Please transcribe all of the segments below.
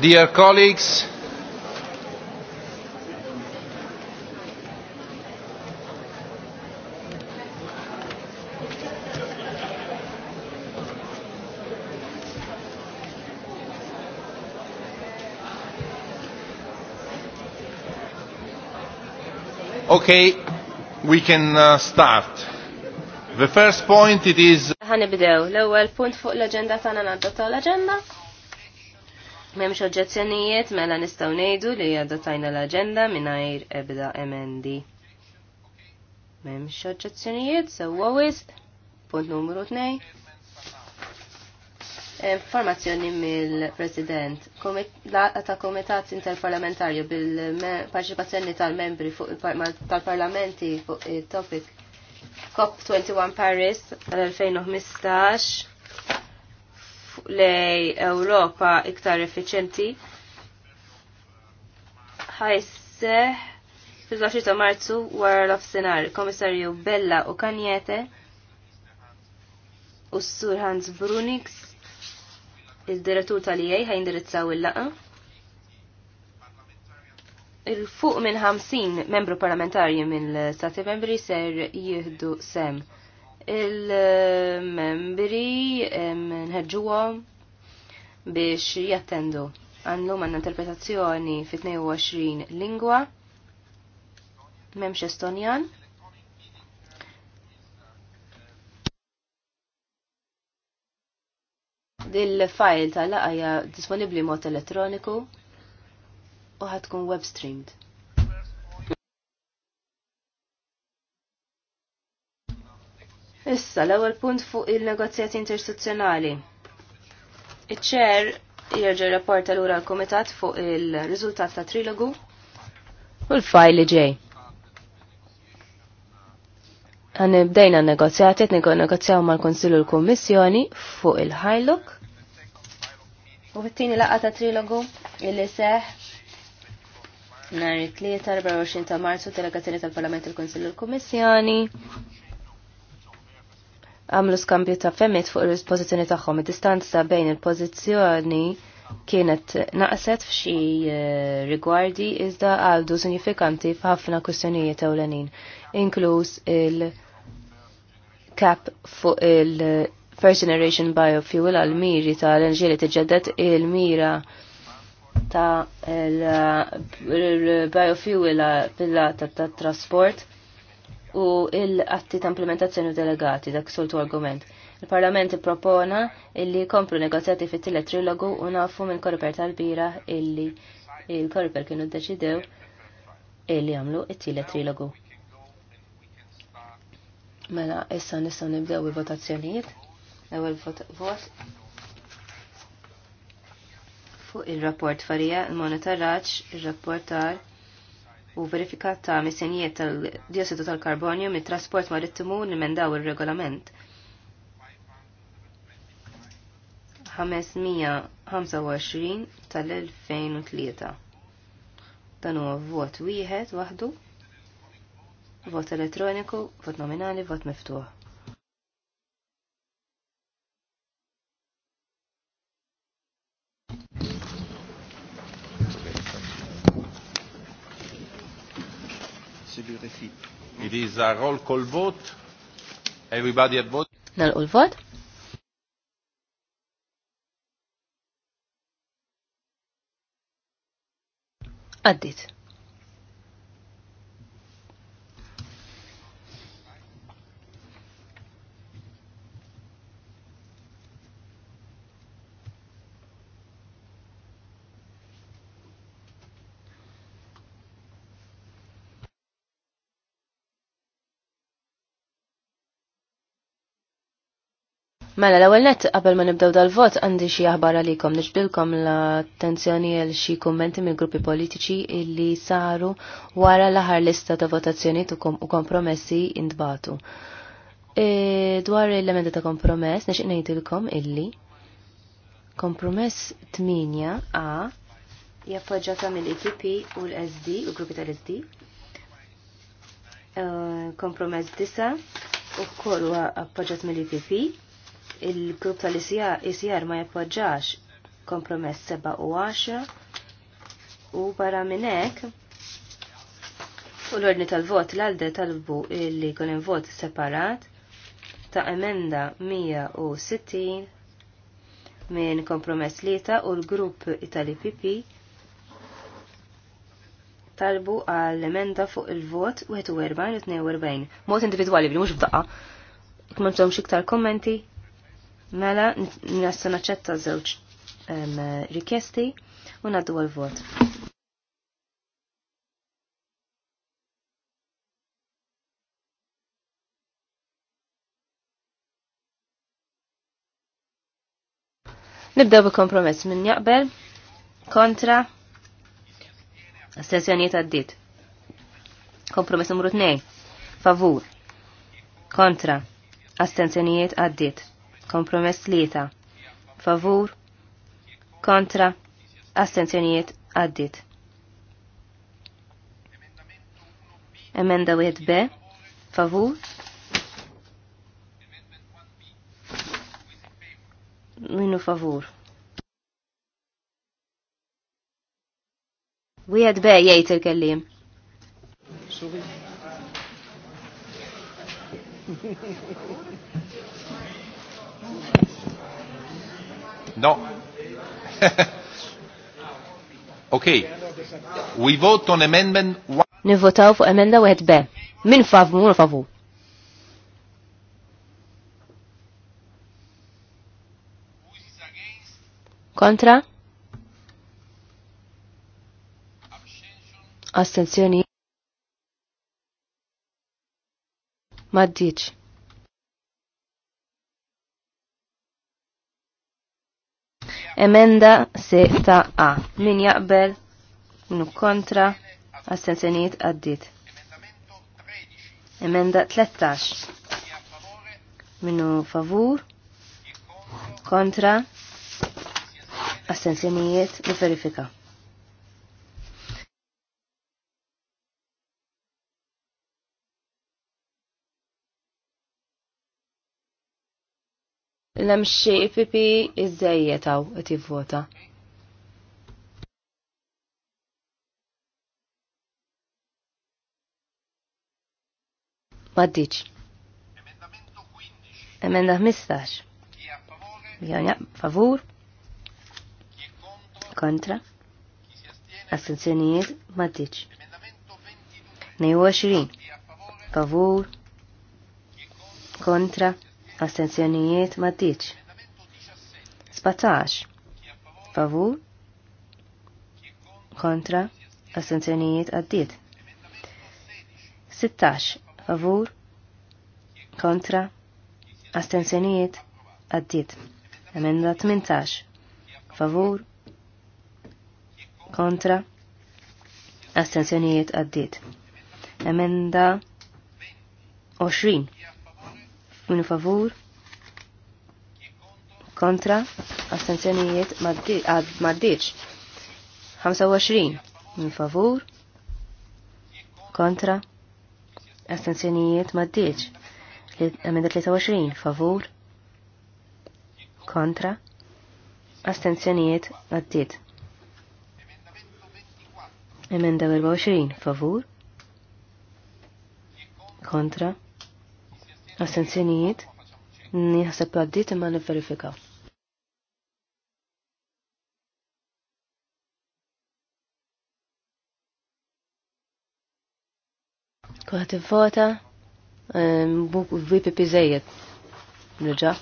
Dear colleagues, Okay, we can uh, start. The first point it is Ħanibdew l-ewwel punt fuq l-aġenda tagħna ngħaddu tal-aġenda. Memx oġġezzjonijiet mela nistgħu ngħidu li adottajna l-aġenda mingħajr ebda emendi. Memx oġġezzjonijiet sewwa wisq. Punt numru 2. Informazzjoni mill-President. Laqa ta' Komitat Interparlamentarju bil-parċipazzjoni tal-membri tal-parlamenti fuq il-topic COP21 Paris tal-2015 lej Ewropa iktar effiċenti ħajseħ fil-20 ta' Marzu wara l-offsenar komissarju Bella u Kanjete u s-sur Hans Brunix il-direttur tal-IEJ ħajindirizzaw il-laqa il-fuq minn 50 membru parlamentari minn stati membri ser jihdu sem il-membri nħedġuwa biex jattendu. Għandhom għandna interpretazzjoni fi 22 lingwa, memx Estonjan. Dil-file tal-laqja disponibli mod elettroniku u ħatkun web streamed. Issa, l-ewwel punt fuq il-negozjati intersezzjonali. Iċ-ċer rapporta l lura l-Kumitat fuq il-riżultat ta' trilogu u l-fajl li ġej. Għan bdejna negozjati, negozjaw mal-Konsilu l komissjoni fuq il-ħajluk. U fit-tieni laqgħa ta' trilogu illi seħ nhar it-tlieta 24 ta' Marzu delegazzjoni tal-Parlament il-Konsilu l-Kummissjoni għamlu skambju ta' femmet fuq il-pozizjoni tagħhom. Id-distanza bejn il-pozizjoni kienet naqset f'xi eh, rigwardi iżda għaldu sinifikanti f'ħafna kwistjonijiet ewlenin, inkluż il-kap fuq il- eh, First Generation Biofuel għal-miri ta' l-enġieli tiġġedet il-mira ta' l-biofuel eh, fil-lata ta' trasport u l-atti ta' implementazzjoni delegati dak soltu argument. Il-Parlament propona illi kompru negozjati fit tillet trilogu u nafu minn korper tal-bira illi il-korper kienu deċidew illi għamlu it-tillet trilogu. Mela, issa nissa nibdew il-votazzjonijiet. Ewel vot fuq il-rapport farija, il-monitoraċ, il-rapportar u verifika ta' missinijiet tal-diossidu tal-karbonju mit trasport marittimu nimendaw il-regolament. 525 tal-2003. Dan huwa vot wieħed waħdu, vot elettroniku, vot nominali, vot miftuħ. possibly refit. It is a roll call vote. Everybody had voted. Nalqu l-vot. Għaddit. Mela, l-ewwel nett qabel ma nibdew dal-vot għandi xi aħbar għalikom nġbilkom l-attenzjoni għal xi kummenti mill gruppi politiċi illi saru wara l-aħħar lista ta' votazzjoni u kompromessi indbatu. E, dwar l emenda ta' kompromess nixtieq ngħidilkom illi kompromess 8 a jappoġġata mill-EPP u l-SD u gruppi tal-SD. Uh, e, kompromess 9 u kollu appoġġat mill-EPP il-grupp tal-ISR ma jappoġġax kompromess 7 u 10 u barra minnek u l-ordni tal-vot l-għalde talbu li kunem vot separat ta' emenda 160 minn kompromess lieta u l-grupp Itali PP talbu għal emenda fuq il-vot 41 u 42. Mod individwali bil mhux f'daqqa. Jekk m'hemmx iktar kommenti, Mela, nista naċċetta żewġ rikjesti u naddu għal-vot. Nibdew bi kompromess minn jaqbel, kontra, astensjonijiet għaddit. Kompromess numru 2, favur, kontra, astenzjonijiet għaddit. Kompromess tlieta. Favur. Kontra. astenzjoniet għaddit. Emenda 1B. Favur. Minu favur. Wieħed b jgħid il-kellim. Sorry. No. okay. We vote on amendment 1. Nivvotaw fuq emenda 1B. Min favu, min favu. Kontra? Astenzjoni. Maddiċ. Emenda 6A. Min jaqbel? Minu kontra? Assenzjoniet għaddit. Emenda 13. Minu favur? Kontra? Assenzjoniet u verifika. l emxie xi IPP iż hawn it-tivvota. Maddiċ. Emenda 15. Janja, favur. Kontra. Astenzjonijiet, maddiċ. 22. Favur. Kontra. Astenzjonijiet ma ddiċ. 17. Favur. Kontra. Astenzjonijiet għaddiet. 16. Favur. Kontra. Astenzjonijiet għaddiet. Emenda 18. Favur. Kontra. Astenzjonijiet għaddiet. Emenda 20. Ah, Minu favur? Kontra? Astenzjonijiet maddiċ. 25. Minu favur? Kontra? Astenzjonijiet maddiċ. Amenda 23. Favur? Kontra? Astenzjonijiet maddiċ. Emenda 24. Favur? Kontra? assenzjonijiet nħasab għaddit imma nifverifika. Kuħat vota buk VPP zejiet. Nġa.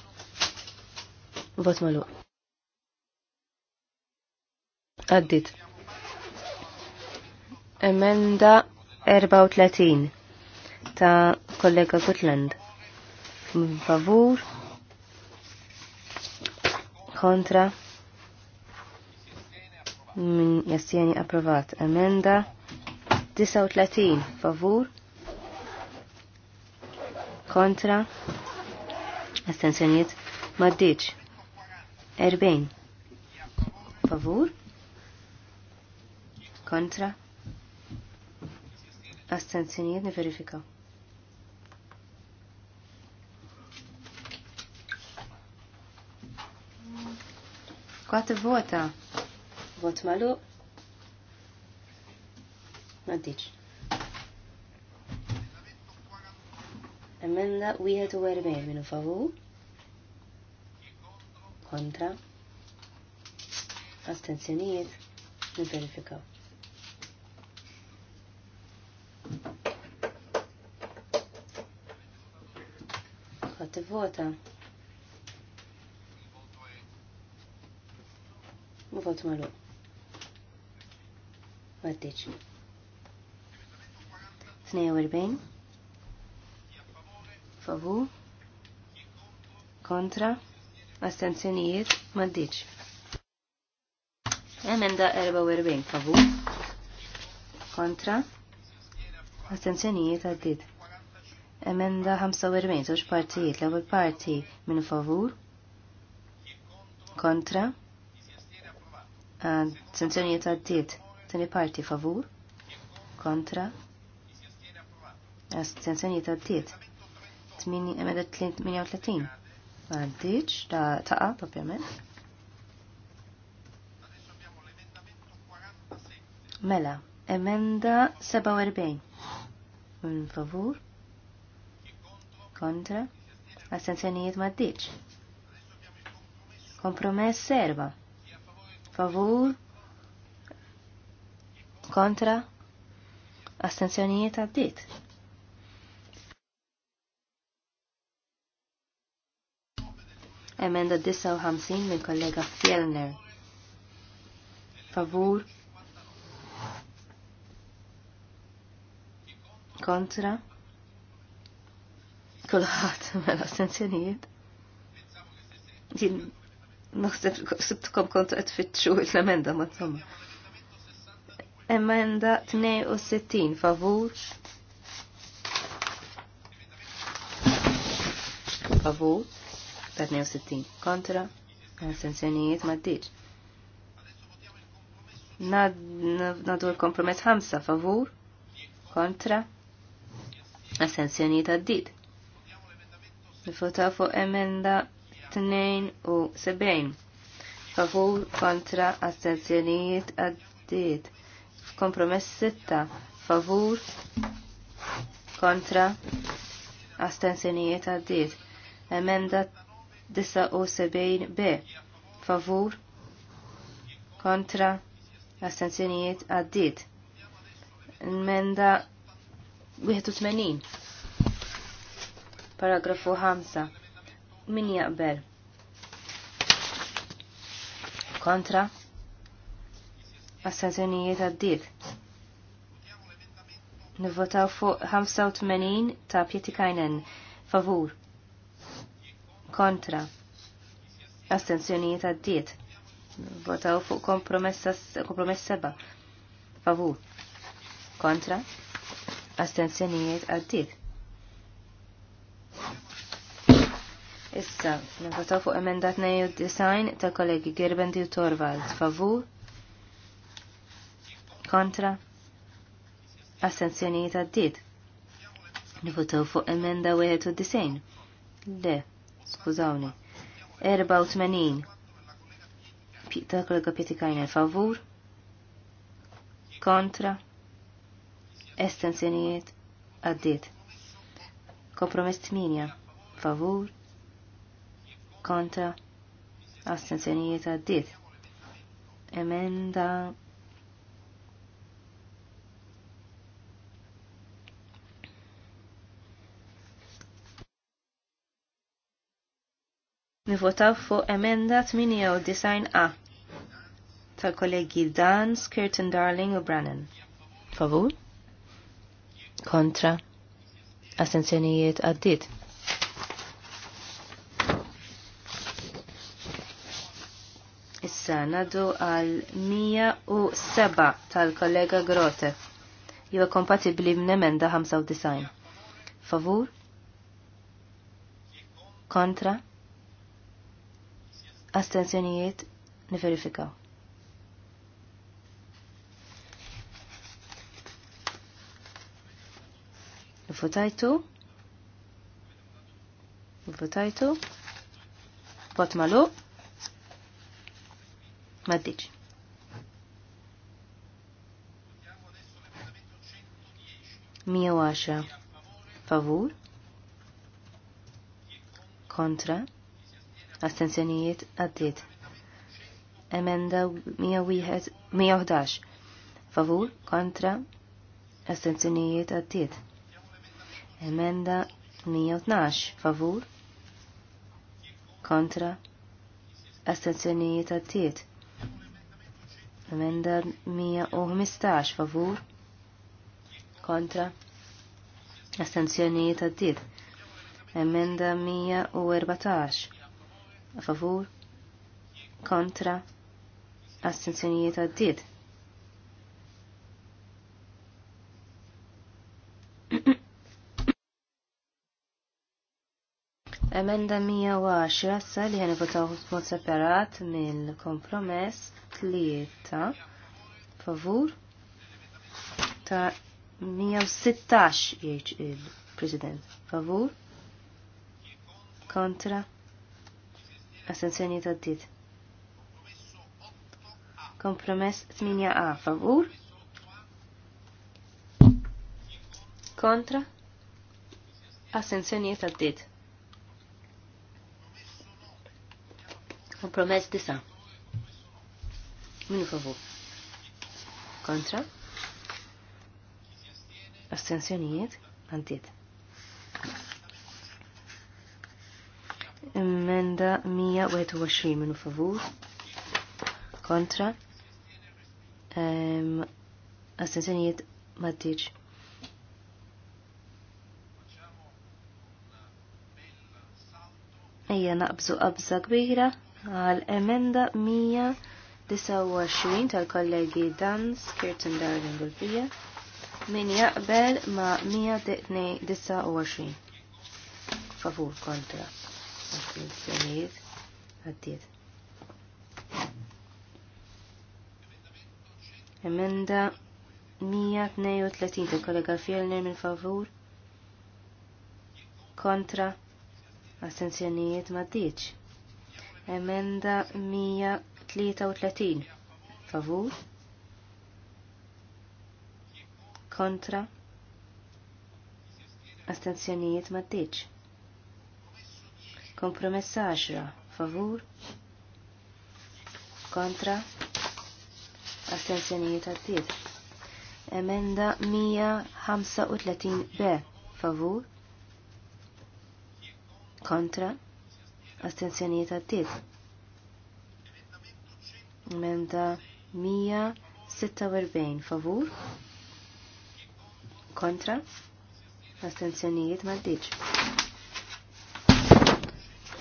Vot malu. Għaddit. Emenda 34 ta' kollega Gutland favur. Kontra. Min jassieni approvat. Emenda. 39 favur. Kontra. Astensjoniet. Maddiċ. 40. Favur. Kontra. Astensjoniet niverifikaw. Kwat vota. Vot malu. Maddiċ. Emenda 41 minu favu. Kontra. Astenzjonijiet. Niverifikaw. Għat vota. Ma fatt malu. Maddiċ. 42. Favu. Kontra. Astenzjonijiet. Maddiċ. Emenda 44. Favu. Kontra. Astenzjonijiet għaddit. Emenda 45. Zoċ partijiet. L-ewel parti minn favur. Kontra. Sanzjonijiet għaddiet. Tini parti favur. Kontra. Sanzjonijiet għaddiet. Emenda 38. Għaddiċ, ta' taqa, propjament. Mela, emenda 47. un mm, favur. Kontra. Astenzjonijiet maddiċ. Kompromess serba favur kontra astenzjonijiet għaddit. Emenda 59 minn kollega Fjellner. Favur kontra kulħadd mela astenzjonijiet. Naħseb sibtkom kontu qed fitxu l-emenda ma tsamma. Emenda 62 favur. Favur 62 kontra sensjonijiet ma ddiġ. Nadu l-kompromess 5 favur kontra assenzjonijiet għaddit. Nifota fuq emenda 62. 72 favur kontra astenzjonijiet għaddiet kompromess sitta. favur kontra astenzjonijiet għaddiet emenda 79 b favur kontra astenzjonijiet għaddiet emenda 81 paragrafu 5 min jaqbel kontra astenzjonijiet għaddiet. Nivvotaw fuq 85 ta' Kajnen favur kontra astenzjonijiet għaddiet. Votaw fuq kompromess seba' favur kontra astenzjonijiet għaddiet. Issa, nivota fuq emenda d-design ta' kollegi Gerbendi u Favur? Kontra? Assenzjonijiet għaddit. Nivotaw fuq emenda 91. Le, skużawni. 84. Ta' kollega Pietikajna favur? Kontra? Estensjonijiet għaddit. Kompromess 8. Favur? kontra astenzjonijiet għaddit. Emenda Nivotaw fuq emenda 89 a tal-kollegi Dan, Skirton Darling u Brannan. Favur? Kontra? Astenzjonijiet għaddit. Issa nadu għal 107 tal-kollega Grote. Jew iva kompatibbli minn 95. Favur? Kontra? Astenzjonijiet niverifikaw. Nifutajtu? Nifutajtu? Vot maluq? Maddiċ. Mio għaxa favur kontra astenzjonijiet għaddit. Emenda 111 favur kontra astenzjonijiet għaddit. Emenda 112 favur kontra astenzjonijiet għaddit. Emenda 115 favur kontra astenzjonijiet għaddit. Emenda 114 favur kontra astenzjonijiet għaddit. Emenda 110 sa li votaw mod separat mill-kompromess tlieta favur ta' 116 jgħid il-President. Favur kontra assenzjoni ta' dit. Kompromess 8a favur kontra assenzjoni ta' dit. promess disa. Minu favur. Kontra. Astenzjonijiet. Antiet. Emenda 121 minu favur. Kontra. Um, Astenzjonijiet maddiċ. Ejja naqbżu qabża kbira għal emenda 129 tal-kollegi Dans, Skirtin Darwin Gulfija min jaqbel ma 129. Favur kontra. Attenzjoniet. Għaddiet. Emenda 132 tal-kollega Fjellner minn favur kontra. Astenzjonijiet ma ddiċ. Emenda 133. Favur. Kontra. Astenzjonijiet ma tiġ. Kompromessa 10. Favur. Kontra. Astenzjonijiet għaddiet. Emenda 135 b. Favur. Kontra astenzjonijiet għattiet. emenda 146 favur kontra astenzjonijiet maddiċ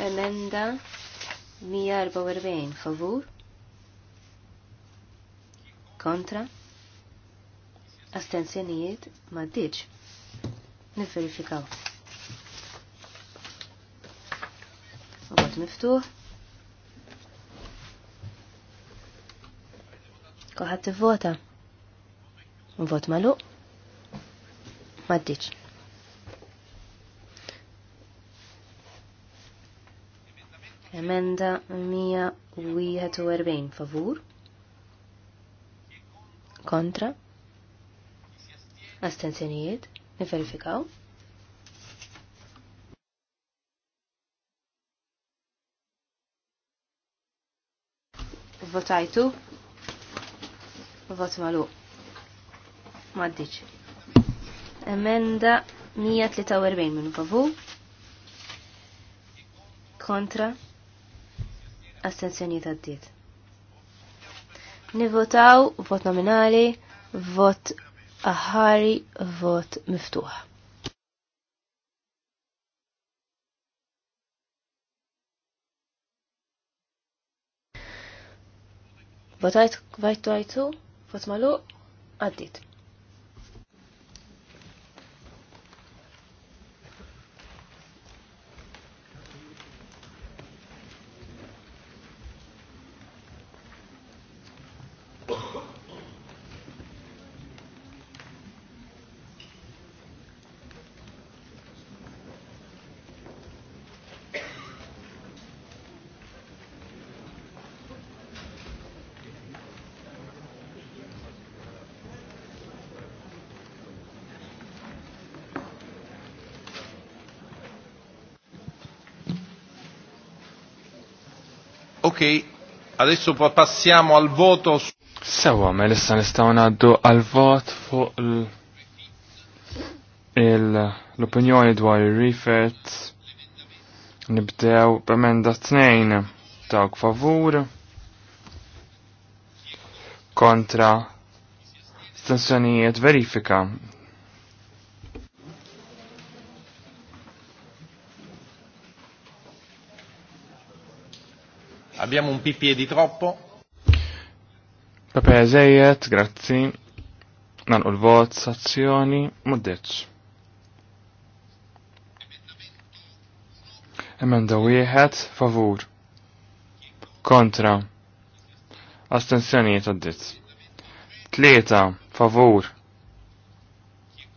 emenda 144 favur kontra astenzjonijiet maddiċ Niverifikaw. Vot miftuħ. Koħat t-vota. Vot malu. Maddiċ. Emenda 141 favur. Kontra. Astenzjonijiet. Niverifikaw. verifikaw Votajtu. Vot malu. Maddiċ. Emenda 143 minn favur. Kontra. Astenzjoni tad-diet. Nivotaw vot nominali, vot aħari, vot miftuħ. Votajt vajtu għajtu, vot malu, għaddit. Ok, adesso passiamo al voto. ma l issa nistaw naddu al vot fuq l-opinjoni dwar il-rifet. Nibdew b'emenda tnejn dawk favur kontra stensjonijiet verifika Abbiamo un pipì e di troppo. Pepe Zejet, grazzi. Nan u l-vot, sazzjoni, muddeċ. Emenda wieħed, favur. Kontra. Astenzjonijiet għaddit. Tlieta, favur.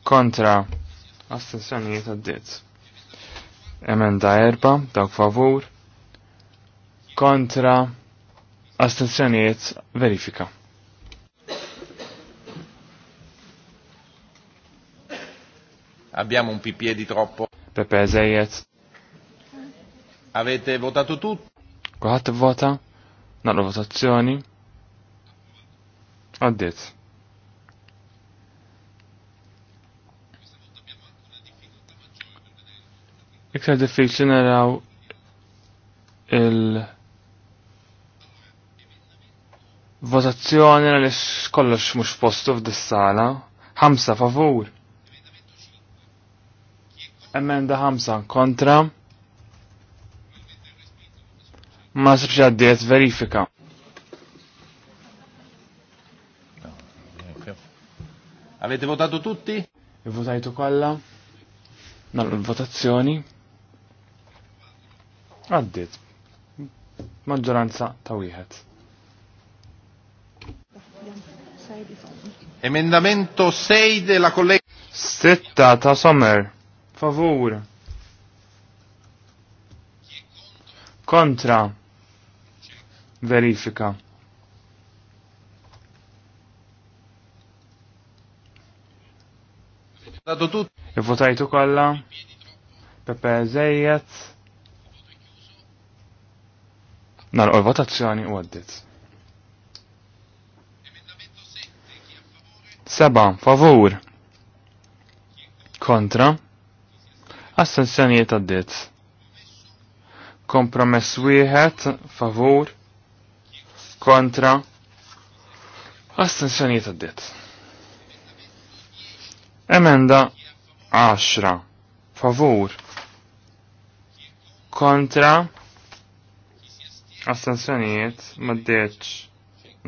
Kontra. Astenzjonijiet għaddit. Emenda erba, dawk favur kontra astenzjoniet verifika. Abbiamo un PPE di troppo. Pepe Zeyet. Avete votato tutti? Kuħat vota? Naqlu votazzjoni? Għaddit. Iktar diffiċli naraw il- Votazzjoni għalix kollox mhux postu f'dis-sala. Ħamsa favur. Emenda ħamsa kontra. Ma sibx għaddiet verifika. Avete votato tutti? Votajtu kolla. Nal votazzjoni. Għaddit. Maġġoranza ta' wieħed. Emendamento 6 della collega. Setta ta' Dato tutto. Kontra. Verifika. tu kolla. Pepe Zejjet. Nal-votazzjoni u detto. Seba, favur. Kontra. Assenzjonijiet għaddit. Kompromess wieħed, favur. Kontra. Assenzjonijiet għaddit. Emenda 10. Favur. Kontra. Assenzjonijiet maddeċ.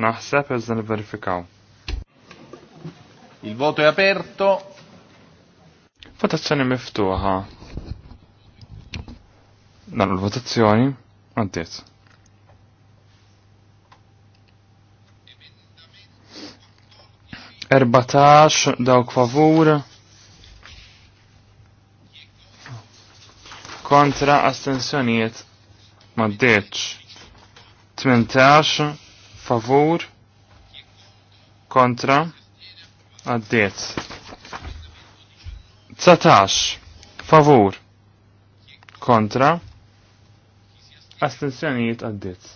Naħseb iżda verifikaw. Il voto è aperto. Votazione miftuha. Danno le votazzjoni Antes. Erbatax dawk favur. Kontra astensjonijiet maddeċ. 18 favur kontra Għaddiet. 19 favur kontra astenzjonijiet għaddiet.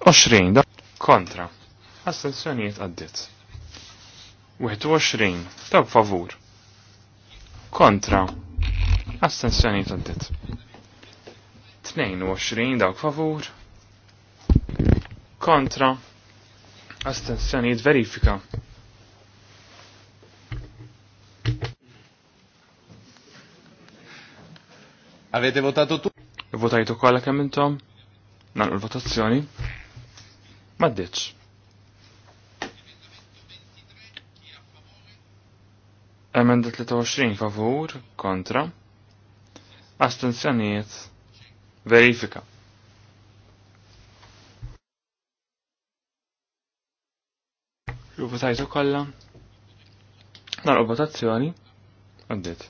20 kontra astenzjonijiet għaddiet. 21 ta' favur kontra astenzjonijiet għaddiet. 22 dawk favur kontra astensjonijiet verifika. Avete votato tu? Votajtu kolla kemm Nan il-votazzjoni? Maddiċ. Emenda 23 favur, kontra. Astenzjoniet, verifika. Votajtu kollha. Nar votazzjoni. Għaddit.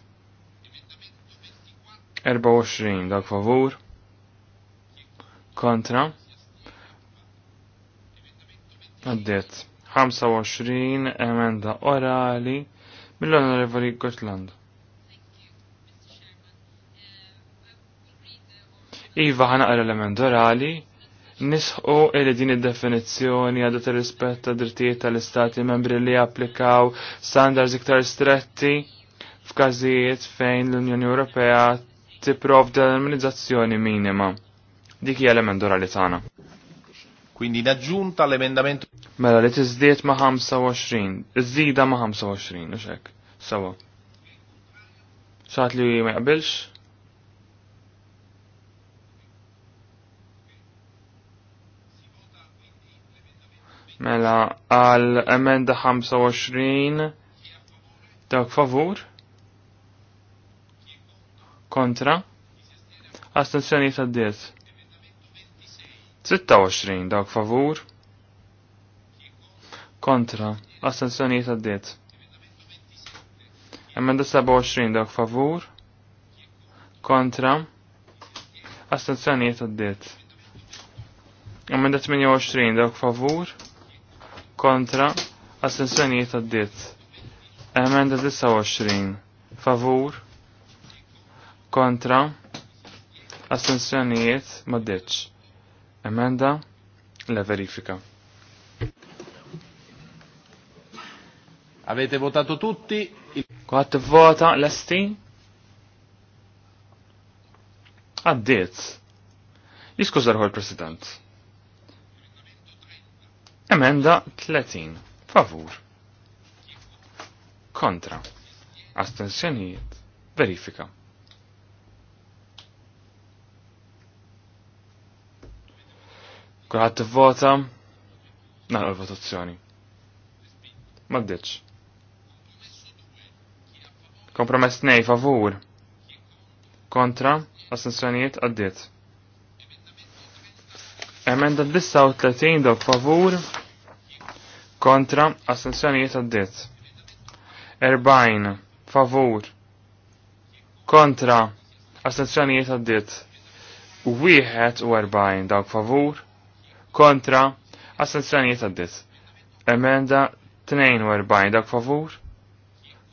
24 dak favur. Kontra. Għaddit. 25 emenda orali mill-Onorevoli Gotland. Iva għara l-emenda orali nisħu li din id-definizzjoni għadu tir-rispett ta' drittijiet tal-istati membri li applikaw standards iktar stretti f'każijiet fejn l-Unjoni Ewropea tipprovda l-armonizzazzjoni minima. Dik hija l-emend li tagħna. Quindi in aggiunta all'emendamento. Mela li tiżdiet ma' 25, żida ma' 25, u xek, sawa. Xaħat li ma jaqbilx? Mela, għal emenda 25 dawk favur? Kontra? Astenzjoni ta' diet. 26 dawk favur? Kontra? Astenzjoni ta' diet. Emenda 27 dawk favur? Kontra? Astenzjoni ta' diet. Emenda 28 dawk favur? kontra astensjonijiet għaddit. Emenda 29 favur kontra astensjonijiet maddiċ. Emenda la verifika. Avete votato tutti? Quatt vota l-esti? Għaddiet. Jiskużar il-President. Emenda 30. Favur. Kontra. Astensjonijiet. Verifika. Kulħadd tivvota nagħlqu l-votazzjoni. Maddeċ. Kompromess nej favur. Kontra, astensjonijiet għaddiet. Emenda 39 da favur kontra assenzjonijiet għaddit. 40 favur kontra assenzjonijiet għaddit. Wieħed u 40 dawk favur kontra assenzjonijiet għaddit. Emenda 42 da favur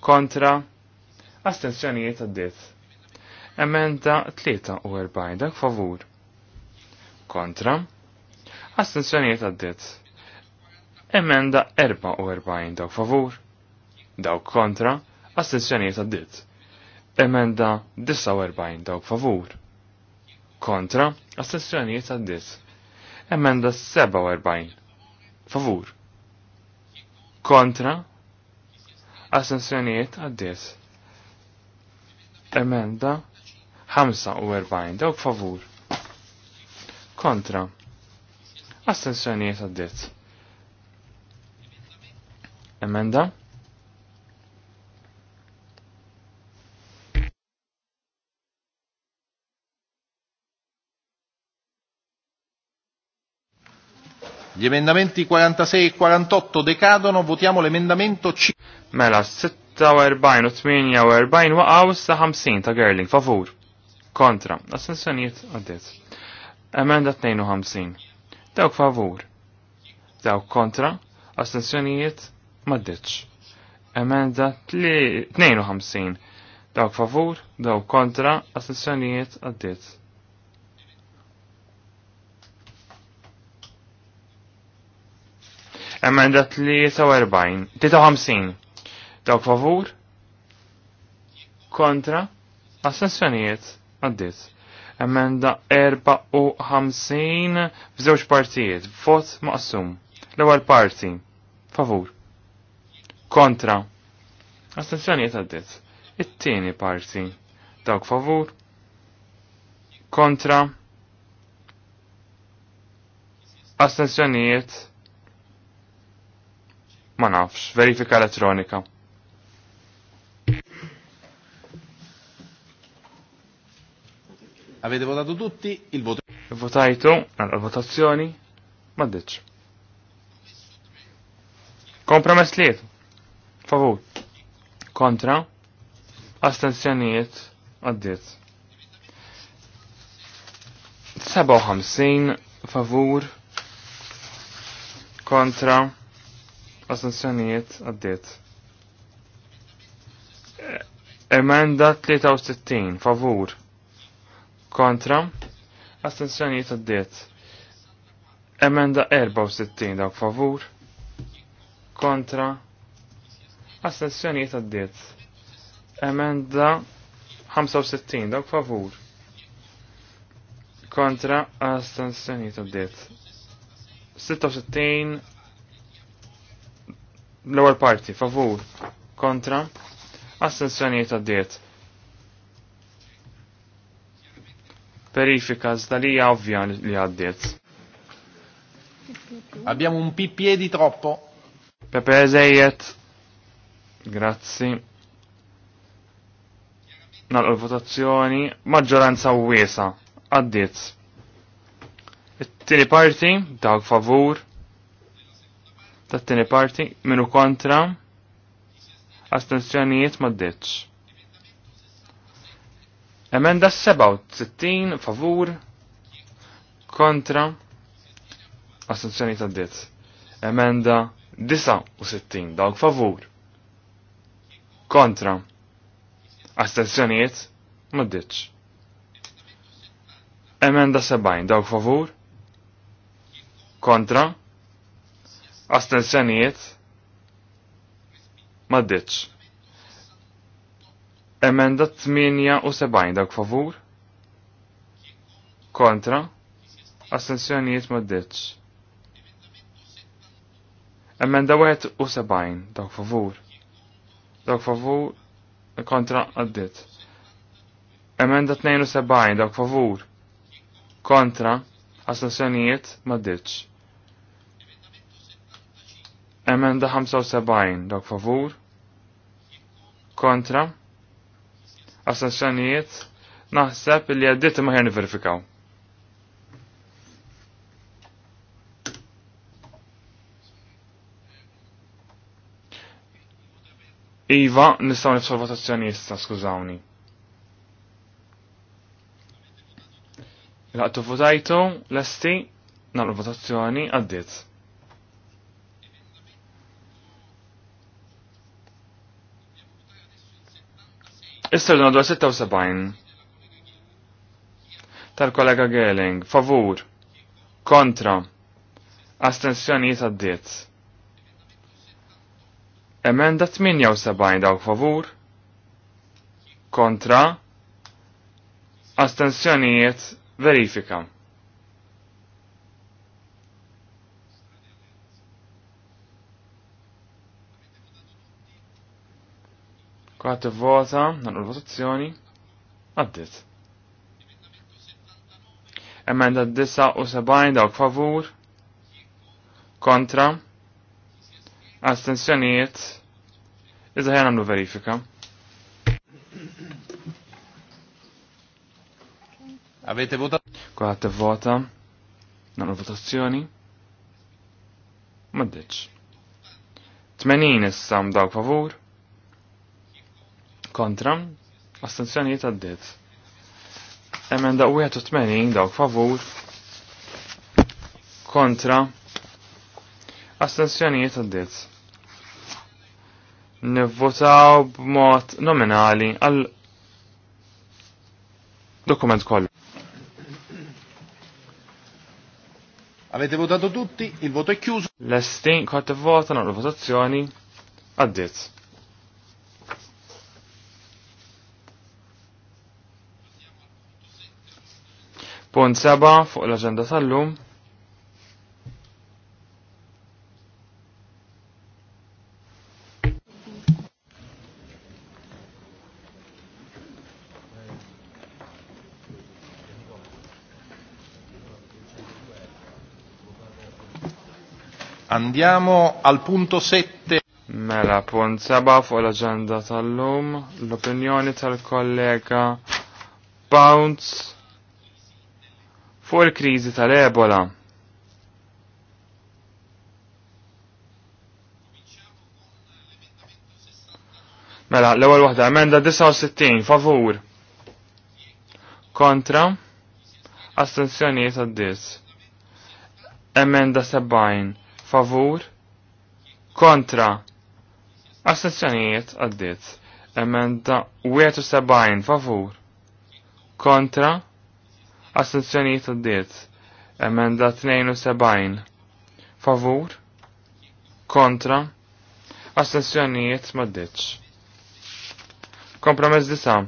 kontra astensjonijiet għaddit. Emenda 43 dak favur. Kontra, Astenzjonijiet għaddit. Emenda 44 daw favur, dawk kontra, astenzjonijiet għaddit. Emenda 49 dawk favur, kontra, astenzjonijiet għaddit. Emenda 47 favur, kontra, astenzjonijiet għaddit. Emenda 45 dawk favur, kontra, Astensjonijiet għaddit. Emenda? Gli emendamenti 46 e 48 decadono, votiamo l'emendamento C. Mela, 46 u 48 waqaw sa 50 ta' Gerling, favur. Kontra, assenzjoniet għaddit. Emenda 52. Dawk favur. Dawk kontra. Astenzjonijiet maddiċ. Emenda 52. Dawk favur. Dawk kontra. Astenzjonijiet għaddit. Emenda 43. 53. Dawk favur. Kontra. Astenzjonijiet għaddit emenda 54 f'żewġ partijiet, vot maqsum. L-ewwel parti, favur. Kontra. qed għaddit. It-tieni parti, dawk favur. Kontra. Astenzjonijiet ma nafx, verifika elettronika. Avete votato tutti il voto. Votajtu għal votazzjoni ma ddiċ. Kompromess Astensioni Favur. Kontra. Astenzjonijiet hamsin. 57 favur kontra et. għaddiet. E- emenda 63 favur kontra, astensjonijiet għaddiet. Emenda 64 dawk favur, kontra, astensjonijiet għaddiet. Emenda 65 dawk favur, kontra, astensjonijiet għaddiet. 66 l-ewwel parti favur kontra astensjonijiet għaddiet verifika iżda ovvja li għaddiet. Abbiamo un PPE di troppo. Pepe eżejjed. Grazzi. Nalqu votazzjoni maġġoranza wiesa għaddiet. It-tieni parti dawk favur tat-tieni parti minu kontra Astenzjonijiet ma' Emenda 67 favur kontra assenzjoni ta' ditt. Emenda 69 dawk favur kontra astenzjonijiet ma ditx. Emenda 70 dawk favur kontra astenzjonijiet ma ditx. Emenda 78 dak favur. Kontra. Astensjonijiet ma ditx. Emenda 71 dak favur. Dak favur kontra għaddit. Emenda 72 dak favur. Kontra. Astensjonijiet ma ditx. Emenda 75 dak favur. Kontra għasaxxanijiet naħseb li għaddit maħjar verifikaw. Iva, nistaw nifsu votazzjoni jista, skużawni. Laqtu votajtu, l-esti, nal votazzjoni għaddit. Issa l-nodwa 76. Tal-kollega Gelling, favur, kontra, astensjonijiet għaddiet. Emenda 78 dawk favur, kontra, astensjonijiet verifika. Kwaħt vota, nan votazzjoni għaddit. Emenda 79 dawk favur, kontra, astensjonijiet, iżda ħjan għamlu verifika. Avete vota? Kwaħt vota, nan votazzjoni, maddeċ. 80 issam dawk favur, kontra, astenzjonijiet għaddit. Emenda 81 dawk favur, kontra, d-det. Nivvotaw b'mod nominali għal dokument kollu. Avete votato tutti, il voto è chiuso. L'Estin, quattro votano, le votazioni, addit. Punt seba' fuq l agenda tal-lum. Andiamo al punto 7. Mela, punt seba' fuq l agenda tal-lum, l-opinjoni tal-kollega Bounce fuq il-kriżi tal-Ebola. Mela, l-ewwel waħda emenda 69 favur. Kontra. Astenzjonijiet għad-dis. Emenda 70 favur. Kontra. Astenzjonijiet għad Emenda 71 favur. Kontra d għaddiet. Emenda 72. Favur. Kontra. d-diet. Kompromess disa.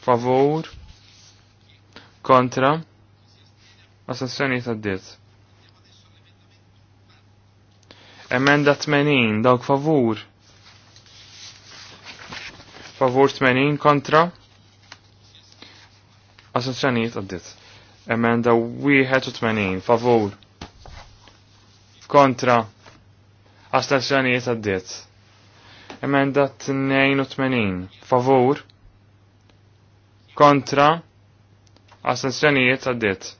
Favur. Kontra. d għaddiet. Emenda 80. Dawk favur. Favur 80 kontra. Assenzjonijiet għaddit. Emenda 81 favur kontra astensjonijiet għaddit. Emenda 82 favur kontra astensjonijiet għaddit.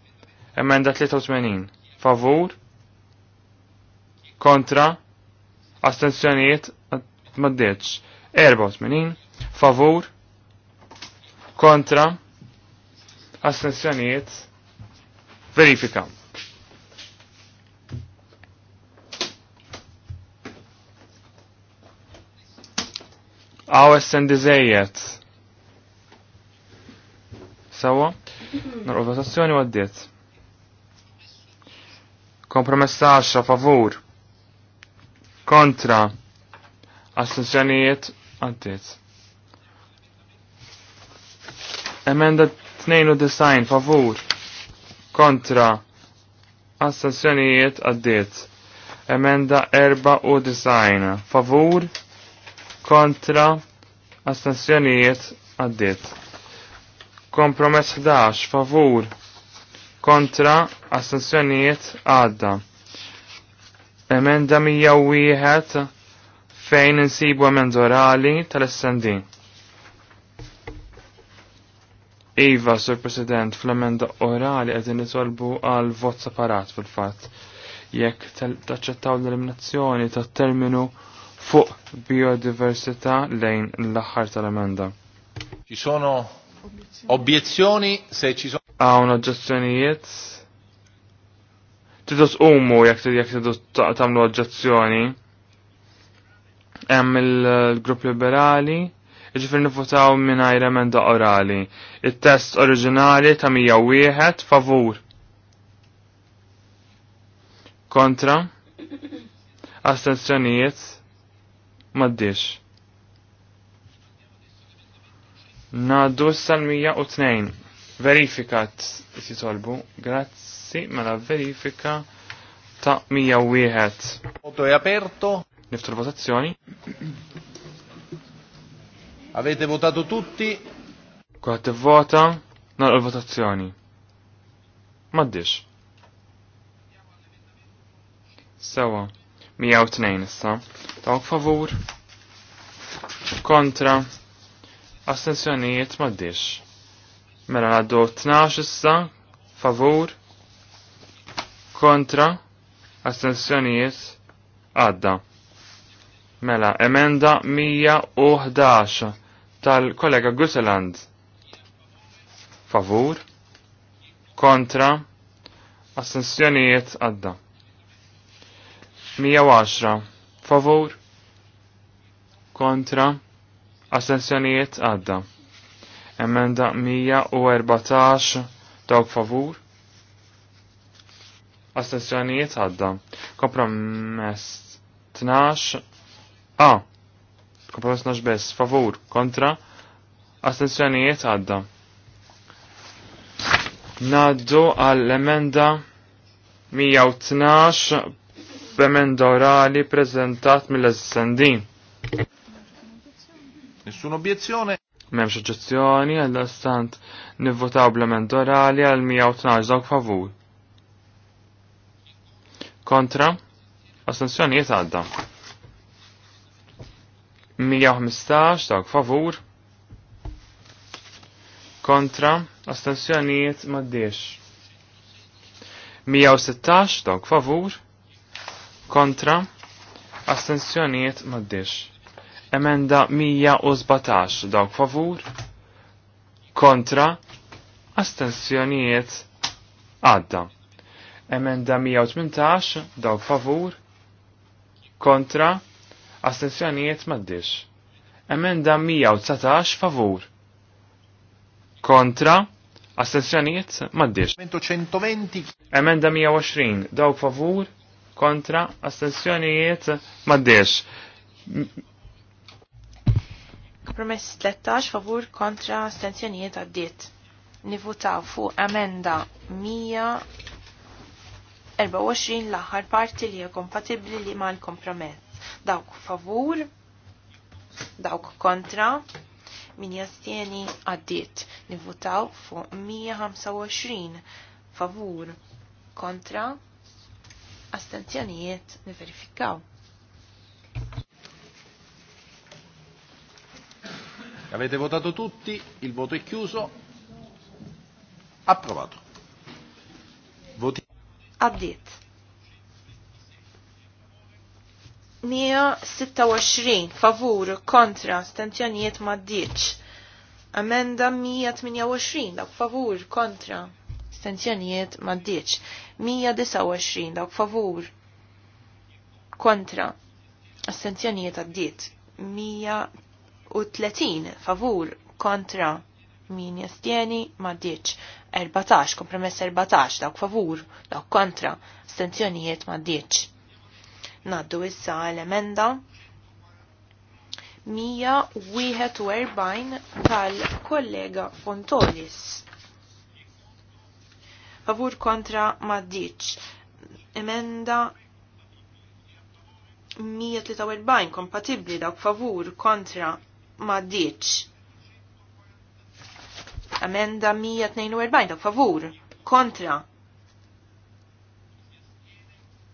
Emenda 83 favur kontra astensjonijiet maddeċ. 84 favur kontra Astenzjonijiet. Verifika. Għaw essen dizzejiet. Sawa? u votazzjoni għaddiet. Kompromessa 10 favur. Kontra. Astenzjonijiet għaddiet. Emenda 92 favur kontra astensjonijiet għaddiet. Emenda 94 favur kontra astensjonijiet għaddiet. Kompromess 11 favur kontra astensjonijiet għadda. Emenda 101 fejn insibu emendorali tal-SND Iva, Sur President, fl-emenda orali għedin nitolbu għal vot separat fil-fat. Jekk taċċettaw l-eliminazzjoni ta' terminu fuq biodiversità lejn l-aħħar tal-emenda. Ci sono obiezzjoni se ci sono. Għawn oġġezzjonijiet. Tidus umu jekk tidus tamlu oġġezzjoni. Hemm il-grupp liberali ġifir nifutaw mingħajr emenda orali. Il-test oriġinali ta' 101 favur. Kontra. Astenzjonijiet. Maddix. Nadu sal-102. Verifikat jitolbu. Grazzi, mela verifika ta' 101. Voto è aperto. Niftru votazzjoni. Avete votato tutti? Kuħat vota nar votazzjoni. Maddix. Sewa. 102 issa. Dawk favur. Kontra. Astenzjonijiet maddix. Mela għaddu 12 issa. Favur. Kontra. Astenzjonijiet għadda. Mela emenda 111 tal-kollega Gusseland. Favur, kontra, astensjonijiet għadda. 110. Favur, kontra, astensjonijiet għadda. Emenda 114 dawk favur. Astensjonijiet għadda. Kompromess 12. A. Ah. Kompromess nax bess, favur, kontra, astenzjonijiet għadda. Naddu għall-emenda 112 b'emenda orali prezentat mill-Essendin. Nessun obiezzjoni? Memx oġġezzjoni għall-astant nivvotaw bl orali għal 112 dawk favur. Kontra? Astenzjonijiet għadda. 115 dawk favur kontra astensjoniet maddiex. 116 dawk favur kontra astensjoniet maddiex. Emenda 117 dawk favur kontra astensjonijiet għadda. Emenda 118 dawk favur kontra astenzjonijiet maddix. Emenda 119 favur. Kontra, astenzjonijiet maddix. Emenda 120, dawk favur, kontra, astenzjonijiet maddix. Kompromess 13 favur kontra astenzjonijiet għaddit. Nivutaw fuq emenda 124 l-aħħar parti li hija kompatibbli li mal-kompromess dawk favur, dawk kontra, min jastieni għaddit Nivutaw fuq 125 favur kontra astenzjonijiet niverifikaw. Avete votato tutti, il voto è chiuso, approvato. Voti. Addiet. 126 favur kontra stenzjonijiet ma ddiċ. Amenda 128 dak favur kontra stenzjonijiet ma ddiċ. 129 dak favur kontra astenzjonijiet għaddiet. 130 favur kontra min jastjeni ma ddiċ. 14 kompromess 14 dak favur dak kontra stenzjonijiet ma ddiċ. Naddu issa l-emenda 141 tal-kollega Fontolis. Favur kontra maddiċ. Emenda 143 kompatibli dak favur kontra maddiċ. Emenda 142 dak favur kontra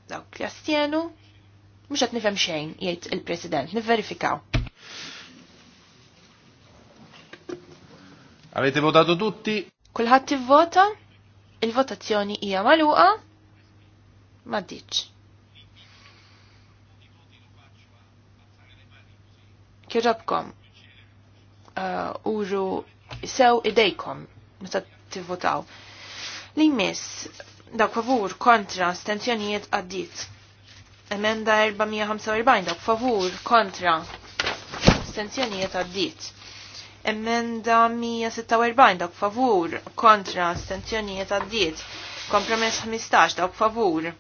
dawk li astienu Mux għat nifem xejn, jgħid il-President, nifverifikaw. Avete votato tutti? Kulħadd tivvota? Il-votazzjoni hija magħluqa? Ma diċ. Kirrabkom. Uh, uru sew idejkom meta tivvotaw. Li miss da favur kontra stenzjonijiet għaddit. Emenda 445 dak favur kontra astenzjonijiet għaddit. Emenda 146 dak favur kontra astenzjonijiet għaddit. Kompromess 15 dak favur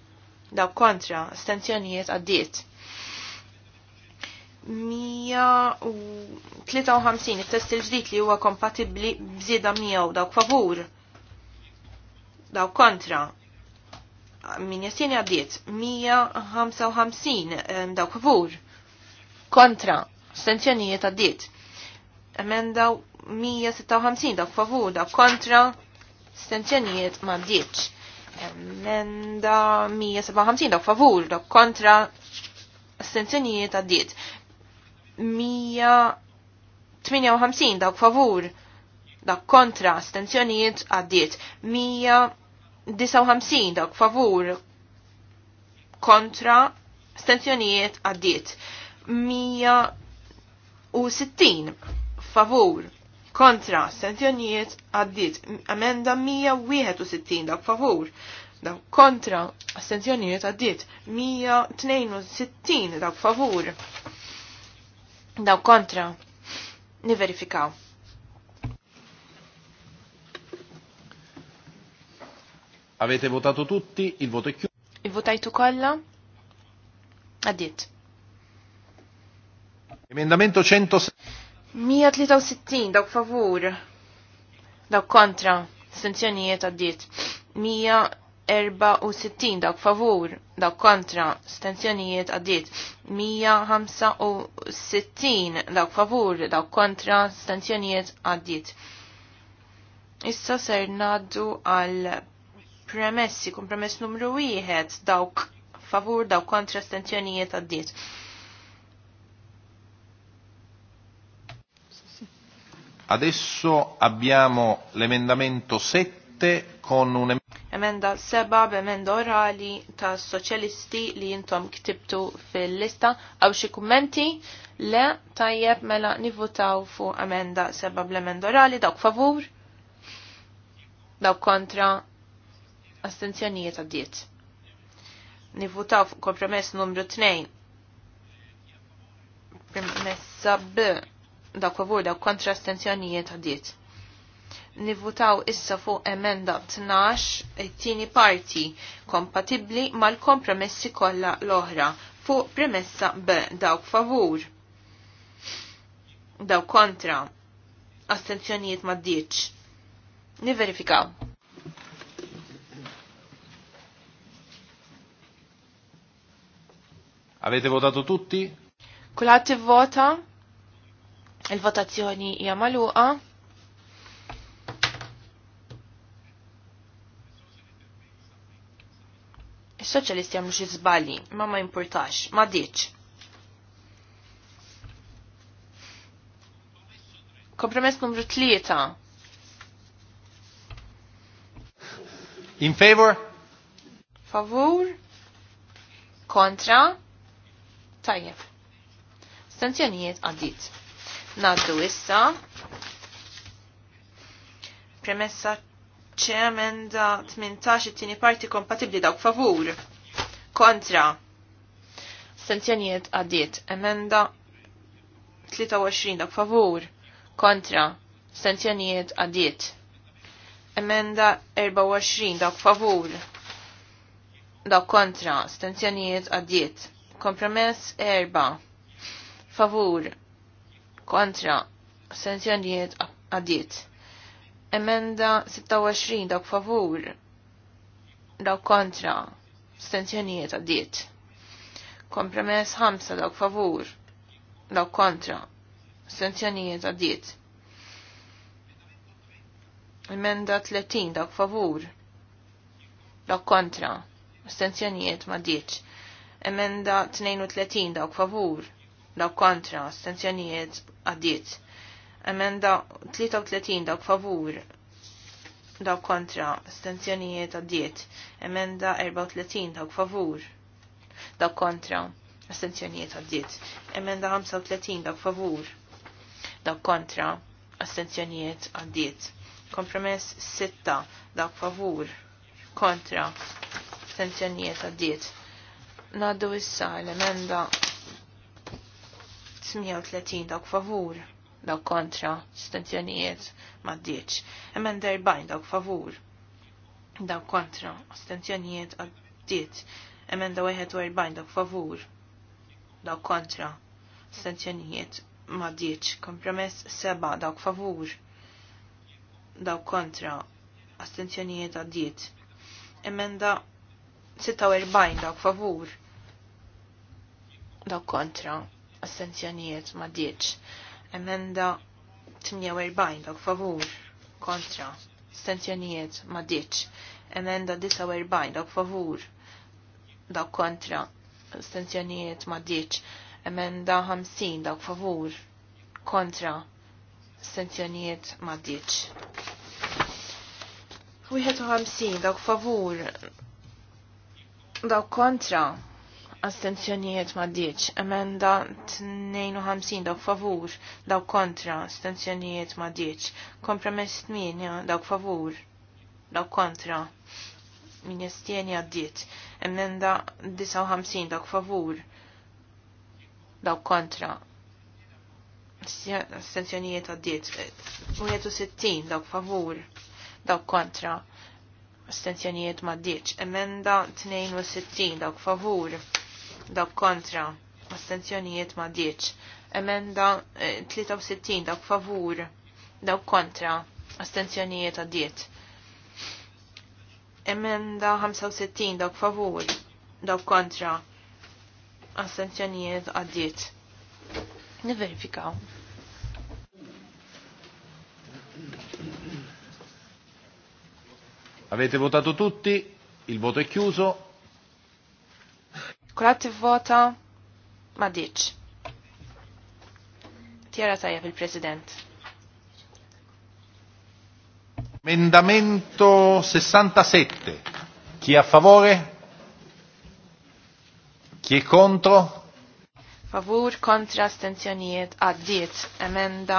dak kontra astenzjonijiet għaddit. 153 il-test il-ġdid li huwa kompatibbli bżieda miegħu dawk favur dawk kontra min jastjeni għaddiet 155 dawk favur kontra stenzjonijiet għaddiet emenda 156 daw kvur daw kontra stenzjonijiet ma għaddietx emenda 157 daw kvur daw kontra stenzjonijiet għaddiet 158 daw kvur daw kontra stenzjonijiet għaddiet 100 59 dak favur kontra stenzjonijiet għaddiet. 160 favur kontra stenzjonijiet għaddiet. Amenda 161 dak favur dak kontra astenzjonijiet għaddiet. 162 dak favur dak kontra. Niverifikaw. Avete votato tutti, il voto è chiuso. Votajtu kollha? Għaddiet. Emendamento 163, dawk favur. Dawk kontra, stenzjonijiet għaddiet. 164 dawk favur, dawk kontra, stenzjonijiet għaddiet. 165 dawk favur, dawk kontra, stenzjonijiet għaddiet. Issa ser naddu al premessi, kun premess numru wieħed dawk favur daw kontra stenzjonijiet għaddiet. Adesso abbiamo l'emendamento 7 con un emenda 7 b'emenda orali ta' soċjalisti li jintom ktibtu fil-lista. Għaw xi kummenti? Le tajjeb mela nivutaw fuq emenda 7 bl-emenda orali dawk favur, dawk kontra astenzjonijiet għaddiet. Nivvutaw fuq kompromess numru 2. Premessa B dak favur dak kontra astenzjonijiet għaddiet. Nivvutaw issa fuq emenda 12 it-tieni parti kompatibbli mal-kompromessi kollha l-oħra fuq premessa B dawk favur. Dak kontra astenzjonijiet ma' diċ. Niverifikaw. Avete votato tutti? Kulħadd vota. Il-votazzjoni hija magħluqa. Is-soċjalisti għamlu xi żbalji, ma ma importax, ma ditx. Kompromess numru tlieta. In favor? Favur? Kontra? Tajjeb. Stanzjonijiet għaddit. Naddu issa. Premessa ċemenda 18 it-tieni parti kompatibli dawk favur. Kontra. Stanzjonijiet għaddit. Emenda 23 dak favur. Kontra. Stanzjonijiet għaddit. Emenda 24 dawk favur. Dawk kontra. Stanzjonijiet għaddit Kompromess erba. Favur. Kontra. Sensjonijiet għadiet. Emenda 26 dak favur. Dawk kontra. Sensjonijiet għadiet. Kompromess 5 dak favur. Dawk kontra. Sensjonijiet għaddiet. Emenda 30 dak favur. Dawk kontra. Astenzjonijiet ma Emenda 32 dawk favur, dawk kontra, stenzjonijiet għaddiet. Emenda 33 dawk favur, dawk kontra, stenzjonijiet għaddiet. Emenda 34 dawk favur, dawk kontra, astenzjonijiet għaddiet. Emenda 35 dawk favur, dawk kontra, astenzjonijiet għaddiet. Kompromess 6 dawk favur, kontra, astenzjonijiet għaddiet Naddu issa l-emenda 30 dak favur, Dawk kontra, stenzjonijiet ma' 10. Emenda 40 dawk favur, dawk kontra, stenzjonijiet għaddiet. Emenda 41 dawk favur, dawk kontra, stenzjonijiet ma' 10. Kompromess 7 dak favur, dawk kontra, astenzjonijiet għaddiet. Emenda 46 dak favur, daw kontra assenzjonijiet ma dieċ. Emenda 48 daw favur kontra assenzjonijiet ma dieċ. Emenda 49 daw favur daw kontra assenzjonijiet ma dieċ. Emenda 50 daw favur kontra assenzjonijiet ma dieċ. 51 daw favur daw kontra astenzjonijiet ma diċ, emenda 52 dawk favur, dawk kontra, astenzjonijiet ma diċ, kompromess 8 dawk favur, dawk kontra, min jestieni għaddiet, emenda 59 dawk favur, dawk kontra, astenzjonijiet għaddiet, 60, dawk favur, dawk kontra, astenzjonijiet ma diċ, emenda 62 dawk favur, dak kontra, astenzjonijiet ma diċ. Emenda 63 eh, dak favur, dak kontra, astenzjonijiet għaddiet. Emenda 65 dak favur, dak kontra, astenzjonijiet għaddiet. Niverifikaw. Avete votato tutti? Il voto è chiuso. Kulħadd tivvota ma ditx. Tjera tajja fil-President. Emendamento 67. Chi a favore? Chi è contro? Favur kontra astenzjonijiet għaddiet. Emenda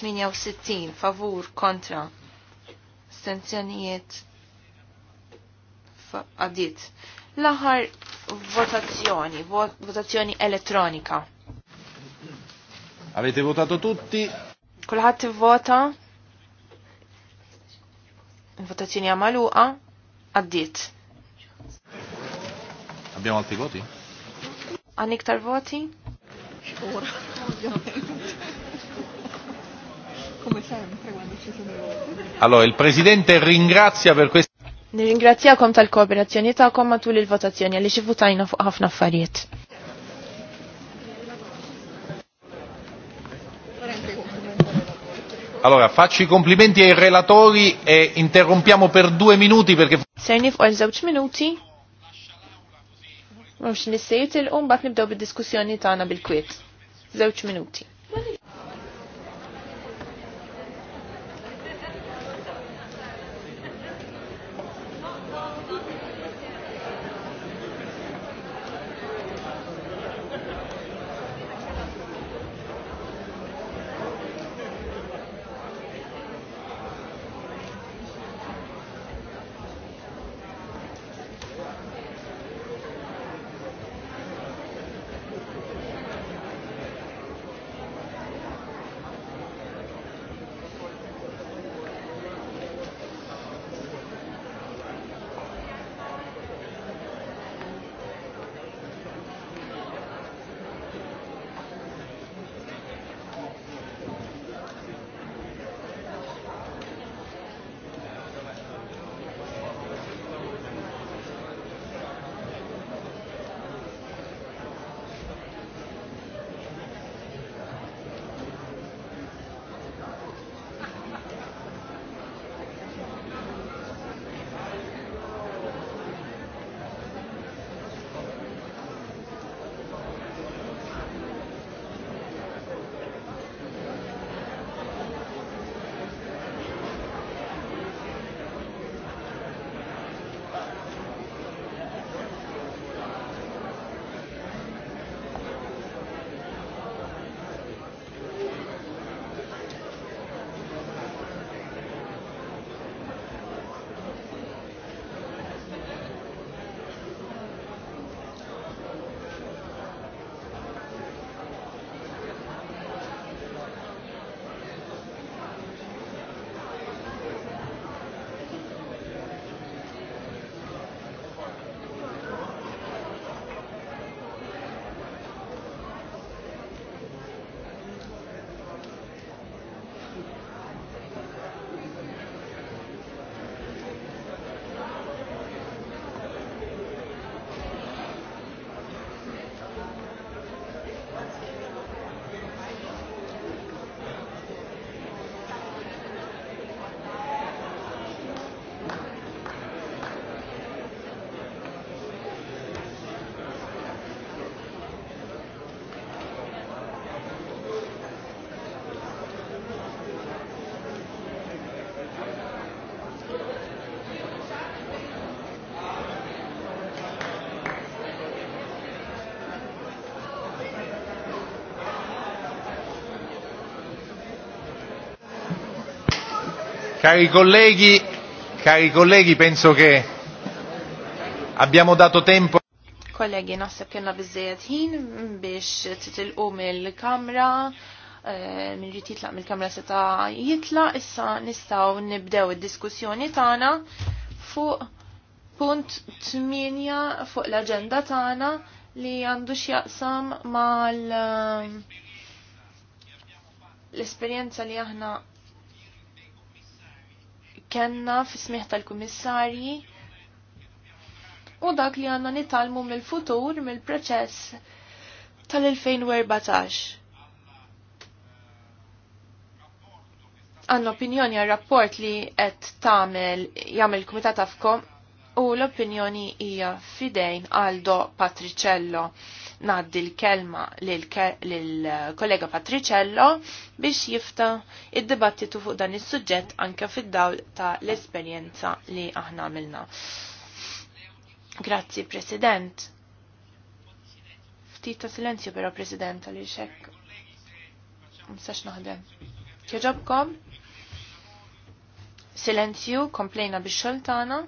68. Favur kontra astenzjonijiet għaddiet. l aħħar votazzjoni, votazioni elettronica. Avete votato tutti? Kulħadd vota. Votazzjoni għamaluqa għaddiet. Abbiamo altri voti? Għan iktar voti? Ora, Come sempre quando ci sono voti. Allora, il Presidente ringrazia per questo. Nirringrazzjakom tal-kooperazzjoni tagħkom matul il-votazzjoni xi votajna fuq ħafna affarijiet. Allora, faccio i complimenti ai relatori e interrompiamo per due minuti perché... Serni o il minuti. Mux nissejt il-qum bat nibdew diskussjoni ta'na bil-kwiet. Żewġ minuti. Cari colleghi, cari colleghi, penso che abbiamo dato tempo. Kollegi, naħseb kena bizzejet ħin biex titilqu mill-kamra, eh, minn ġi titlaq mill-kamra seta jitla, issa nistaw nibdew id-diskussjoni tagħna fuq punt 8 fuq l-agenda tagħna li għandu x'jaqsam mal eh, l-esperjenza li aħna kenna fismiħ tal-kummissarji u dak li għanna nitalmu mill-futur mill-proċess tal-2014. Għan opinjoni għal rapport li qed tagħmel jagħmel kumitat afkom u l-opinjoni hija fidejn Aldo Patricello naddi l-kelma l-kollega Patricello biex jifta id-dibattitu fuq dan is-suġġett anke fid-dawl ta' l-esperjenza li aħna għamilna. Grazzi, President. Ftit ta' silenzju però, President, għalli xek. Msax naħdem. Kieġobkom? Silenzju, komplejna biex xoltana.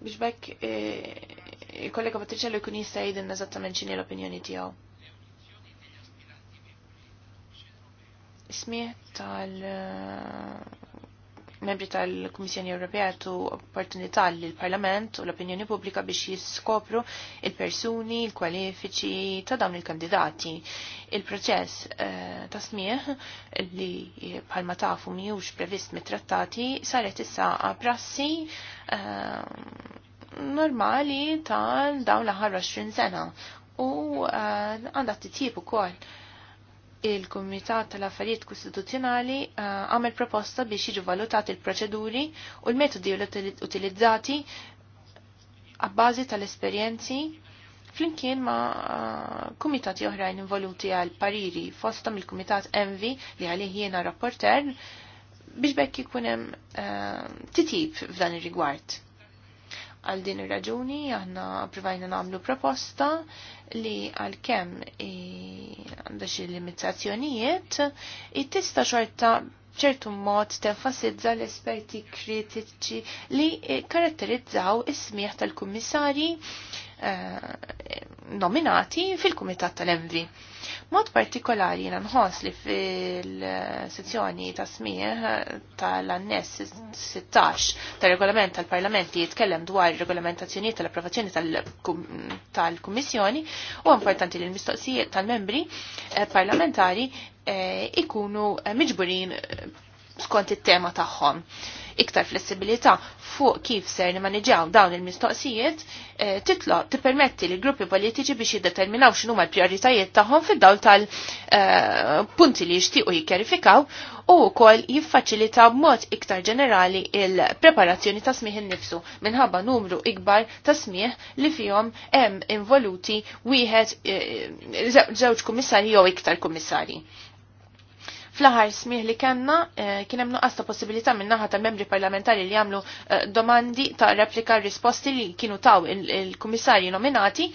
biex bekk eh, il-kollega li jkun jista' jgħidilna eżattament xini l-opinjoni tiegħu. Ismi tal membri tal-Kummissjoni Ewropea tu opportunità l parlament u l-opinjoni pubblika biex jiskopru il-persuni, il-kwalifiċi ta' dawn il-kandidati. Il-proċess eh, ta' smieħ li bħalma tafu miħux previst mit-trattati saret issa prassi eh, normali ta' dawn l-ħar 20 sena u eh, għandha t-tip u koll il-Kumitat tal-Affarijiet Kostituzzjonali eh, għamel proposta biex jiġu valutati l-proċeduri u l-metodi utilizzati għabbażi tal-esperjenzi flimkien ma' eh, kumitati oħrajn involuti għal pariri fostom il-Kumitat Envi li għalih jiena rapporter biex bekk ikun hemm eh, f'dan ir-rigward. Għal din ir-raġuni aħna provajna nagħmlu proposta li għal kemm għandha xi limitazzjonijiet, it-tista' xorta ċertu mod tenfasizza l-esperti kritiċi li karatterizzaw is-smieħ tal-kummissarji Eh, nominati fil-Kumitat tal-Envi. Mod partikolari jena nħos li fil-sezzjoni ta' smieħ tal-annes 16 tal-regolament tal-parlament li jitkellem dwar regolamentazzjoni tal-approvazzjoni tal-Kummissjoni u importanti li l-mistoqsijiet tal-membri eh, parlamentari eh, ikunu miġburin skont it-tema tagħhom iktar flessibilità fuq kif ser nimaniġaw dawn il-mistoqsijiet eh, titlo tippermetti li gruppi politiċi biex jiddeterminaw x'inhu ma l-prijoritajiet tagħhom fid-dawl tal-punti eh, li jixtiequ jikkjarifikaw u wkoll jiffaċilita b'mod iktar ġenerali il-preparazzjoni ta' smih innifsu minħabba numru ikbar ta' smih li fihom hemm involuti wieħed żewġ eh, kummissarji jew iktar kummissarji fl aħħar smieħ li kanna eh, kien hemm nuqqas ta' possibilità minn naħa ta' membri parlamentari li jagħmlu eh, domandi ta' replika risposti li kienu taw il-kummissarji nominati.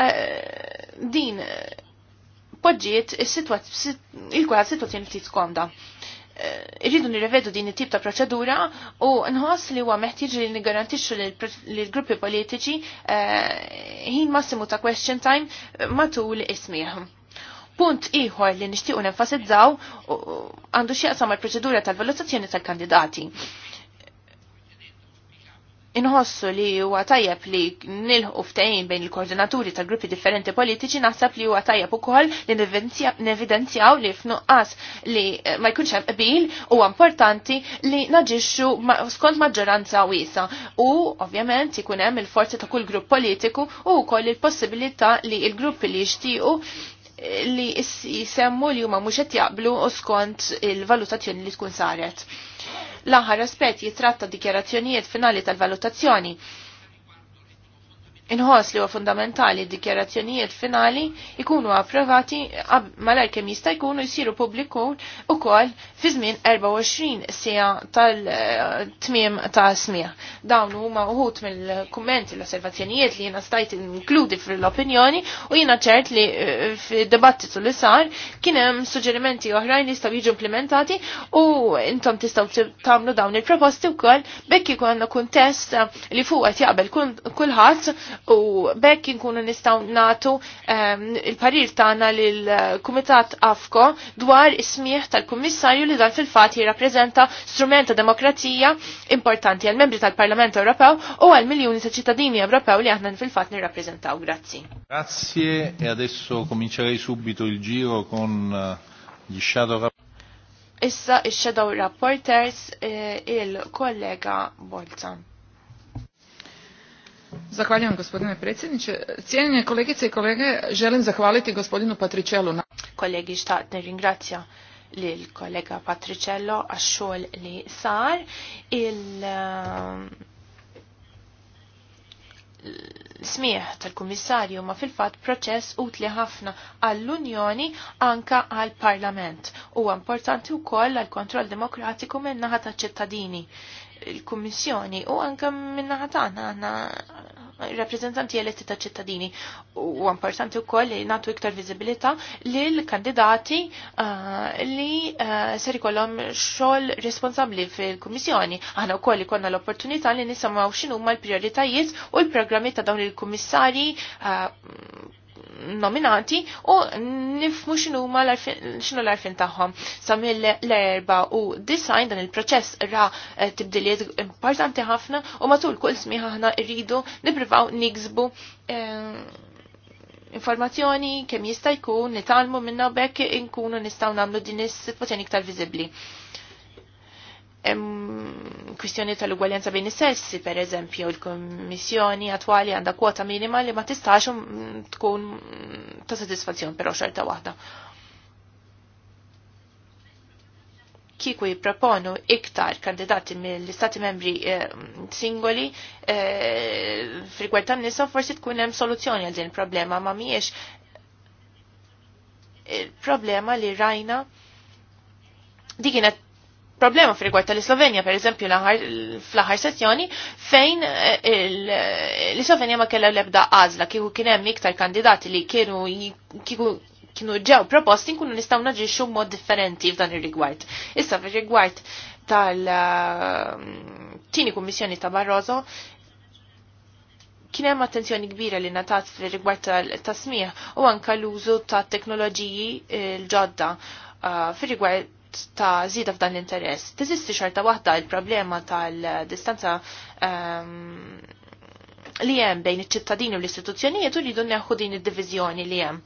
Eh, din poġġiet il-kulħadd sitwazzjoni ftit komda irridu nirrevedu din it-tip ta' proċedura u nħoss li huwa meħtieġ li nigarantixxu li l-gruppi politiċi ħin massimu ta' question time matul ismieħ. Punt ieħor li nixtiequ nenfasizzaw għandu x'jaqsam mal-proċedura tal-valutazzjoni tal-kandidati. Inħossu li huwa tajjeb li nilħu ftehim bejn il-koordinaturi tal gruppi differenti politiċi naħseb li huwa tajjeb ukoll li nevidenzjaw li f'nuqqas li eh, ma jkunx hemm qbil huwa importanti li naġixxu skont maġġoranza wiesa u ovvjament ikun hemm il-forzi ta' kull grupp politiku u wkoll il-possibilità li l-gruppi li jixtiequ li jisemmu li huma mhux qed jaqblu u skont il-valutazzjoni li tkun saret. L-aħħar aspett jitratta dikjarazzjonijiet finali tal-valutazzjoni Inħoss li huwa fundamentali d-dikjarazzjonijiet finali ikunu approvati malajr kemm jista' jkunu jsiru pubbliku wkoll fi żmien 24 sija tal-tmiem ta' smija. Dawn huma uħut mill-kummenti l-osservazzjonijiet li jiena stajt inkludi fil-opinjoni u jiena ċert li eh, fid-dibattitu li sar kien hemm suġġerimenti oħrajn li jistgħu jiġu implementati u intom tistgħu tagħmlu dawn il-proposti wkoll bekk ikun kuntest li fuq qed jaqbel kulħadd u bekk inkunu nistaw natu um, il-parir tagħna lill-Kumitat Afko dwar ismiħ tal-Kummissarju li dan fil-fatt jirrappreżenta strument ta' demokrazija importanti għal membri tal-Parlament Ewropew u għal miljuni ta' ċittadini Ewropew li aħna fil-fatt nirrapprezentaw. Grazzi. Grazie e adesso comincerei subito il giro con eh, gli shadow Issa il-Shadow Rapporters eh, il-kollega Bolzan. Zahvaljujem gospodine predsjedniče. Cijenjene kolegice i kolege, želim zahvaliti gospodinu Patričelu. Na... Kolegi štatne ringracija lil kollega Patricello għax-xogħol li sar il eh, smieħ tal-Kummissarju ma fil-fat proċess utli ħafna għall-Unjoni anka għall-Parlament u importanti wkoll għall kontroll demokratiku minnaħa ta' ċittadini il-Kummissjoni u anke minna tagħna għandna rappreżentanti eletti ta' ċittadini u importanti wkoll li nagħtu iktar uh, li l kandidati li ser ikollhom xogħol responsabbli fil-Kummissjoni. Aħna wkoll ikonna l-opportunità li nisamaw xinu ma' l prioritajiet u l-programmi ta' dawn il-kummissarji uh, nominati u nifmu xinu ma xinu l-arfin taħħom. Samil l-erba u design dan il-proċess ra eh, tibdiliet importanti ħafna u matul kull smiħa ħna irridu nipprivaw nigzbu eh, informazzjoni kemm jista' jkun nitalmu minna bekk inkunu nistgħu nagħmlu din is-sitwazzjoni iktar viżibbli kwistjoni tal-ugwaljanza bejn is-sessi, per eżempju, il-Kommissjoni attwali għandha kwota minima li ma tistax mm, tkun ta' satisfazzjon però xorta waħda. kiku jipproponu iktar kandidati mill-istati membri eh, singoli eh, frigwerta nisa forsi tkun hemm soluzzjoni għal din il-problema ma miex il-problema li rajna dikina kienet problema fi rigward tal-Slovenja, per eżempju, fl-aħħar sessjoni, fejn eh, l-Slovenja ma kellha l-ebda għażla kieku kien hemm iktar kandidati li kienu kienu ġew proposti nkunu nistgħu naġixxu mod differenti f'dan ir-rigward. Issa fir-rigward tal-tini eh, kummissjoni ta' Barroso kien hemm attenzjoni kbira li natat fir-rigward tal-tasmih u anke l-użu ta' teknoloġiji eh, l-ġodda fir-rigward ta' zida f'dan l-interess. Tiżisti xorta waħda il-problema tal-distanza um, li hemm bejn iċ-ċittadini u l-istituzzjonijiet u rridu neħħu din id-diviżjoni li hemm.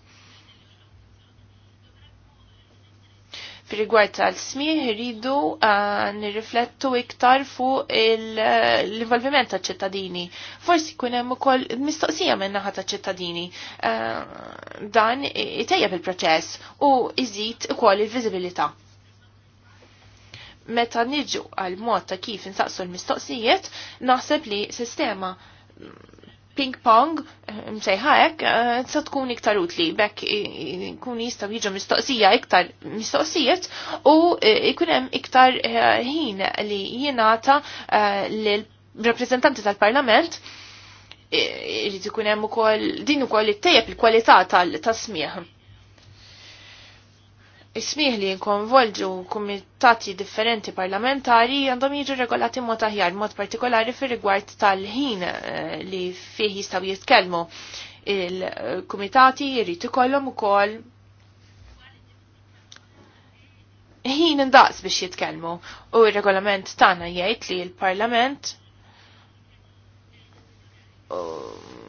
Fi rigward tal-smieħ rridu uh, eh, nirriflettu iktar fuq l-involviment taċ ċittadini Forsi kun hemm ukoll mistoqsija minn naħa taċ ċittadini Uh, dan itejjeb il-proċess u iżid ukoll il-viżibilità meta niġu għal mod ta' kif insaqsu l-mistoqsijiet, naħseb li sistema ping-pong, eh, msejħa hekk, eh, se tkun iktar utli, bekk kun jistaw jiġu mistoqsija iktar mistoqsijiet u jkun eh, hemm iktar ħin li jingħata l reprezentanti tal-Parlament irid ikun hemm ukoll din ukoll ittejjeb il-kwalità tal-tasmieħ ismiħ li jinkonvolġu kumitati differenti parlamentari għandhom jiġu regolati mod aħjar, mod partikolari fir rigward tal-ħin eh, li fih jistaw jitkellmu. Il-kumitati jirrit ikollhom ukoll ħin indaqs biex jitkellmu u r-regolament tagħna jgħid li l-Parlament uh,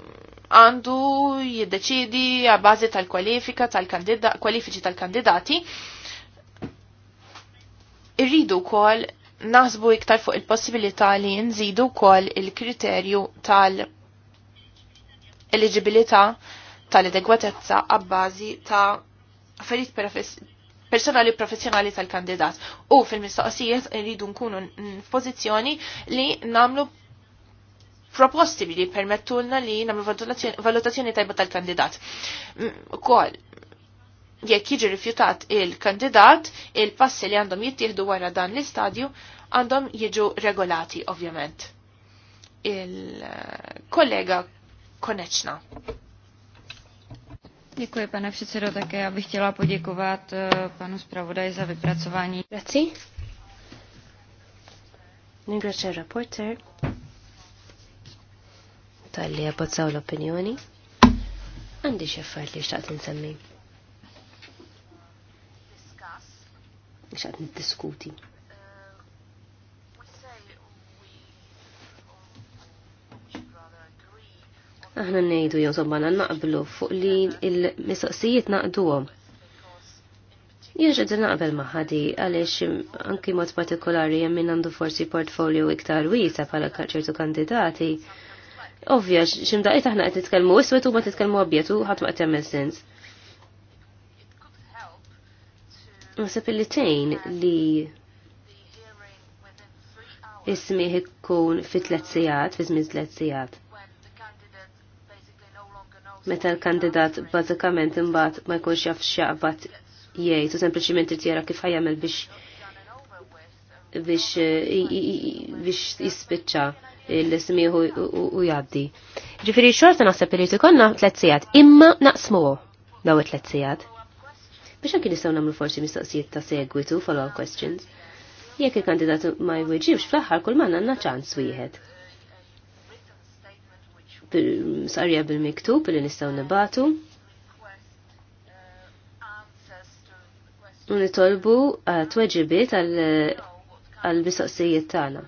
għandu jiddeċidi bazi tal-kwalifika tal-kwalifiċi tal-kandidati. Irridu kol naħsbu iktar fuq il-possibilità li nżidu kol il-kriterju tal-eligibilità tal-adegwatezza bazi ta' affarijiet personali u professjonali tal-kandidat. U fil-mistoqsijiet irridu nkunu f'pożizzjoni li namlu proposti li permettulna li namlu valutazzjoni tajba tal-kandidat. Kol, jekk jiġi rifjutat il-kandidat, il-passi li għandhom jittieħdu wara dan l-istadju għandhom jiġu regolati, ovvjament. Il-kollega Koneċna. Dziękuję Pana předsedo, také já bych chciała podziękować e, panu zpravodaji za wypracowanie. Grazie. Grazie, reporter tal-li abbozzaw l-opinjoni. Għandi xeffar li xtaqt nsemmi. Xtaqt niddiskuti. Aħna nejdu jew sobbana naqblu fuq li il-mistoqsijiet naqduhom. Jieġed naqbel maħadi għaliex anki mod partikolari jemmin għandu forsi portfolio iktar wisa bħala ċertu kandidati ovvjax, Ovvja, ximdaqiet aħna qed titkellmu iswed u ma titkellmu abjed u ħadd ma għet sens. Naħseb li tejn li ismiħ ikkun fi tliet sijat, fi żmien tliet sijat. Meta l-kandidat bazzikament imbat ma jkunx jaf x'jaqbad jgħid u sempliċiment irid jara kif ħajjamel biex biex jispicċa. jispiċċa il-smiħu u jaddi. Ġifiri xorta naħseb li tikonna tlet sijat, imma naqsmu daw tlet sijat. Biex anki nistgħu nagħmlu forsi mistoqsijiet ta' segwitu follow-up questions. Jekk il-kandidat ma jweġibx fl-aħħar kull manna għandna ċans wieħed. Sarja bil-miktub li nistgħu nibatu. Unitolbu uh, tweġibiet għal mistoqsijiet tagħna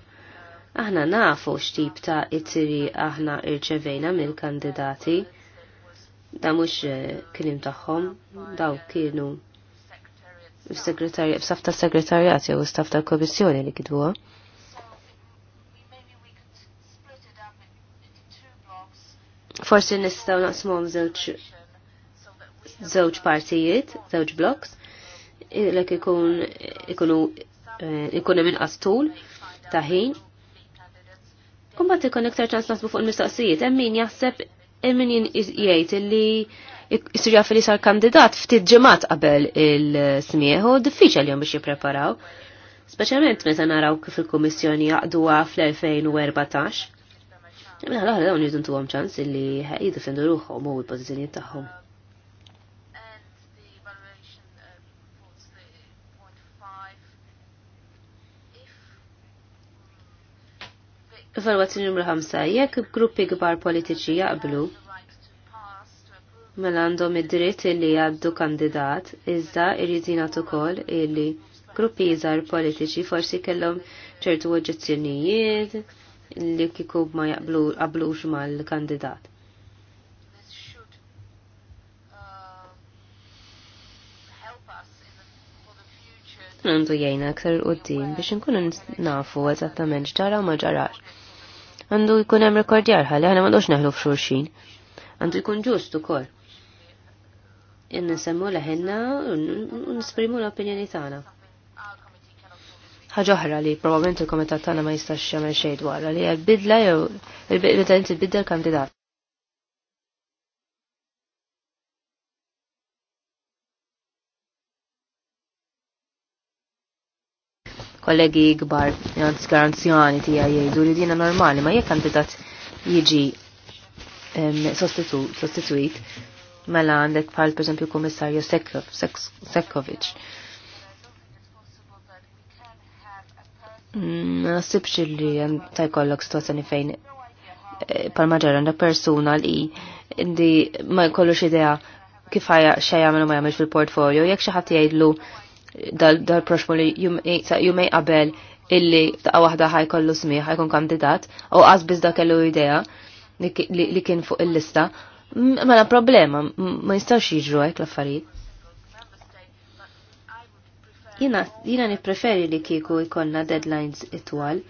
Aħna nafu x'tip ta' ittiri aħna irċevejna mill-kandidati. Da mhux eh, kliem tagħhom, daw kienu staff ta' segretarjat jew staf ta' komissjoni li kidbuha. Forsi nistgħu naqsmuhom żewġ żewġ partijiet, żewġ blocks, l ikun ikunu eh, ikun hemm inqas tul ta' ħin Kumbat ikon iktar ċans nasbu fuq il-mistoqsijiet, emmin jaħseb emmin jgħid li jisir jaf li sar kandidat ftit ġemat qabel il-smieħu, diffiċel jom biex jipreparaw. Speċjalment meta naraw kif il-Kummissjoni jaqduha fl-2014. Mela l-ħar dawn jidun ċans li fendu ruħom u l-pozizjoniet tagħhom. Evalwazzjoni numru 5. Jekk gruppi kbar politiċi jaqblu mela għandhom id-dritt li jgħaddu kandidat, iżda irridin jingħatu ukoll illi gruppi iżgħar politiċi forsi kellhom ċertu oġġezzjonijiet li kiku ma jaqblu qablux mal-kandidat. għandu jgħajna aktar l-qoddim biex nkunu nafu eżattament ġara ma ġarax għandu jkun hemm rekordjar ħalli ħana m'għandux neħlu f'xulxin. Għandu jkun ġust ukoll. semmu leħinna u nisprimu l-opinjoni tagħna. Ħaġa oħra li probabbilment il-komitat tagħna ma jistax jagħmel xejn dwar li hija bidla jew il-bidla inti kandidat. kollegi gbar garanzjani tija jgħidu li dina normali, ma jekk kandidat jiġi sostituit, mela għandek bħal per esempio komissarju Sekkovic. Mm, sibx li ta' jkollok situazzjoni fejn eh, pal maġġar għandha persuna li indi ma jkollux idea kif ħajja xejja ma jagħmel fil-portfolio, jekk xi ħadd jgħidlu dal-proxmu li jumej qabel illi f'daqqa waħda ħajkollu smieħ, ħajkun kandidat, u għaz da kellu idea li kien fuq il-lista, mela problema, ma jistax jiġru hekk l-affarijiet. Jina, jina nipreferi li kieku jkollna deadlines itwal,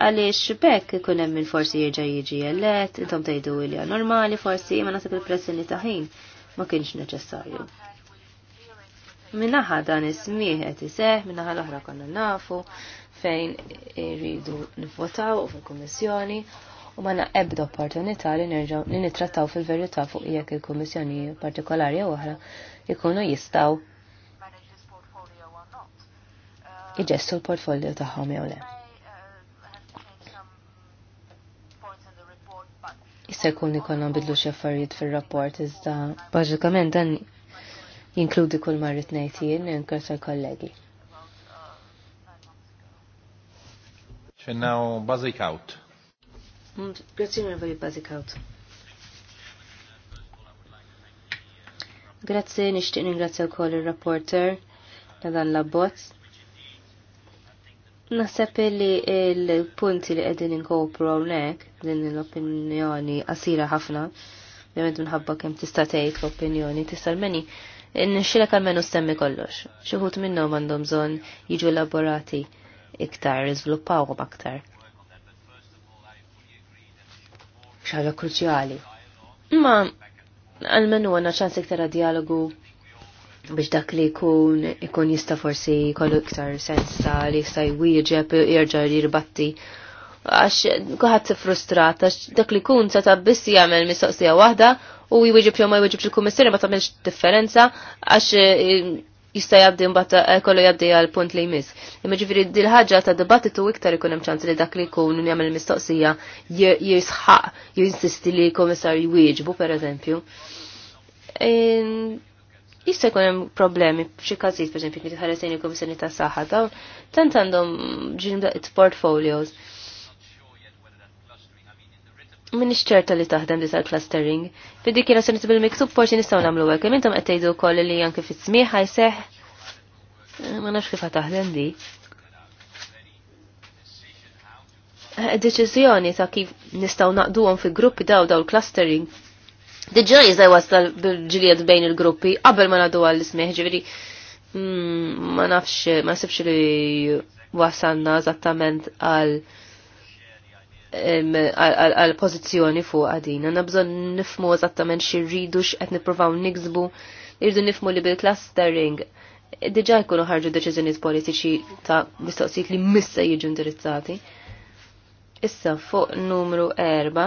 għaliex bekk ikun hemm min forsi jerġa' jiġi elett, intom tgħidu li normali forsi, ma nasib il-pressini ta' ħin ma kienx neċessarju. Minnaħa dan ismiħet qed iseħ, minnaħa l-oħra konna nafu fejn iridu irridu u fil-Kummissjoni u manna ebda opportunità li nerġgħu li nittrattaw fil-verità fuq jekk il-Kummissjoni partikolari u oħra jkunu jistgħu iġessu l-portfolio tagħhom jew le. Issa jkun ikonna bidlu xi affarijiet fir-rapport iżda bażikament dan jinkludi kull marrit nejtijin, jinkludi kollegi. ċennaw Basic Out. Grazie mille Basic Out. Grazie, nishtiq ningrazzja wkoll ir-rapporter ta' dan l-abbozz. Naħseb li l-punti li qegħdin inkopru hawnhekk din l-opinjoni qasira ħafna, ovvjament minħabba kemm tista' tgħid l-opinjoni tista' l meni nixxilek għal-menu semmi kollox. Xieħut minnom għandhom zon jiġu elaborati iktar, rizvluppawhom aktar. ċaga kruċjali. Ma għal-menu għanna ċans iktar dialogu biex dak li jkun ikun jista forsi kollu iktar sens ta' li jista' jwieġeb jirġa' jirbatti għax kuħat frustrat, għax dak li kun sa ta' biss jagħmel mistoqsija waħda u jwieġib jom ma jwieġib il-kummissarju ma tagħmilx differenza għax eh, jista' jabdi mbata eh, kollu jabdi għal punt li jmiss. Imma ġifiri dil ħaġa ta' dibattitu iktar ikun hemm ċans li dak li jkun jagħmel mistoqsija jisħaq jinsisti li l jwieġbu per pereżempju. Ehm, jista' jkun hemm problemi b'xi każijiet per eżempju, kif lejn il-Kummissjoni tas-Saħħa dawn tant għandhom ġinda it portfolios minn ċerta li taħdem li tal-clustering. Fiddi jena s bil-miksub forsi nistaw namlu għek. Mintom għattejdu koll li janki fit smiħa jseħ. Eh, ma nafx kif taħdem di. Eh, deċiżjoni ta' kif nistaw naqduhom fi gruppi daw daw l-clustering. Diġa jizaj wasal bil-ġiliet bejn il-gruppi qabel ma għal għall smiħ ġiviri. Mm, ma nafx, ma sibx li wasanna eżattament għal għal pożizzjoni fuq għadina. Għanna bżon nifmu eżattament xi rridu x'qed nippruvaw niksbu, irridu nifmu li bil-clustering diġà jkunu ħarġu deċiżjonijiet politiċi ta' mistoqsijiet li missa jiġu indirizzati. Issa fuq numru 4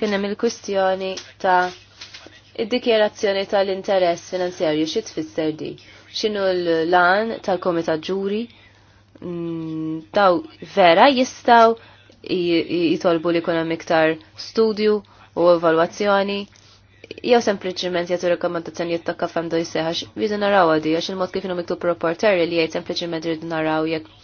kien hemm il ta' id-dikjerazzjoni tal-interess finanzjarju xi tfisser di? X'inhu l-lan tal-Komitat Ġuri? Mm, daw vera jistaw jitolbu li kuna miktar studju u evalwazzjoni jew sempliciment jagħtu rekomendazzjoni jittakka kafem do jseħax, jridu naraw għadi għax il-mod kif inhom miktub reporter li jgħid sempliciment jridu naraw jekk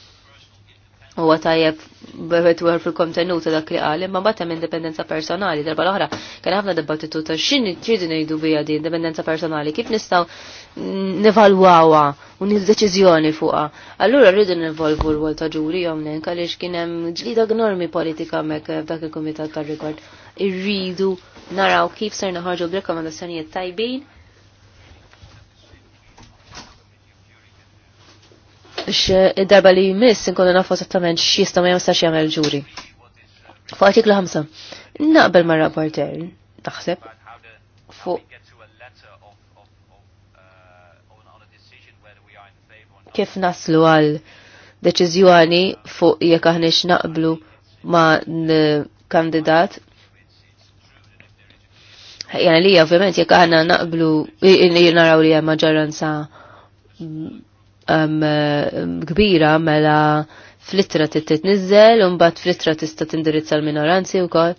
u għatajab bħet għar fil-kontenut dak li għal, imma bat hemm indipendenza personali, darba l-oħra, kien ħafna dibattitu ta' xini tridu ngħidu bija di indipendenza personali, kif nistgħu nevalwawa u nil-deċiżjoni fuqha. Allura rridu nivolvu l għol ta' ġuri jomlek għaliex kien hemm ġlida gnormi politika mek f'dak il-kumitat tar-rekord. Irridu naraw kif ser naħarġu b'rekomandazzjonijiet tajbin biex id-darba li jmiss nkunu nafu esattament x'jista' ma jistax jagħmel ġuri. Fuq artiklu 5. Naqbel ma' rapporter, taħseb, fuq kif naslu għal deċiżjoni fuq jekk aħniex naqblu ma' kandidat jena li ovvjament jekk aħna naqblu naraw li hemm maġġoranza Um, um, kbira mela flittra nizzel un bat flittra tista tindirizza l-minoranzi u kol.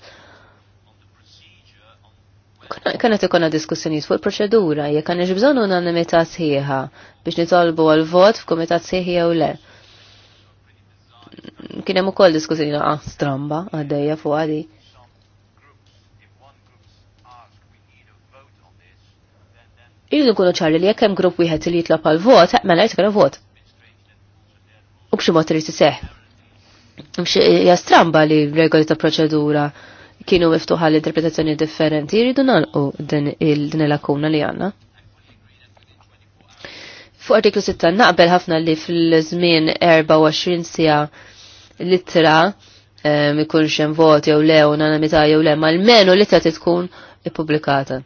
Kanet ikonna diskussjoni fuq il-proċedura, jekk għandna bżonn unanimità sħiħa biex nitolbu għal vot f'kumitat sħiħa jew le. Kien hemm ukoll diskussjoni naqa' ah, stramba għaddejja fuq għadi. Irridu nkunu ċarri li jekk hemm grupp wieħed li jitlob għal vot, mela jitlob vot. U b'xi mod irid iseħħ. Hija stramba li regoli ta' proċedura kienu miftuħa l-interpretazzjoni differenti, jridu nagħlqu din il-lakuna li għandna. Fuq artiklu 6 naqbel ħafna li fil-żmien 24 sija littra eh, ikunx hemm vot jew le u nanamita jew le, l menu litra tkun ippubblikata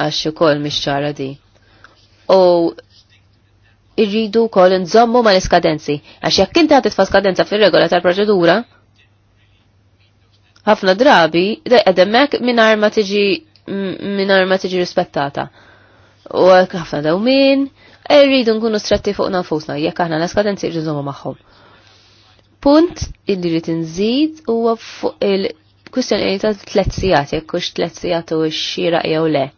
għax ukoll mhix ċara di. U irridu wkoll nżommu ma l-iskadenzi għax jekk inti ħadd skadenza fir-regola tal-proċedura ħafna drabi qedemmek mingħajr ma tiġi mingħajr ma tiġi rispettata. U hekk ħafna min, irridu nkunu stretti fuq nafusna jekk aħna l-iskadenzi irridu nżommu magħhom. Punt illi rrid inżid huwa fuq il-kwistjoni ta' tliet sigħat jekk hux tliet sigħat u x-xira jew le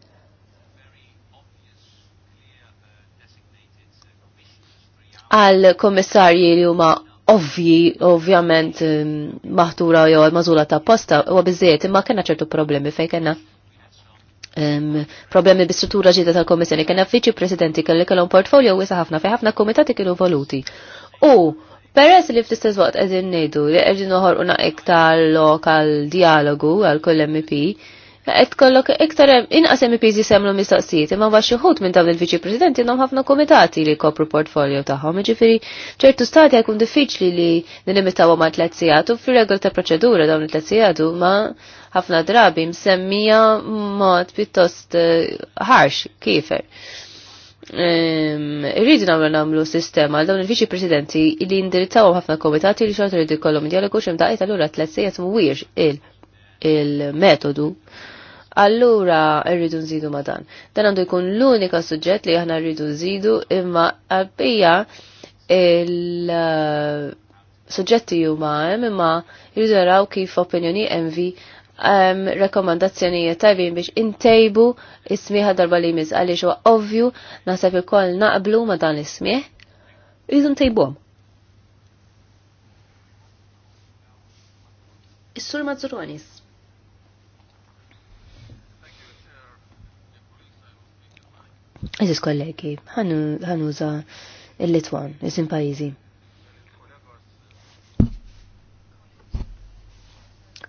għal komissarji li huma ovvji, ovvjament um, maħtura jew mażula ta' posta, u bizziet, imma kena ċertu problemi fej kena. Um, problemi bi struttura ġita tal-komissjoni kena fiċi presidenti kelli kellhom portfolio wisa ħafna fejn ħafna komitati kienu voluti. U peress li f'istess waqt qegħdin ngħidu li qegħdin noħorqu naqik iktar lokal dialogu għal kull MP, għed kollok iktar inqas MPs semlu mistoqsijiet imma baxxi ħut minn dawn il-Viċi Presidenti jinhom ħafna komitati li kopru portfolio tagħhom. ġifiri ċertu stati jkun diffiċli li nilimitawhom ma' tliet sigħat u fir-regol ta' proċedura dawn it-tliet u ma ħafna drabi msemmija mod pjuttost ħarx eh, kifer. Ehm, irridu namlu namlu sistema għal dawn il-viċi presidenti li indirizzaw ħafna komitati li xorta li kollom dialogu xem daqqa tal-ura t-letzijat il metodu allura rridu nżidu ma dan. Dan għandu jkun l-unika suġġett li aħna rridu nżidu imma għabbija il-suġġetti eh, huma hemm imma rridu naraw kif opinjoni envi um, rekomandazzjonijiet tajbin biex intejbu ismiħa darba li jmiss għaliex huwa ovvju naħseb ikoll naqblu ma dan ismieħ rridu ntejbuhom. Is-sur Mazzuronis. Eżis kollegi, ħanuża il-Litwan, iżin pajizi.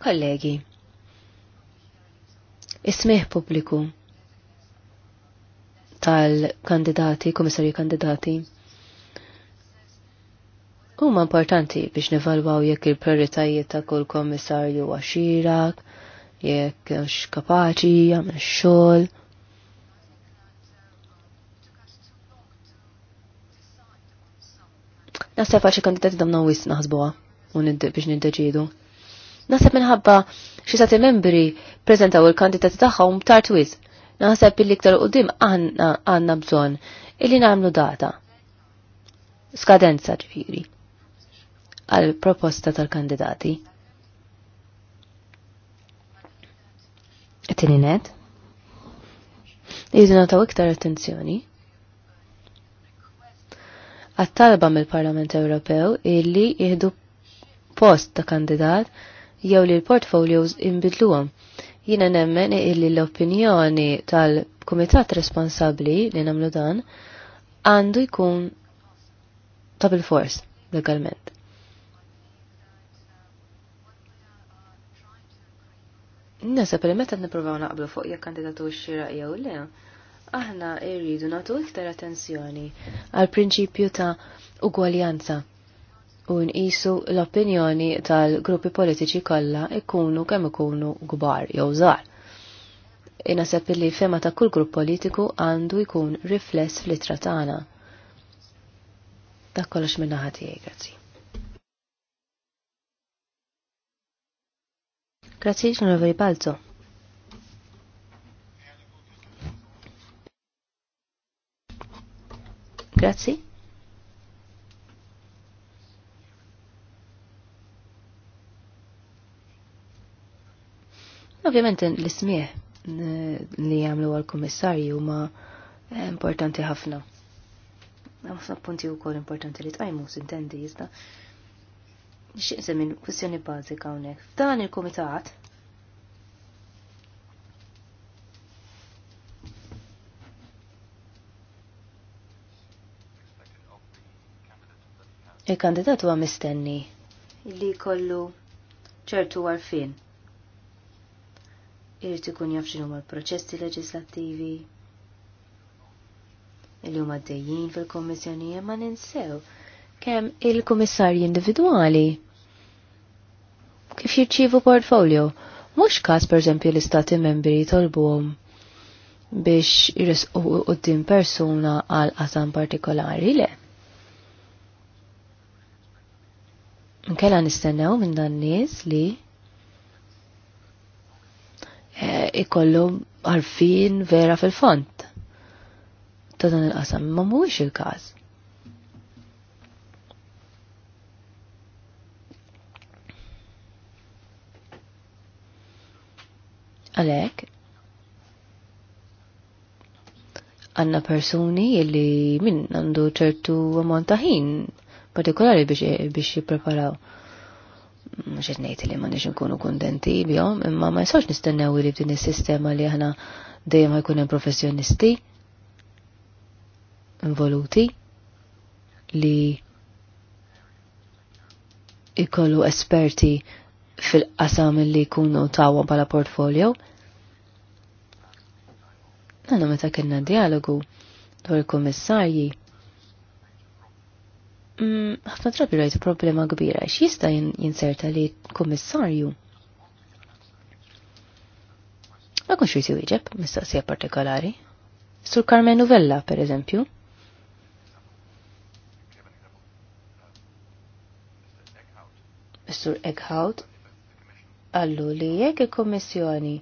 Kollegi, ismiħ publiku tal-kandidati, komissarju kandidati, huma importanti biex nevalwaw jekk il-prioritajiet ta' kull komissarju għaxirak, jekk x kapaċi, għamil xogħol Nasab għal xi kandidati damna u naħsbuha u biex nindeġidu. Nasab minħabba xi sati membri preżentaw il-kandidati tagħhom tard wis. Naħseb li iktar dim għandna bżonn illi nagħmlu data. Skadenza ġifiri. għal proposta tal-kandidati. Tininet? Jizna taw iktar attenzjoni għattalba talba mill-Parlament Ewropew illi jihdu post ta' kandidat jew li l-portfolios imbidluhom. Jiena nemmen illi l-opinjoni tal-kumitat responsabbli li nagħmlu dan għandu jkun ta' bil-fors legalment. Nasa, per meta nipruvaw naqblu fuq jekk kandidatu x-xira jew le, aħna irridu nagħtu iktar attenzjoni għal prinċipju ta' ugwaljanza u nqisu l-opinjoni tal-gruppi politiċi kollha ikunu kemm ikunu kbar jew żgħar. Inaseb li fema ta' kull grupp politiku għandu jkun rifless fl-itra tagħna. Dak kollox minn naħa tiegħi, grazzi. Grazzi, ġonorevoli Balzo. Grazzi. Ovvjament l-ismieħ eh, li jagħmlu għal-kummissarju ma importanti ħafna. Għafna punti wkoll importanti li s sintendi iżda. Xieqse minn kwestjoni bażika hawnhekk. F'dan il-kumitat Il-kandidat huwa mistenni li kollu ċertu għarfien. Irrid ikun jaf x'inhu l-proċessi leġislattivi Illi huma dejjin fil-kommissjoni ma ninsew kemm il-kummissarji individwali kif jirċievu portfolio. Mhux każ pereżempju l-istati membri jitolbuhom biex jirisqu qudiem persuna għal qasam partikolari le. Nkella nistennew minn dan nies li eh, ikollhom għarfin vera fil-font ta' dan il-qasam, ma mhuwiex il-każ. Għalek, għanna persuni illi minn għandu ċertu għamon taħin partikolari biex jippreparaw. qed ngħid li ma nix inkunu kundenti bihom, imma ma jistax nistennew li b'din is-sistema li aħna dejjem ħajkun hemm professjonisti involuti li ikollu esperti fil-qasam li jkunu tawa bħala portfolio. Għanna meta kienna dialogu dwar il-kummissarji Mm, ħafna drabi rajtu problema kbira, x'jista' jinserta li kummissarju? Ma konx jisju iġeb, mistaqsija partikolari. Sur Carmen Novella, per eżempju. Sur Egghout għallu li jekk il-Kommissjoni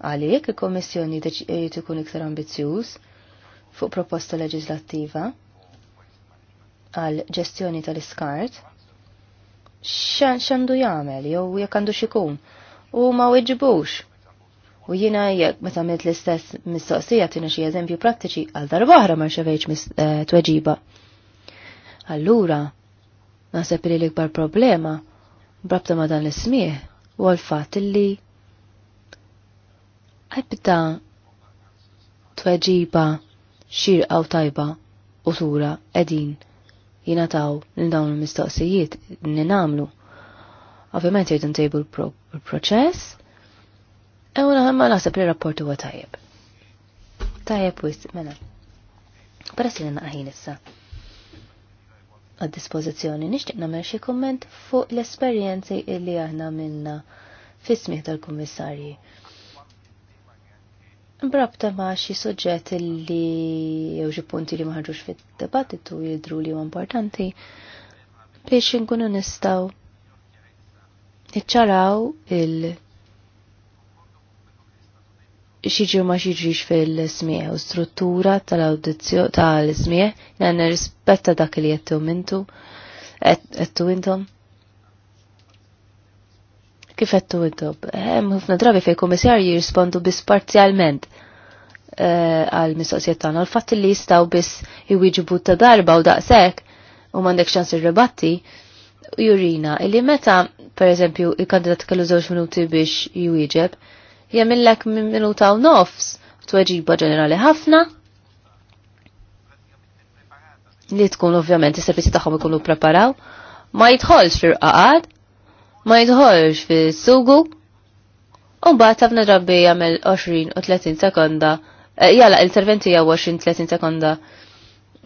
għalli jekk il-Kommissjoni deċijiet iktar ambizjuż fuq proposta leġislattiva, għal ġestjoni tal-iskart xandu jagħmel jew jekk għandu xikun u ma weġibux. U jina jekk meta għamilt l-istess mistoqsija tina xi eżempju prattiċi għal darbaħra ma xevejx eh, tweġiba. Allura, naħseb li l-ikbar problema brabta ma dan l-ismieħ u għal-fat li għibda tweġiba xirqa u tajba u tura edin jinataw lil dawn il-mistoqsijiet n-namlu. Ovvjament jgħid ntejbu l-proċess, ewna ma naħseb li rapportu għu tajjeb. Tajjeb wis, mela. Peress li naqħin issa. Għad-dispożizzjoni nixtieq nagħmel xi kumment fuq l-esperjenzi illi aħna minna fis-smieħ tal-kummissarji Brabta ma xi suġġett li jew xi punti li maħarġux fid-dibattitu jidru li huwa importanti biex inkunu nistgħu niċċaraw il xieġi ma xiġrix fil-smieħ u struttura tal-audizzjoni tal-smieħ, jgħanna rispetta dak li jettu mintu, jettu intom kif qed id-dob. Hemm ħafna drabi fejn kummissarji jirrispondu biss parzjalment eh, għal mistoqsijiet tagħna. L-fatt li jistgħu biss jwieġibu ta' darba u daqshekk u m'għandek ċans irribatti jurina illi meta pereżempju il-kandidat kellu żewġ minuti biex jwieġeb jagħmilek minn minuta u nofs tweġiba ġenerali ħafna li tkun ovvjament is-servizzi tagħhom ikunu preparaw ma jidħolx fir-qaqad ma jidħolx fis-sugu u mbagħad ħafna drabi jagħmel 20 u 30 sekonda. Eh, jala, interventi hija 20-30 sekonda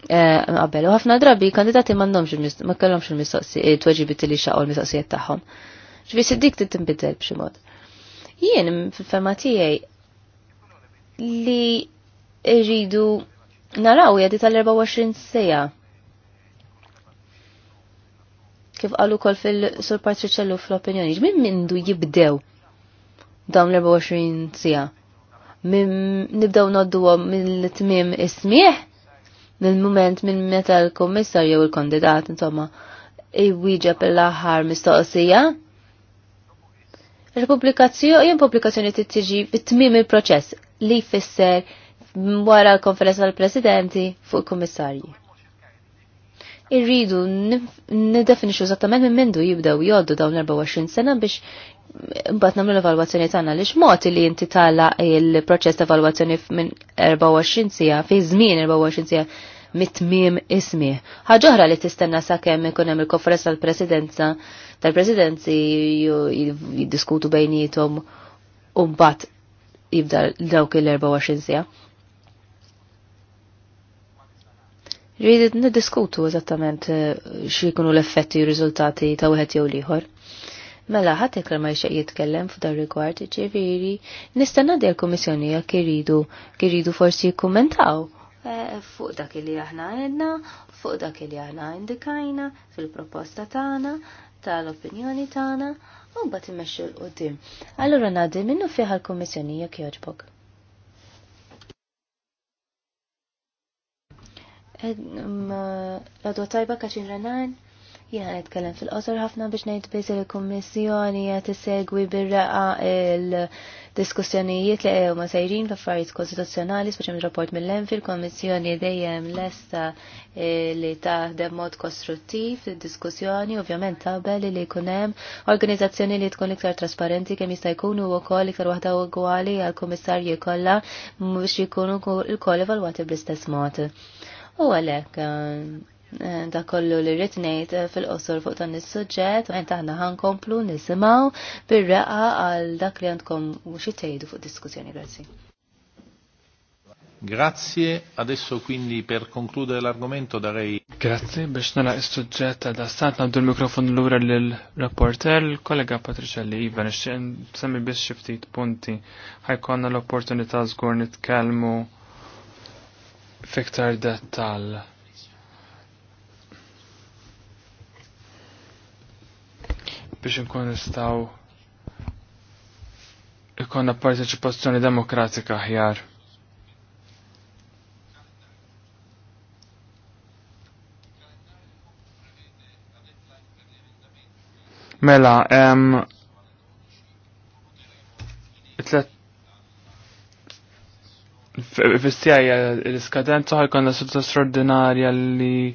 eh, qabel. U ħafna drabi kandidati m'għandhomx ma kellhomx il-mistoqsijiet tweġibit li xaqgħu l-mistoqsijiet tagħhom. Ġbis id-dik tinbidel b'xi mod. Jien fil-fema tiegħi li irridu naraw jadi tal-24 sejja kif għallu kol fil-sur ċellu fl-opinjoni, minn mindu jibdew dawn l-24 sija? Nibdew noddu mill-tmim ismieħ? Mill-moment minn meta l komissar jew l-kandidat, insomma, iwieġeb l-aħħar mistoqsija? Il-pubblikazzjoni, jen pubblikazzjoni t-tiġi bit-tmim il-proċess li fisser wara l-konferenza tal-presidenti fuq il komissarji irridu nidefinixu eżattament minn mendu jibdew joddu dawn 24 sena biex mbatt nagħmlu l-evalwazzjoni tagħna li x'mod li inti tala il-proċess ta' evalwazzjoni minn 24 sija fi żmien 24 sija mit-tmiem ismi. Ħaġoħra li tistenna sakemm ikun hemm il-konferenza tal-presidenza tal-presidenzi jiddiskutu bejnietom u mbagħad jibda dawk il-24 sija. Rridu niddiskutu eżattament eh, xikunu l-effetti u riżultati ta' wieħed jew liħor. Mela ħadd ikra ma jxaq jitkellem f'dan rigward, ġifieri nista' ngħaddi l-Kummissjoni jekk iridu kiridu forsi jikkumentaw. Eh, fuq dak li aħna għedna, fuq dak li aħna indikajna fil-proposta tagħna, tal-opinjoni tagħna, u mbagħad immexxu l-qudiem. Allura ngħaddi minnu fih l-Kummissjoni jekk jogħġbok. L-għadu mm, uh, tajba kaxin renan, jina nitkellem fil-qosor ħafna biex nejt bizi il kommissjoni jgħat segwi bil-raqa il-diskussjonijiet li għu ma sejrin l-affarijiet speċem il rapport mill-lem fil-kommissjoni dejjem lesta eh, li taħdem mod kostruttiv il diskussjoni ovvjament tabel li kunem organizazzjoni li tkun iktar trasparenti kemm jista' jkunu wkoll iktar waħda ugwali għal-kummissarji kollha biex jkunu l-koll evalwati bl-istess mod. U għalek, eh, da kollu li ritnejt eh, fil-qosor fuq dan is-suġġett u għent aħna ħankomplu nisimgħu bir-reqa għal dak li għandkom u xi tgħidu fuq diskussjoni. Grazzi. Grazie, adesso quindi per concludere l'argomento darei... Grazie, biex nara il da stat nabdu l-mikrofon l-ura l-rapporter, l-kollega Patricelli Ivan, semmi biex xiftit punti, ħajkonna l-opportunità zgur nitkelmu fiktar dettal. Biex nkun nistaw ikonna parteċipazzjoni demokratika ħjar. Mela, um, tlet fistijaj l-iskadenza ħajkonna sutta straordinarja li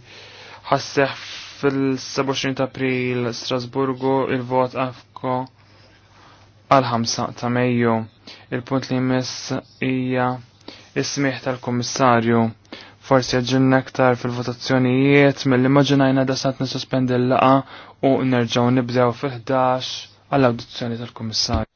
ħasseħ fil-27 ta' april Strasburgu il-vot afko għal-5 ta' Mejju. Il-punt li jmiss hija ismiħ tal-Komissarju. Forsi għagġin aktar fil-votazzjonijiet mill maġinajna da sat nisospendi l-laqa u nerġaw nibdew fil-11 għall-audizzjoni tal-Komissarju.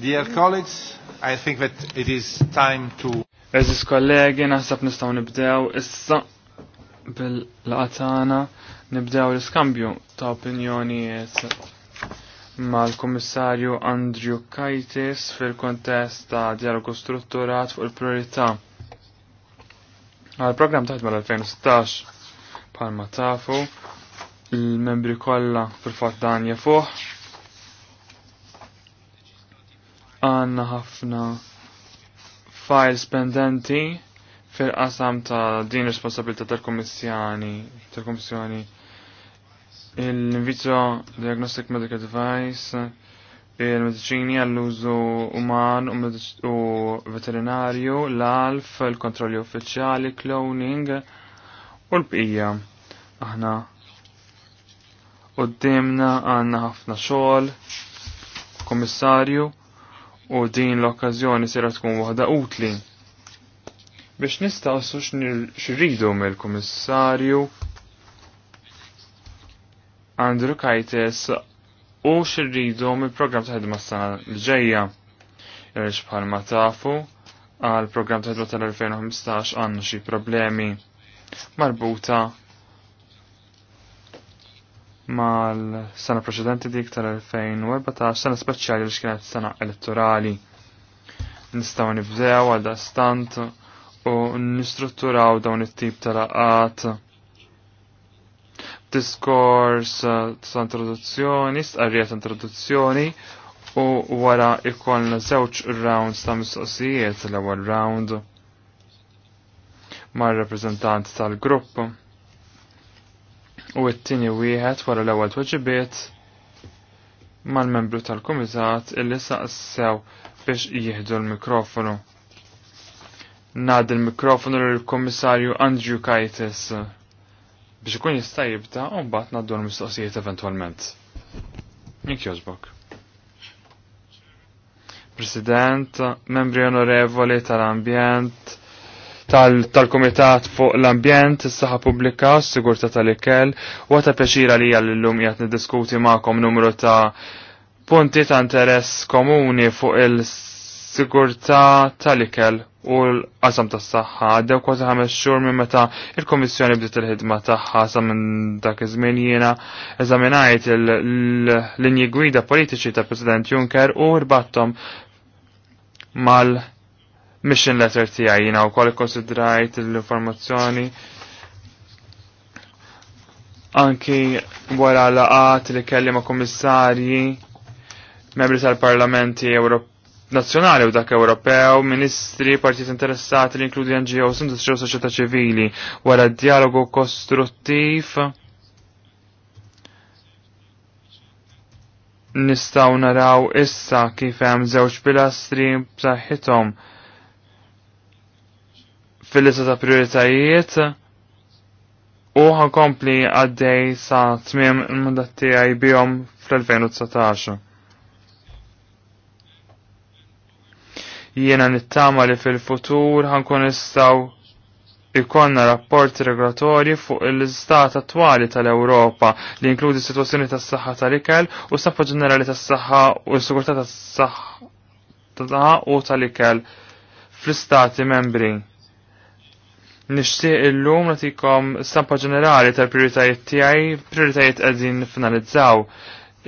Dear colleagues, I think that it is time to... Eżis kollegi, naħseb nistaw nibdew issa bil-qatana nibdew l-iskambju ta' opinjonijiet mal-Komissarju Andrew Kaitis fil-kontest ta' dialogu strutturat fuq il-priorità għal-program taħt mal-2016 palma tafu il-membri kolla fil-fat dan jafuħ għanna ħafna files pendenti fil-qasam ta' din responsabilità tal komissjoni tal komissjoni il vitro Diagnostic Medical Device il-medicini għall-użu uman u veterinarju, l-alf, il-kontrolli uffiċjali, cloning u l-bqija. Aħna u d għanna ħafna xogħol, komissarju, u din l-okkazjoni sera tkun waħda utli. Biex nistaqsu xirridu mill-Kummissarju Andrew Kajtes u xirridu mill-programm ta' ħidma s-sena l-ġejja. Irriġ bħal ma tafu għal programm ta' ħidma tal-2015 għannu xi problemi marbuta mal-sena preċedenti dik tal-2014, sena speċjali li x'kienet sena elettorali. Nistaw nibdew għal stant u nistrutturaw dawn it-tip tal-aqat diskors ta' introduzzjoni, starrija ta' introduzzjoni u wara ikon żewġ rounds ta' mistoqsijiet l-ewwel round mar reprezentant tal-grupp u t-tini wieħed wara l-ewwel tweġibiet mal-membru tal-kumitat illi saqsew biex jieħdu l-mikrofonu. Nad il-mikrofonu l-Komissarju Andrew Kaitis biex ikun jista' jibda u mbagħad ngħaddu l-mistoqsijiet eventwalment. Jekk jogħġbok. President, membri onorevoli tal-ambjent, tal-Komitat fuq l-Ambjent, is saha Pubblika, s-Sigurtà tal-Ikel, u ta' peċira li għal l-lum jgħat niddiskuti numru ta' punti ta' interess komuni fuq il-Sigurtà tal-Ikel u l-qasam tas saħħa għaddew kważi ħames xhur minn meta il-Kommissjoni bdiet il-ħidma tagħha sa minn dak iż-żmien jiena eżaminajt l linji gwida politiċi ta' President Juncker u rbattom mal- mission letter tiegħi u kolli konsidrajt l-informazzjoni anki wara laqat li kelli ma' kummissarji membri tal-parlamenti nazzjonali u dak Ewropew, ministri, partijiet interessati li inkludi NGOs, industrija u soċjetà ċivili wara dialogu kostruttiv nistaw naraw issa kif hemm żewġ pilastri b'saħħithom fil-lista ta' prioritajiet u ħankompli għaddej sa' tmiem il-mandat tiegħi bihom fl-2019. Jiena nittama li fil-futur ħankun nistgħu ikonna rapporti regolatorji fuq l-istat attwali tal-Ewropa li inkludi situazzjoni tas saħħa tal-ikel u s stampa ġenerali tas saħħa u s-sigurtà tas saħħa u tal-ikel fl-istati membri. Nixtieq illum natikom stampa ġenerali tal prioritajiet tiegħi, prioritajiet qegħdin finalizzaw.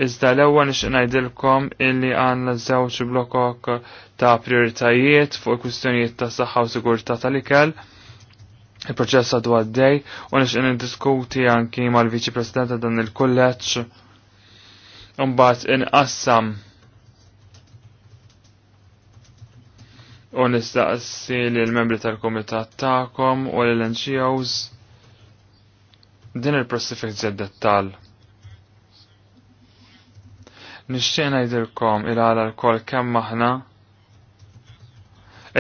Iżda l-ewwel nixtieq ngħidilkom illi għandna żewġ blokok ta' prioritajiet fuq kwistjonijiet ta' saħħa u sigurtà tal-ikel il-proċess għadu għaddej u nixtieq niddiskuti anki mal viċi President dan il-kulleċ Umbat inqassam u nistaqsi l-membri tal-komitat ta'kom u l-NGOs din il-prostifik tal. Nixtieq ngħidilkom il-għala l-kol kemm aħna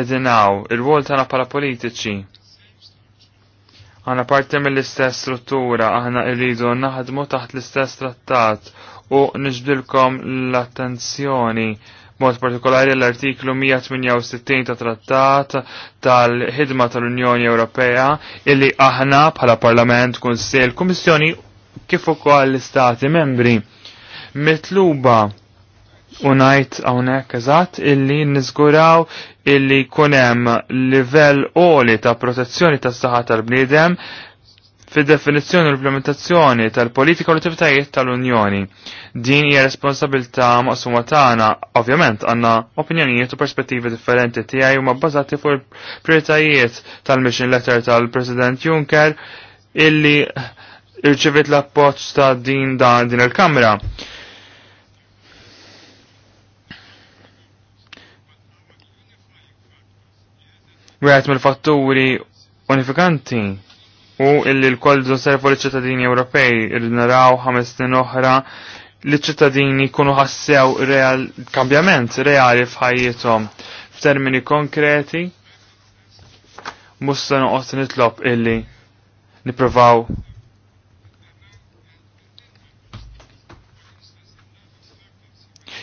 edinaw il-wol tagħna bħala politiċi. Għana parti mill-istess struttura, aħna rridu naħdmu taħt l-istess trattat u nixbdilkom l-attenzjoni mod partikolari l-artiklu 168 ta' trattat tal-ħidma tal-Unjoni Ewropea illi aħna bħala Parlament, Kunsill, Kummissjoni kif ukoll l-Istati membri mitluba unajt hawnhekk eżatt illi niżguraw illi kunem livell oli ta' protezzjoni tas saħħa tal-bniedem fid-definizzjoni u l-implementazzjoni tal-politika u l-attivitajiet tal-Unjoni. Din hija responsabilità maqsuma tagħna, ovvjament għandna opinjonijiet u perspettivi differenti tiegħi huma bbażati fuq il-prijoritajiet tal-mission letter tal-President Juncker illi irċivit l-appoġġ ta' din dan din il-Kamra. Wieħed mill-fatturi unifikanti u illi l-koll servu l-ċittadini Ewropej irnaraw ħames snin oħra li ċittadini kunu ħassew real kambjament reali f'ħajjithom f'termini konkreti musta noqgħod nitlob illi nippruvaw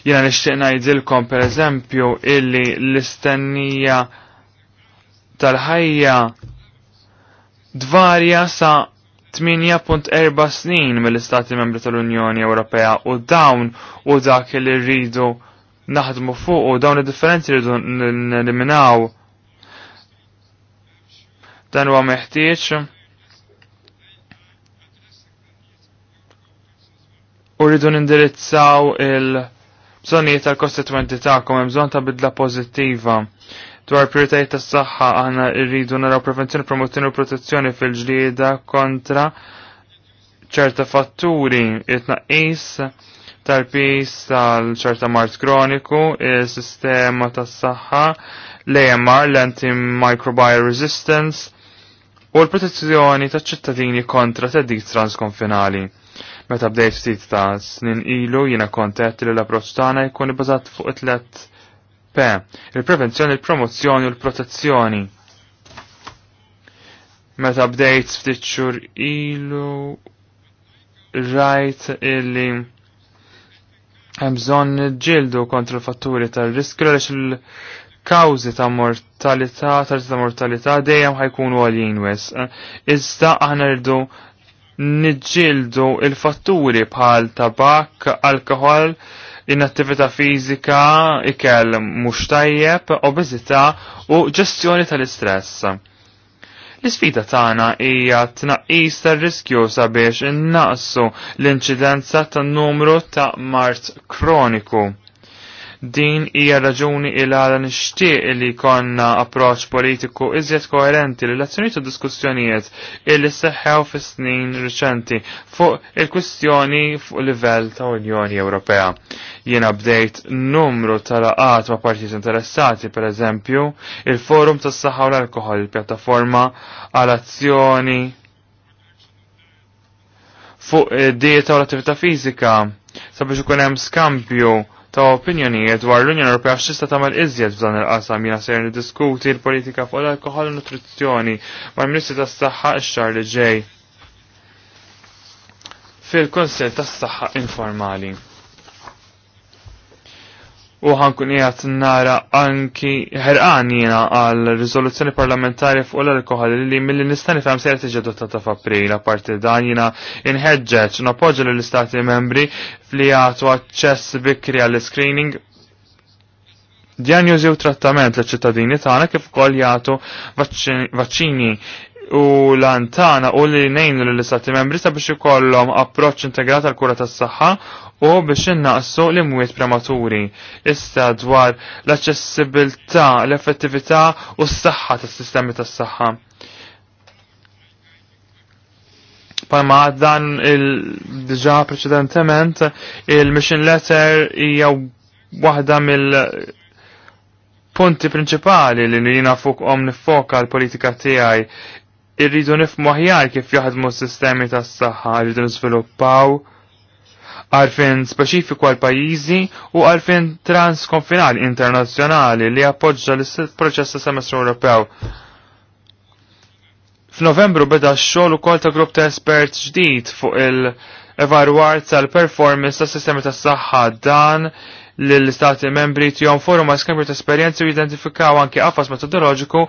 jena nishtiq najdilkom per eżempju illi l-istennija tal-ħajja dvarja sa 8.4 snin mill-Istati Membri tal-Unjoni Ewropea u dawn u dak li rridu naħdmu fuq u dawn id-differenzi rridu n-eliminaw. Dan huwa meħtieġ u rridu nindirizzaw il- bżonijiet tal-kostituenti ta' hemm bżonn ta' bidla pożittiva. Dwar prioritajiet tas saħħa aħna rridu naraw prevenzjoni, promozzjoni u protezzjoni fil-ġlieda kontra ċerta fatturi it tnaqqis tal-pis tal-ċerta mart kroniku, il-sistema tas saħħa l-EMR, l-antimicrobial resistance, u l-protezzjoni ta' ċittadini kontra teddik transkonfinali. Meta bdejt ftit ta' snin ilu jiena kontet li l-approċċ tagħna jkun ibbażat fuq it tlet P. Il-prevenzjoni, il-promozzjoni u l-protezzjoni. Meta bdejt ftitxur ilu rajt illi hemm bżonn ġildu kontra l fatturi tar-riskju għaliex il-kawżi ta' mortalità, tarzi ta' mortalità dejjem ħajkunu għaljin wis. Iżda aħna rridu niġġieldu il-fatturi bħal tabak, alkohol, inattività fizika, ikel mhux tajjeb, obeżità u ġestjoni tal-istress. L-isfida tagħna hija tnaqqis tar-riskju sabiex innaqsu l-inċidenza tan-numru ta' mart kroniku. Din hija raġuni il għala nixtieq li konna approċ politiku iżjed koerenti li l-azzjonijiet u diskussjonijiet illi seħħew fis-snin riċenti fuq il-kwistjoni fuq livell ta' Unjoni Ewropea. Jiena bdejt numru ta' laqat ma' partijiet interessati, per eżempju, il-Forum tas-Saħħa u l-Alkohol, il-pjattaforma għal azzjoni fuq dieta u l-attività fizika sabiex ikun hemm skambju ta' opinjonijiet dwar l-Unjoni Ewropea x'tista' tagħmel iżjed f'dan il-qasam jiena ser niddiskuti l-politika fuq l-alkoħol u nutrizzjoni mal-Ministru tas-Saħħa x-xahar li ġej fil-Kunsill tas-Saħħa informali u ħankun jgħat nara anki ħerqan jena għal rizoluzzjoni parlamentari fuq l-alkohol li mill nistani fem sejra tiġi adottata f'April, parti dan jena inħeġġeġ napoġġa l-istati membri fli għatu aċċess bikri għall-screening djanjużi u trattament l ċittadini tagħna kif ukoll jagħtu vaċċini u lantana u li nejnu l-istati membri sabiex ikollhom approċċ integrat għal kura tas-saħħa u biex innaqsu l-imwiet prematuri. Issa dwar l accessibilità l-effettività u s-saħħa tas-sistemi tas-saħħa. Palma dan il-dġa preċedentement, il-mission letter hija waħda mill- punti prinċipali li nirina fuq om nifoka l-politika tiegħi irridu nifmu aħjar kif jaħdmu s-sistemi tas-saħħa, irridu nisviluppaw għalfin speċifiku għal pajjiżi u għalfin transkonfinali internazzjonali li appoġġa l-proċess ta' semestru Ewropew. F'Novembru beda x-xogħol ukoll ta' grupp ta' espert ġdid fuq il-evalwar tal-performance tas sistemi tas saħħa dan l-istati membri tijom forum ma' skambju ta' esperienzi u identifikaw anki għafas metodoloġiku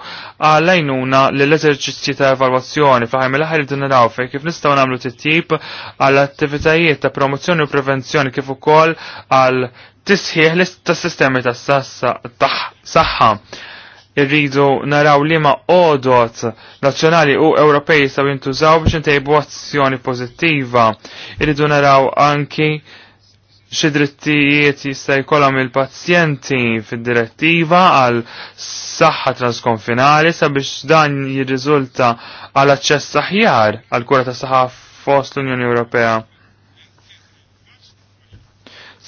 għal lejnuna l-eżerċizzji ta' evalwazzjoni fl-ħajmi l ħajli id-dinaraw fej kif nistaw namlu t-tip għall-attivitajiet ta' promozzjoni u prevenzjoni kif ukoll għal tisħiħ ta' sistemi ta' saħħa. Irridu naraw li ma' odot nazzjonali u Ewropej sa' jintużaw biex intejbu azzjoni pozittiva. Irridu naraw anki xi drittijiet jista' jkollhom il-pazjenti fid-direttiva għal saħħa transkonfinali sabiex dan jirriżulta għal aċċess aħjar għal kura ta' saħħa fost l-Unjoni Ewropea.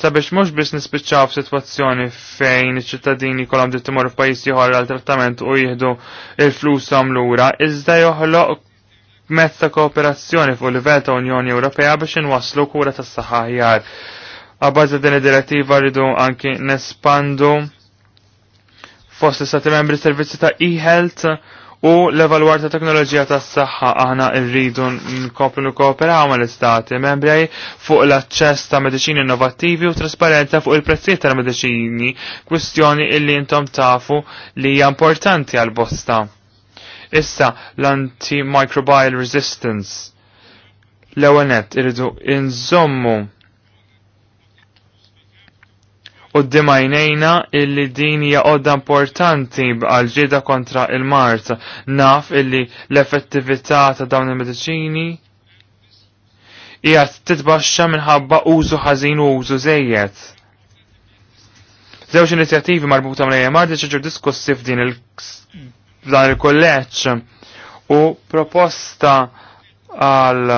Sabiex mhux biex nispiċċaw f'sitwazzjoni fejn iċ-ċittadini kollhom dit timur f'pajjiż ieħor għal trattament u jieħdu il flusom lura, iżda joħloq mezz ta' kooperazzjoni fuq livell ta' Unjoni Ewropea biex inwasslu kura tas-saħħa aħjar Għabbażi din id-direttiva rridu anki nespandu fost l-istati membri servizzi ta' e-health u l-evalwar ta' teknoloġija ta' s-saxħa aħna rridu nkomplu nkooperaw ma' l-istati membri fuq l-aċċess ta' mediċini innovativi u trasparenza fuq il prezzi ta' mediċini, kwistjoni illi intom tafu li hija importanti għal bosta. Issa l-antimicrobial resistance. L-ewenet irridu inżommu u d-dimajnejna illi din hija għodda importanti għal ġieda kontra il-mart. Naf illi l-effettività ta' dawn il-medicini hija titbaxxa minħabba użu ħażin u użu żejjed. Żewġ inizjattivi marbuta mal-AMR diġa diskussi f'din il-kolleġġ u proposta għal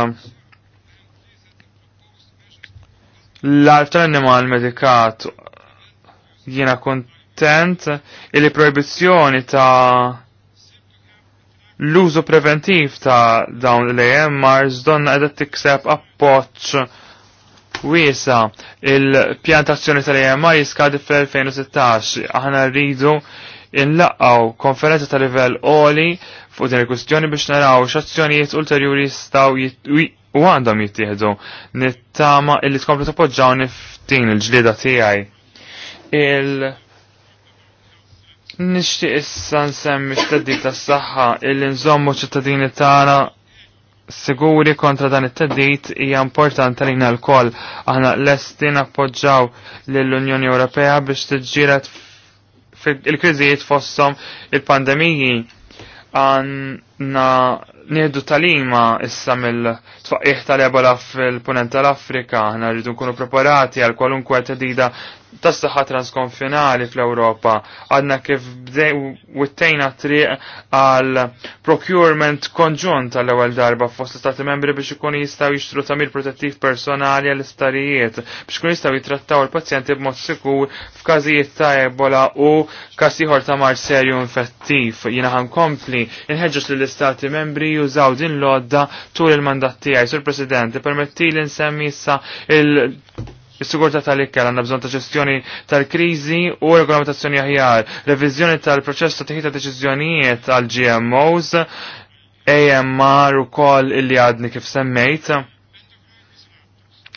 l-art animal medikat Jiena kontent il proibizzjoni ta' l-użu preventiv ta' dawn l-AMRs donna edha tikseb appoċ wiesa il-pjantazzjoni tal-AMR jiskadi fl-2016. Aħna rridu il-laqaw konferenza ta' livell oli fuq din il-kustjoni biex naraw x'azzjonijiet ulterjuri jistgħu u għandhom jittieħdu nittama illi tkomplu toppoġġaw niftin il-ġlieda tiegħi il- Nishti issa nsemmi t ta' tas saħħa il nżommu ċittadini tagħna siguri kontra dan it-teddid hija importanti lina l-koll. Aħna lesti nappoġġaw lill-Unjoni Ewropea biex tiġġieled il-kriżijiet fossom il-pandemiji. Għanna nieħdu talima issa mill-tfaqqih tal-ebola fil-punent tal-Afrika, aħna rridu nkunu preparati għal kwalunkwe tedida tas saħħa transkonfinali fl-Ewropa għadna kif wittejna triq għal procurement konġunt għall ewwel darba fost stati membri biex ikun jistgħu jixtru tamir protettiv personali għall istarijiet biex ikun jistgħu jitrattaw il-pazjenti b'mod sikur f'każijiet ta' Ebola u każ ieħor ta' mar serju infettiv. Jiena ħankompli li lill istati membri jużaw din l-odda tul il-mandat tiegħi. Sur President, permetti li nsemmi issa il- Is-sigurtà tal-ikel għandna bżonn ta' ġestjoni tal-kriżi u regolamentazzjoni aħjar, reviżjoni tal-proċess ta' teħita deċiżjonijiet għal GMOs, AMR u koll illi għadni kif semmejt,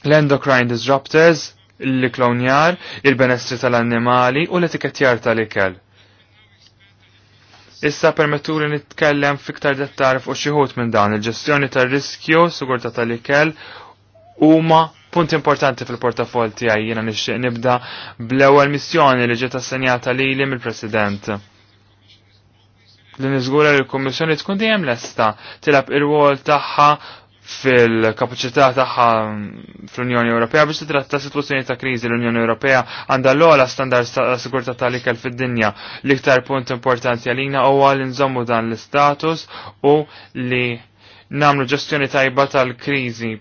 l-endocrine disruptors, l-klonjar, il-benestri tal-annimali u l-etikettjar tal-ikel. Issa permettu li nitkellem fiktar dettar fuq xi ħut minn dan il-ġestjoni tar-riskju, sigurtà tal-ikel huma punt importanti fil-portafol tiegħi jina nixtieq nibda bl-ewwel missjoni li ġiet assenjata lili mill-President. Li niżgura li l-Kummissjoni tkun dejjem lesta tilab il wol tagħha fil-kapacità tagħha fl-Unjoni Ewropea biex titratta situazzjoni ta' kriżi l-Unjoni Ewropea għandha l-ogħla standards ta' sigurtà tal-ikel fid-dinja. L-iktar punt importanti għalina huwa li nżommu dan l-istatus u li namlu ġestjoni tajba tal-kriżi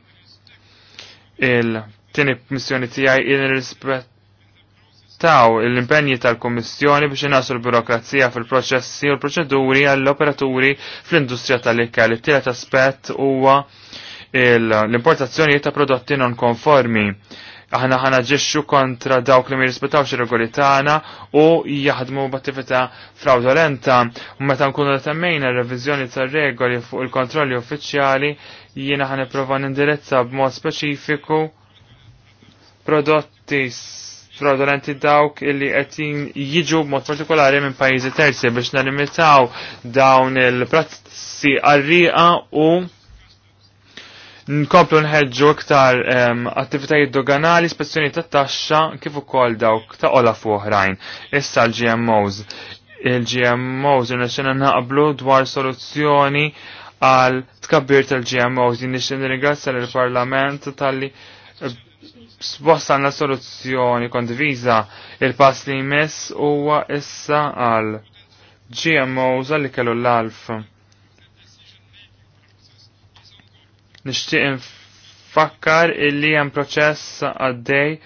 il-tini missjoni tijaj il-rispettaw l-impenji tal-Komissjoni biex inasu l-burokrazija fil-proċessi u l-proċeduri għall-operaturi fl-industrija tal-ikka. L-tielet aspett huwa l-importazzjoni ta' prodotti non konformi. Aħna ħana ġixxu kontra dawk li ma jirrispettawx ir-regoli tagħna u jaħdmu b'attività fraudolenta. U meta nkunu temmejna r-reviżjoni tar-regoli fuq il-kontrolli uffiċjali jiena ħan nipprova nindirizza b'mod speċifiku prodotti fraudolenti dawk illi qed jiġu b'mod partikolari minn pajjiżi terzi biex nalimitaw dawn il-prazzi għarriqa u nkomplu nħedġu iktar attivitajiet doganali, spezzjoni ta' taxxa kif ukoll dawk ta' olaf oħrajn. Issa l-GMOs. Il-GMOs irnexxina naqblu dwar soluzzjoni għal tkabbir tal-GMOs. Jien nixtieq nirringrazzja lill-Parlament talli eh, sbossan la soluzzjoni kondiviża il-pass li jmiss huwa issa għal GMOs għalli kellu l-alf. Nixtieq infakkar illi hemm proċess għaddej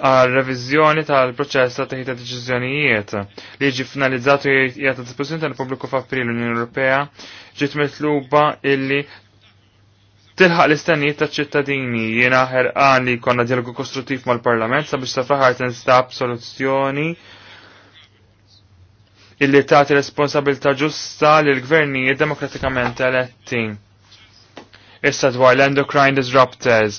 għal revizjoni tal-proċess ta' teħita deċiżjonijiet li ġi finalizzatu jgħat dispozizjoni tal-Pubbliku f'April l-Unjoni Ewropea ġiet mitluba illi tilħaq l-istennijiet ta' ċittadini jiena ħerqan li konna dialogu kostruttiv mal-Parlament sabiex ta' fl tinstab soluzzjoni illi tagħti responsabilità ġusta lil gvernijiet demokratikament eletti. Issa dwar l-endocrine disruptors,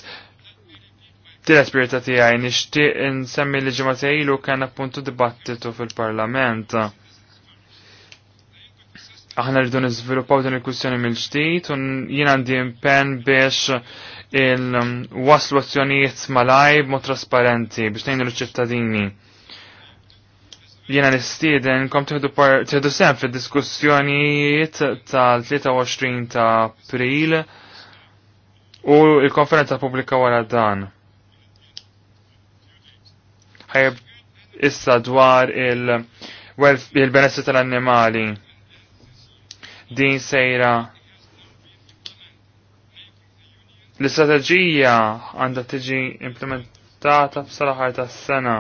Tiret pirta tijaj, nishtiq nsemmi li ġemata ilu kan puntu dibattitu fil-parlament. Aħna rridu nizviluppaw din il-kussjoni mill-ġdijt, un jien għandi impen biex il-waslu azzjonijiet malajb mod trasparenti biex nejnu l-ċittadini. Jiena nistieden kom teħdu sem fil-diskussjonijiet tal-23 ta' april u il-konferenza pubblika wara dan issa dwar il-benessi tal-annimali. Din sejra l-istrateġija għandha tiġi implementata f'sal-aħħar tas-sena.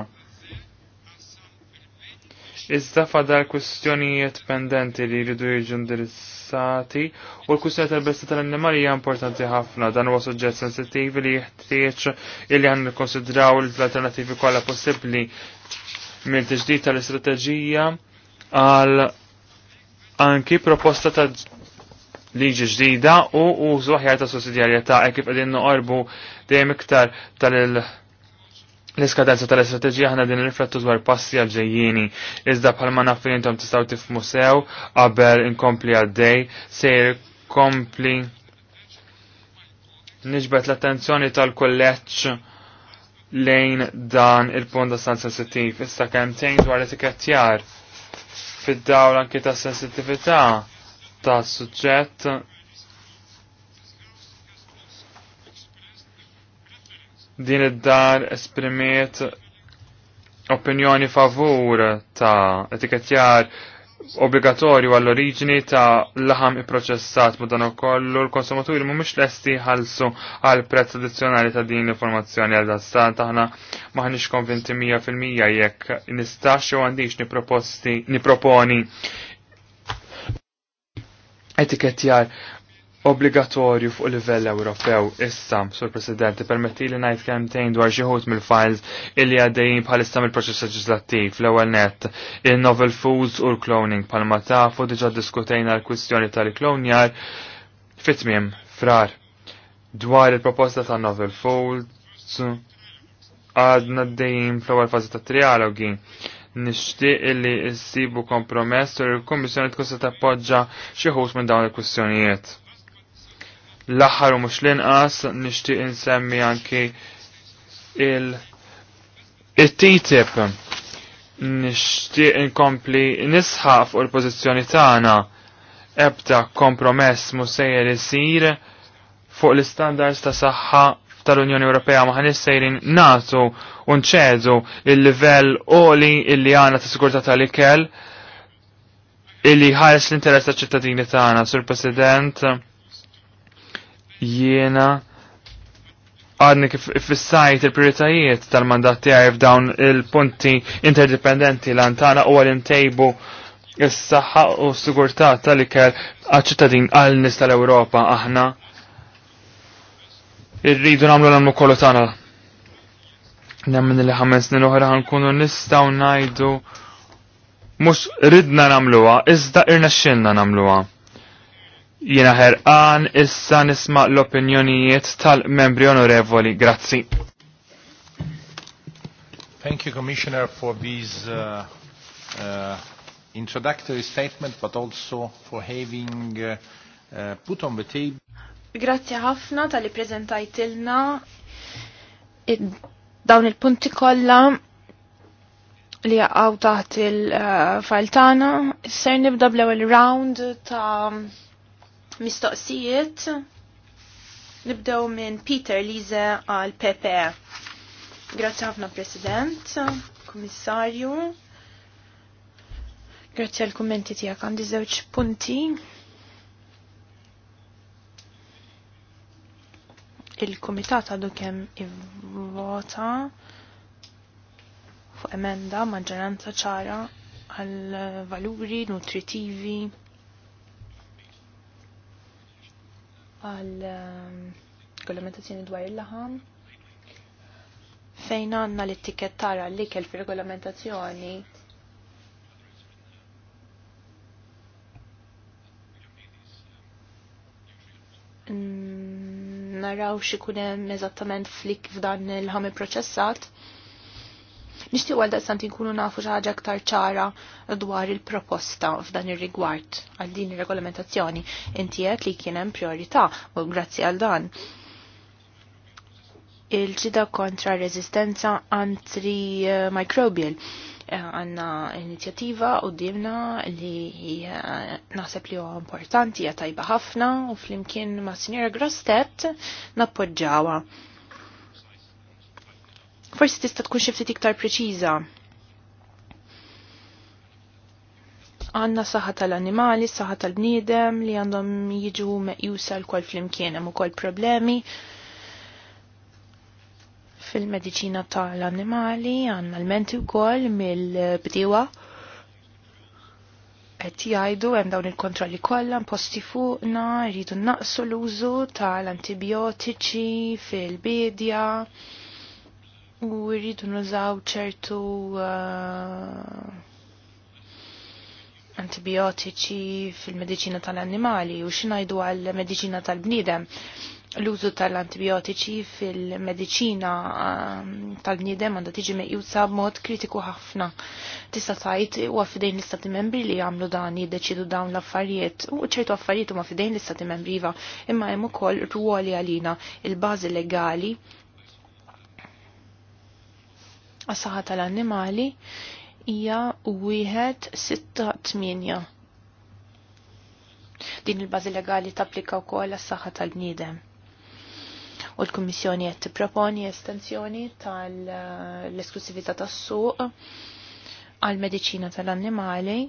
Iżda fadal kwistjonijiet pendenti li jridu jiġu indirizzati u l-kwistjoni tal-besta tal-annimali hija importanti ħafna dan huwa suġġett sensittivi li jeħtieġ illi għan nikkonsidraw l-alternativi kollha possibbli mill tiġdid tal-istrateġija għal anki proposta ta' liġi ġdida u użu ħjar ta' sussidjarjetà e kif qegħdin noqorbu dejjem iktar tal- il l-iskadenza tal-istrateġija ħana din riflettu dwar passi għal-ġejjini, iżda bħalma naf li intom tistaw tif musew qabel inkompli għaddej sejr kompli nġbet l-attenzjoni tal-kolleċ lejn dan il-punt ta' sensittiv. Issa kemtejn dwar l etikettjar fid-dawl anki ta' sensitività ta' suġġett din id-dar esprimiet opinjoni favur ta' etikettjar obbligatorju għall-oriġini ta' laħam i-proċessat ma' dan kollu l-konsumaturi mhumiex lesti ħalsu għal prezz tradizjonali ta' din l-informazzjoni għal dastan taħna maħniex konvinti 100% jekk nistax jew għandix niproposti niproponi etiketjar obbligatorju fuq livell Ewropew issa, Sur President, permetti li ngħid kemm dwar xi ħut mill-files illi għaddejjin bħalissa mill-proċess leġislattiv l-ewwel nett il-novel foods u l-cloning palma tafu diġà diskutejna l-kwistjoni tal-klonjar fit frar dwar il-proposta ta' novel foods għadna d dajim fl-ewwel fażi ta' trialogi nixtieq illi issibu kompromess u l-Kummissjoni tkun se tappoġġa xi ħut minn dawn il-kwistjonijiet L-aħħar u mhux l-inqas nixtieq insemmi anki il it-TTIP nixtieq inkompli nisħaf fuq il-pożizzjoni tagħna ebda kompromess mhux sejjer isir fuq l-istandards ta' saħħa tal-Unjoni Ewropea ma ħanissejrin natu u nċedu il-livell oli illi għana ta' sigurtà tal-ikel illi ħares l-interess ta' ċittadini tagħna, Sur President jiena għadni kif fissajt il-prioritajiet tal-mandat tijaj f'dawn il-punti interdipendenti l-antana u għal-intejbu is-saħħa u s-sigurtà tal-ikel għal ċittadin għal-nis tal-Ewropa aħna irridu nagħmlu l-għamlu kollu tagħna. Nemmen li ħames snin oħra ħankunu nistgħu ngħidu mhux ridna nagħmluha, iżda irnexxinna nagħmluha. Jena ħerqan issa nisma' l-opinjonijiet tal-membri onorevoli. Grazzi. Thank you, Commissioner, for these uh, uh, introductory statement, but also for having uh, uh, put on the table. Grazie ħafna tal-li prezentajtilna dawn il-punti kollha li għaw taħt il-fajl uh, tagħna. Ser nibda bl-ewwel round ta' mistoqsijiet. Nibdew minn Peter Lize għal pepe Grazzi ħafna President, Komissarju. Grazzi għal kummenti tiegħek għandi żewġ punti. Il-Kumitat għadu kemm ivvota fuq emenda maġġoranza ċara għal valuri nutritivi għal ehm, regolamentazzjoni dwar il-laħam fejn għanna l-ittiket tara li kell fi regolamentazzjoni naraw xikunem eżattament flik f'dan il-ħami proċessat Nixtieq għal santi inkunu nafu xi ħaġa aktar ċara dwar il-proposta f'dan ir-rigward għal din ir-regolamentazzjoni. Inti qed li kien hemm u grazzi għal dan. Il-ġida kontra rezistenza microbial għanna inizjattiva u dimna li naħseb li huwa importanti hija tajba ħafna u flimkien ma' Sinjera Grostet nappoġġawha. Forsi tista' tkun xi ftit iktar preċiża. Għanna saħħa tal-annimali, saħħa tal-bniedem li għandhom jiġu meqjusa l-kol flimkien hemm ukoll problemi fil mediċina tal-annimali għanna l-menti u koll mill-bdiwa qed jgħidu hemm dawn il-kontrolli kollha posti fuqna, rridu naqsu l-użu tal-antibiotiċi fil-bidja, u rridu nużaw ċertu uh, antibiotiċi fil-medicina tal-annimali u xinajdu għal-medicina tal-bnidem. L-użu tal-antibiotiċi fil-medicina uh, tal-bnidem għanda tiġi meqjusa b'mod kritiku ħafna. Tista' tajt u għafidejn l-istati membri li jagħmlu dan jiddeċidu dawn l-affarijiet u ċertu affarijiet huma għafidejn l-istati membri iva imma hemm ukoll ruoli għalina il-bażi legali għas-saħħa tal-annimali hija wieħed sitta tminja. Din il-bażi legali tapplika wkoll kol saħħa tal-bniedem. U l-Kummissjoni qed tipproponi estensjoni tal-esklusività tas-suq għal mediċina tal-annimali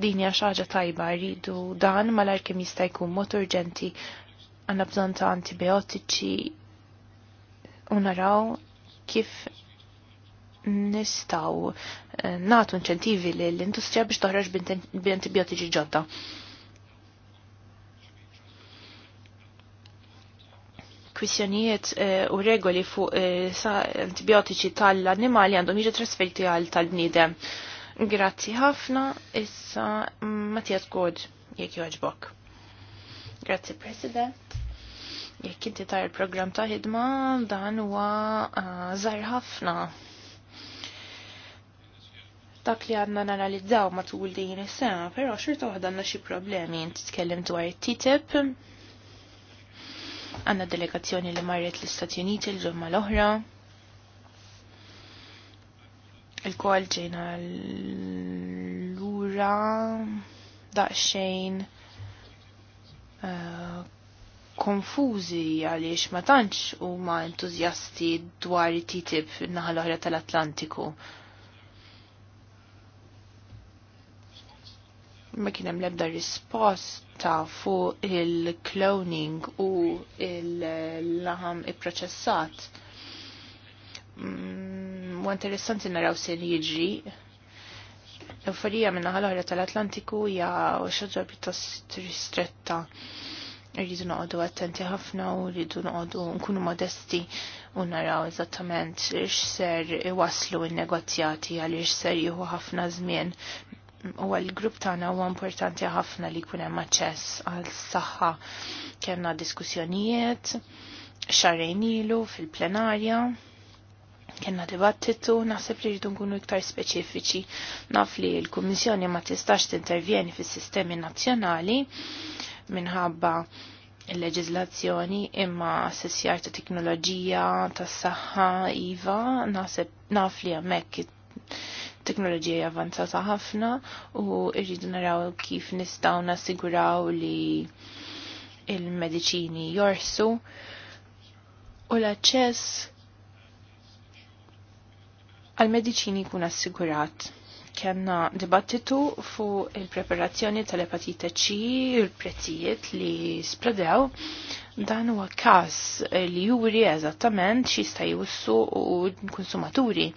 din hija xi ħaġa tajba rridu dan malajr kemm jista' jkun mod urġenti għandna bżonn ta' antibiotiċi u naraw kif nistaw eh, natu inċentivi li l-industrija biex toħroġ b'antibiotiċi ġodda. Kwissjonijiet eh, u regoli fuq eh, antibiotiċi tal-annimali għandhom jiġu trasferiti għal tal-bniedem. Grazzi ħafna, issa Mattias Gord, jek juħġbok. Grazzi President. Jekk inti tar il-programm ta' ħidma dan huwa ah, żgħar ħafna. Dak li għadna nanalizzaw matul din is-sena, però xorta waħda għandna xi problemi inti tkellem dwar TTIP. Għandna delegazzjoni li marret l-Istati Uniti l-ġumma l-oħra. Il-kol ġejna l-lura daqsxejn ah, konfużi għaliex ma tantx huma entużjasti dwar it-TTIP naħa l-oħra tal-Atlantiku. Ma kien hemm l-ebda risposta fuq il-cloning u il-laħam ipproċessat. Mu mm, interessanti naraw se jiġri l-ufarija minna ħal-ħarja tal-Atlantiku hija xaġa pjuttost ristretta rridu noqogħdu attenti ħafna u rridu noqogħdu nkunu modesti u naraw eżattament x'ser iwasslu n-negozjati għaliex ser jieħu ħafna żmien u għal-grupp tagħna huwa importanti ħafna li jkun hemm aċċess għal-saħħa kemna diskussjonijiet xarrejn ilu fil-plenarja kienna dibattitu naħseb li rridu nkunu iktar speċifiċi naf li l-Kummissjoni ma tistax tintervjeni fis-sistemi nazzjonali minħabba il-leġizlazzjoni imma sessjar ta' teknoloġija ta' saħħa iva naħseb naf li hemmhekk teknoloġija javanzata ħafna u irridu naraw kif nistgħu nassiguraw li il-mediċini jorsu u l-aċċess għal-mediċini jkun assigurat kena dibattitu fu il-preparazzjoni tal-epatite C, il-prezzijiet li spredew, dan huwa kas li juri eżattament xi jussu u konsumaturi.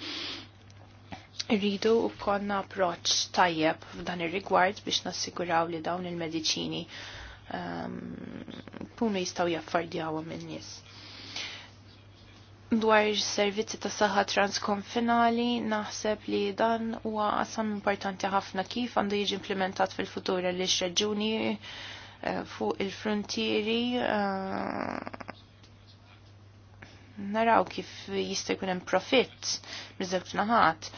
Irridu u konna approċ tajjeb f'dan ir-rigward biex nassiguraw li dawn il-mediċini um, ehm, punu jistaw jaffardjawhom minn nies dwar servizzi ta' saħħa transkonfinali naħseb li dan huwa qasam importanti ħafna kif għandu jiġi implementat fil-futur li x-reġuni eh, fuq il-frontieri eh, naraw kif jista' jkun hemm profitt miżewġ naħat.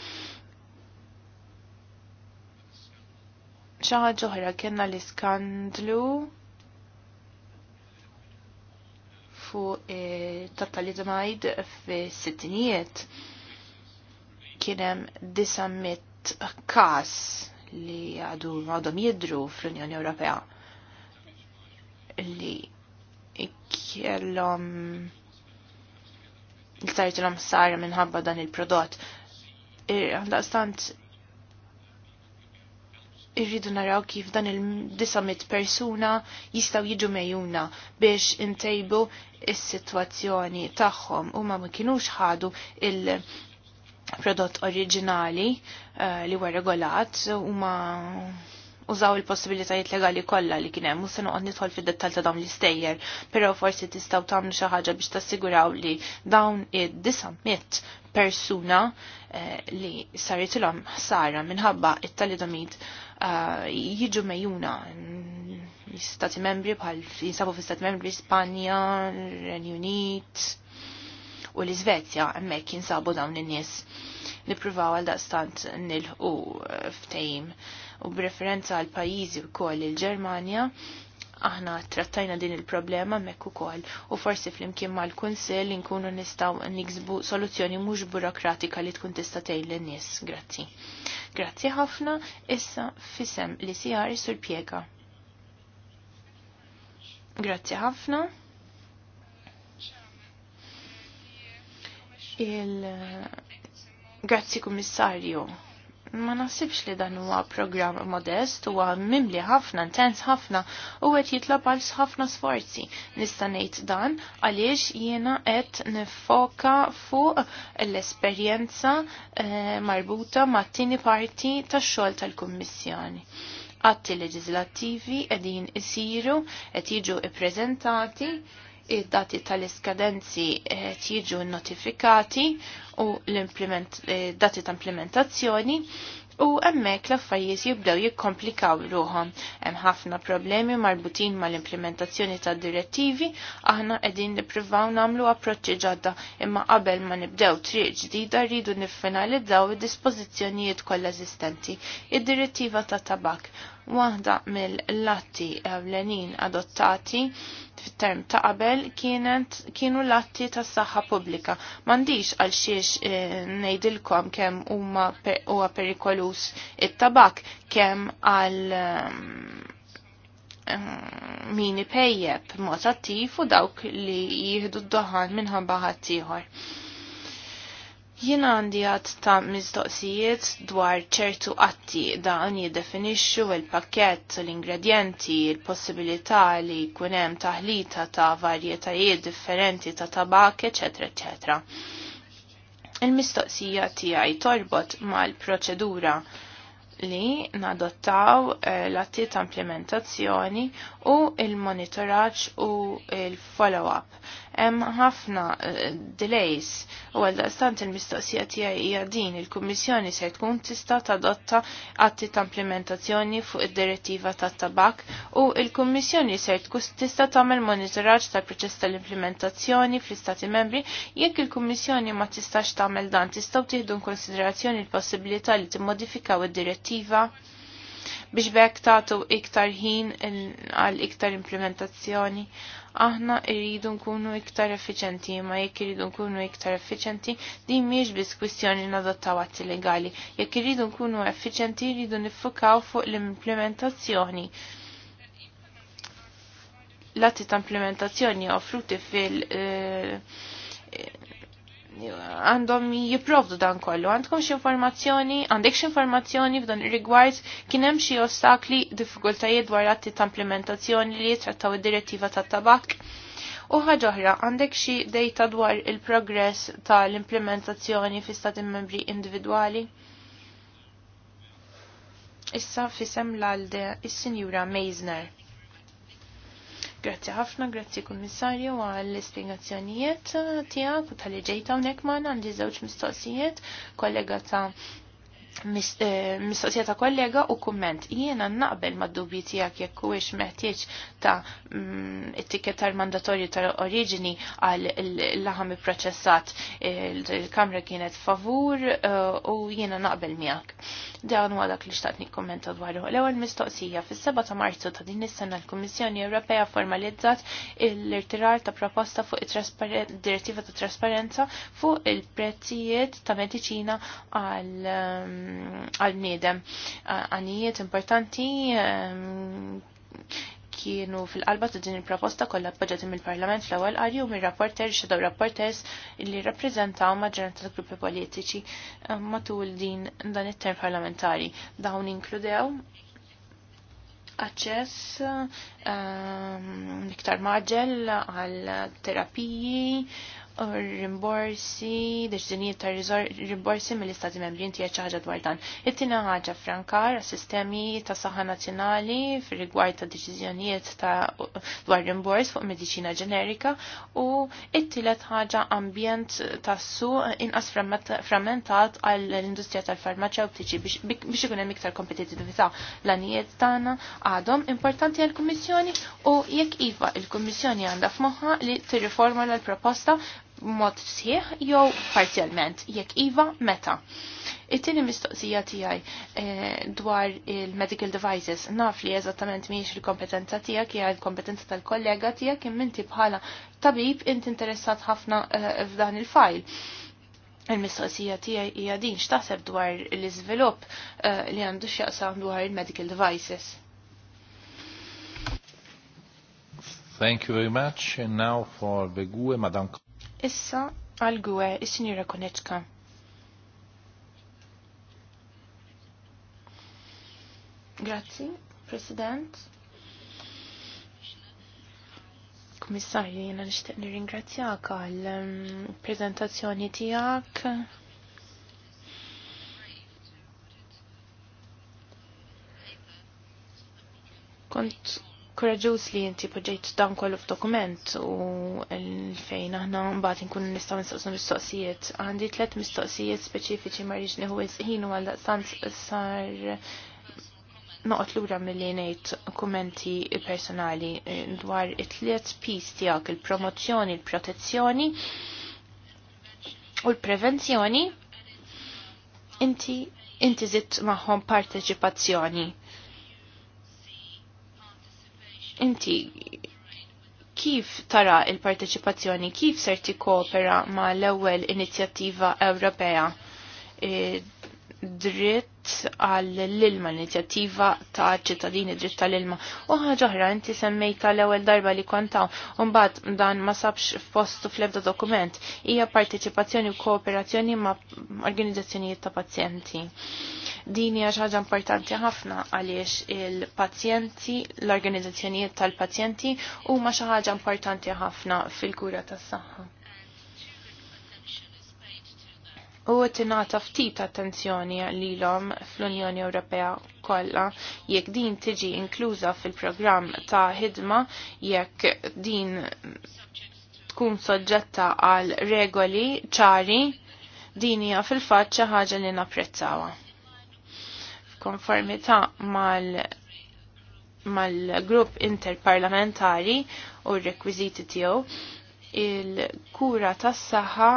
Xi ħaġa oħra kellna l-iskandlu fuq e, totalizmajd f-sittinijiet kienem disammit kas li għadu għadhom jidru fl-Unjoni Ewropea li kellhom l-tajtilhom sar minħabba dan il-prodott. E, Għandaqstant irridu naraw kif dan il-900 persuna jistaw jiġu mejjuna biex intejbu is-sitwazzjoni tagħhom u ma ma kinux ħadu il- prodott oriġinali uh, li huwa regolat u ma użaw il-possibilitajiet legali kollha li kien hemm u se noqgħod nidħol fid-dettall ta' dawn l-istejjer, però forsi tistgħu tagħmlu xi ħaġa biex tassiguraw li dawn id-900 persuna eh, li saritilhom ħsara minħabba it-talidomid eh, jiġu mejjuna l-istati membri bħal jinsabu fi stati membri Spanja, Renju Unit u l-Iżvezja hemmhekk jinsabu dawn in-nies. Nippruvaw għal daqstant nilħu eh, ftehim. Uh, u b'referenza għal pajjiżi wkoll il-Ġermanja, aħna trattajna din il-problema mekk ukoll u forsi flimkien mal-Kunsill inkunu nistgħu niksbu soluzzjoni mhux burokratika li tkun tista' tgħid lin-nies. Grazzi. Grazzi ħafna, issa fisem li sijar sur Piega. Grazzi ħafna. il Grazzi kummissarju Ma nasibx li dan huwa programm modest, huwa mimli ħafna, intens ħafna, u qed jitlab għal ħafna sforzi. Nista' ngħid dan għaliex jiena qed nifoka fuq l-esperjenza eh, marbuta mat-tieni parti tax-xogħol tal-Kummissjoni. Atti leġislattivi qegħdin isiru qed jiġu ippreżentati id-dati tal-iskadenzi jiġu eh, notifikati u l-dati eh, ta' implementazzjoni u emmek l-affarijiet jibdew jikkomplikaw ruħom. Hemm ħafna problemi marbutin mal-implementazzjoni ta' direttivi, aħna qegħdin nippruvaw nagħmlu approċċi ġodda imma qabel ma nibdew triq ġdida rridu niffinalizzaw id-dispożizzjonijiet kollha eżistenti. Id-direttiva ta' tabak waħda mill-latti ewlenin adottati fit-term ta' qabel kienu l-atti tas saħħa pubblika. Mandiġ għal xiex eh, nejdilkom kem huma huwa perikolus it-tabak kem għal ehm, eh, mini pejjeb mod attiv u dawk li jihdu d-doħan minħabba ħaddieħor. Jien għandi għad ta' mistoqsijiet dwar ċertu atti għan jiddefinixxu il-pakkett, l-ingredjenti, il-possibilità li jkun hemm taħlita ta' varjetajiet differenti ta' tabak, eċetera, eċetera. Il-mistoqsija tiegħi torbot mal-proċedura li nadottaw eh, l-atti ta' implementazzjoni u il-monitoraġġ u il-follow-up hemm ħafna eh, delays u għal daqstant il-mistoqsija tiegħi hija din il-Kummissjoni se tkun tista' tadotta atti ta' implementazzjoni fuq id-direttiva tat-tabak u il-Kummissjoni se tkun tista' tagħmel monitoraġġ tal-proċess tal-implementazzjoni fl-Istati membri jekk il-Kummissjoni ma tistax tagħmel dan tistgħu tieħdu konsiderazzjoni l-possibilità li timmodifikaw id-direttiva biex bekk tagħtu iktar ħin għal iktar implementazzjoni aħna irridu nkunu iktar effiċenti, ma jekk irridu nkunu iktar effiċenti, din miex biss kwistjoni nadottaw atti legali. Jekk irridu nkunu effiċenti, irridu nifukaw fuq l-implementazzjoni l-atti ta' implementazzjoni offruti fil- eh, għandhom jipprovdu dan kollu. Għandkom xi informazzjoni, għandek xi informazzjoni f'dan ir-rigward kien hemm xi ostakli diffikultajiet dwar atti ta' implementazzjoni li jitrattaw id-direttiva tat-tabak. U ħaġa oħra, għandek xi dejta dwar il-progress tal-implementazzjoni fi stati membri individwali? Issa fisem l-għalde il sinjura Meisner. Grazzi ħafna, grazzi kummissarju għall-ispiegazzjonijiet tiegħek u tal-li ġejta hawnhekk magħna għandi żewġ mistoqsijiet kollega ta' Eh, mistoqsija ta' kollega u kumment. Jiena naqbel ma' dubji tijak jekk u meħtieġ ta' it-tikketar mm, mandatorju ta' oriġini għal l-laħam proċessat il-kamra kienet favur eh, u jiena naqbel miegħek. Dan huwa dak li xtaqt nikkommenta dwaru. L-ewwel mistoqsija fis-7 ta' Marzu ta' din is-sena l-Kummissjoni Ewropea formalizzat l-irtirar ta' proposta fuq direttiva ta' trasparenza fuq il-prezzijiet ta' mediċina għal ehm, Eh, għal-bniedem. Għanijiet importanti eh, kienu fil-qalba ta' din il-proposta kollha appoġġjati mill-Parlament fl-ewwel qari u mir-rapporter xedew rapporters li rappreżentaw maġġoranza tal gruppi politiċi eh, matul din dan it-term parlamentari. Dawn inkludew aċċess um, iktar maġġel għal terapiji rimborsi, deċizjonijiet ta' rimborsi mill-Istati Membri inti xi ħaġa dwar dan. It-tina ħaġa frankar sistemi ta' saħħa nazzjonali fir-rigward ta' deċiżjonijiet ta' dwar rimbors fuq mediċina ġenerika u it-tielet ħaġa ambjent tas su inqas frammentat għall-industrija tal-farmaceutiċi biex ikun hemm iktar kompetittività l-anijiet tagħna għadhom importanti għall-Kummissjoni u jekk iva il-Kummissjoni għandha f'moħħa li tirriforma l-proposta mod sħiħ jew parzjalment, jekk iva meta. It-tieni mistoqsija tiegħi eh, dwar il-medical devices naf li eżattament mhijiex il-kompetenza tiegħek hija l-kompetenza tal-kollega tiegħek imma inti bħala tabib inti interessat ħafna eh, f'dan il file Il-mistoqsija tiegħi hija din x'taħseb dwar l-iżvilupp eh, li għandu x'jaqsam dwar il-medical devices. Thank you very much. And now for the Madame Issa għal-gwe is-sinjura Koneċka. Grazzi, President. Kummissarju, jena nishtiq nir-ingrazzjak għal prezentazzjoni tijak. Kont koraġus li inti poġġejt dan kollu f'dokument u fejn aħna mbagħad inkun nistgħu nistaqsu mistoqsijiet. Għandi tliet mistoqsijiet speċifiċi ma rridx is ħin u għal daqstant sar noqgħod lura milli ngħid kummenti personali dwar it-tliet piece tiegħek il-promozzjoni, il-protezzjoni u l-prevenzjoni inti inti zitt magħhom parteċipazzjoni inti kif tara il-parteċipazzjoni, kif ser koopera ma l-ewwel inizjattiva Ewropea eh, dritt l ilma l-inizjattiva ta' ċittadini dritt tal-ilma. U ħagħuħra, inti semmejta l-ewel darba li kontaw, unbat dan ma sabx f'postu fl-ebda dokument, hija partecipazzjoni u kooperazzjoni ma' organizzazzjonijiet ta' pazjenti. Din hija xi ħaġa importanti ħafna għaliex il-pazjenti, l-organizzazzjonijiet tal-pazjenti huma xi ħaġa importanti ħafna fil-kura tas-saħħa. u tingħata ftit attenzjoni lilhom fl-Unjoni Ewropea kollha jekk din tiġi inkluża fil-programm ta' ħidma jekk din tkun soġġetta għal regoli ċari din hija fil-fatt xi ħaġa li napprezzawha. F'konformità mal mal-grupp interparlamentari u r-rekwiżiti tiegħu il-kura tas-saħħa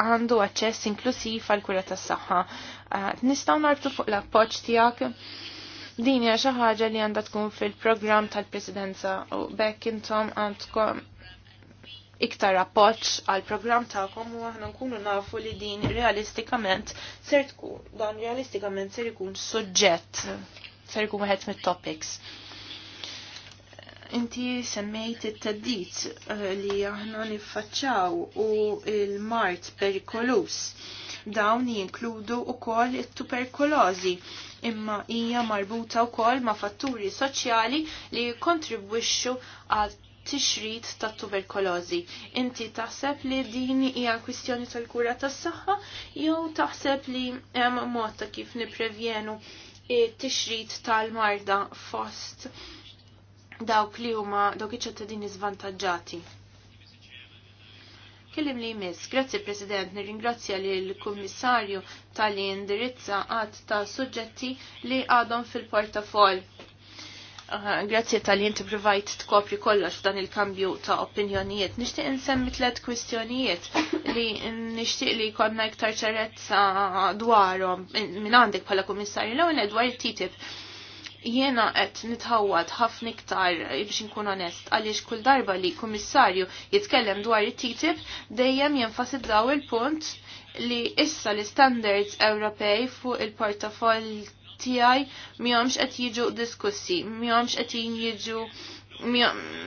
għandu aċċess inklusiv għal kura tas saħħa ah, Nistgħu narbtu fuq l-appoġġ tiegħek din hija xi ħaġa li għandha tkun fil-programm tal-Presidenza u bekk intom għandkom iktar appoġġ għal programm tagħkom u aħna nkunu nafu li din realistikament ser tkun dan realistikament ser ikun suġġett ser ikun wieħed mit-topics inti semmejt it-teddit eh, li aħna niffaċċaw u il-mart perikolus. Dawn jinkludu kol it tuperkolozi imma hija marbuta wkoll ma' fatturi soċjali li kontribwixxu għal tixrid ta' tuberkolozi. Inti taħseb li din hija kwistjoni tal-kura tas-saħħa jew taħseb li hemm mod ta' kif nipprevjenu tixrid tal-marda fost dawk li huma dawk iċ-ċittadini żvantaġġati. Kellim li jmiss, grazzi President, nirringrazzja li l-Kummissarju tal-li indirizza għad ta' suġġetti li għadhom fil-portafol. Grazzi tal-li inti provajt tkopri kollox f'dan il-kambju ta' opinjonijiet. Nishtiq insemmi tlet kwistjonijiet li nishtiq li konna iktar ċerezza dwarhom minn għandek bħala kummissarju l-ewwel dwar it-TTIP Jiena qed nitħawad ħafna iktar biex nkun onest għaliex kull darba li kummissarju jitkellem dwar it-TTIP dejjem jenfasizzaw il-punt li issa l-standards Ewropej fuq il-portafoll tiegħi mihomx qed jiġu diskussi, mihomx qed jiġu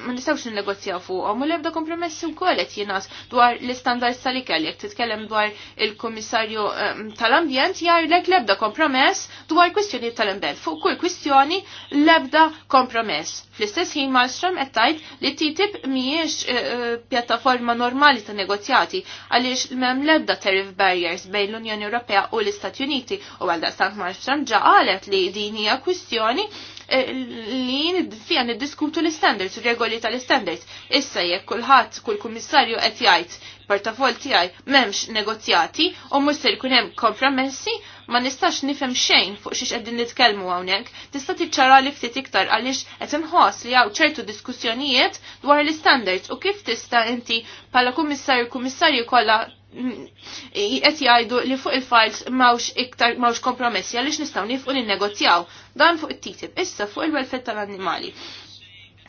ma nistawx negozjaw fuqhom u l-ebda kompromessi wkoll qed jingħas dwar l-istandards tal jek jekk titkellem dwar il-Kummissarju ehm, tal-Ambjent jarlek l-ebda kompromess dwar kwistjoni tal ambjent Fuq kull kwistjoni l-ebda kompromess. Fl-istess ħin Malmström qed tgħid li TTIP mhijiex eh, eh, pjattaforma normali ta' negozjati għaliex m'hemm l-ebda tariff barriers bejn l-Unjoni Ewropea u l-Istati Uniti u għalda Sant Malmström ġa qalet li din hija kwistjoni Eh, li fija niddiskutu l-standards, regoli tal-standards. Issa jekk kulħadd kull kummissarju qed jgħid portafol tiegħi m'hemmx negozjati u mhux se jkun hemm kompromessi, ma nistax nifhem xejn fuq xiex qegħdin nitkellmu hawnhekk. Tista' tiċċara li ftit iktar għaliex qed inħoss li hawn ċertu diskussjonijiet dwar l-standards u kif tista' inti bħala kummissarju kummissarju kollha qed jgħidu li fuq il-files mawx iktar mawx kompromessi għaliex nistgħu nifqu negozjaw dan fuq it-titib issa fuq il-welfett tal-annimali.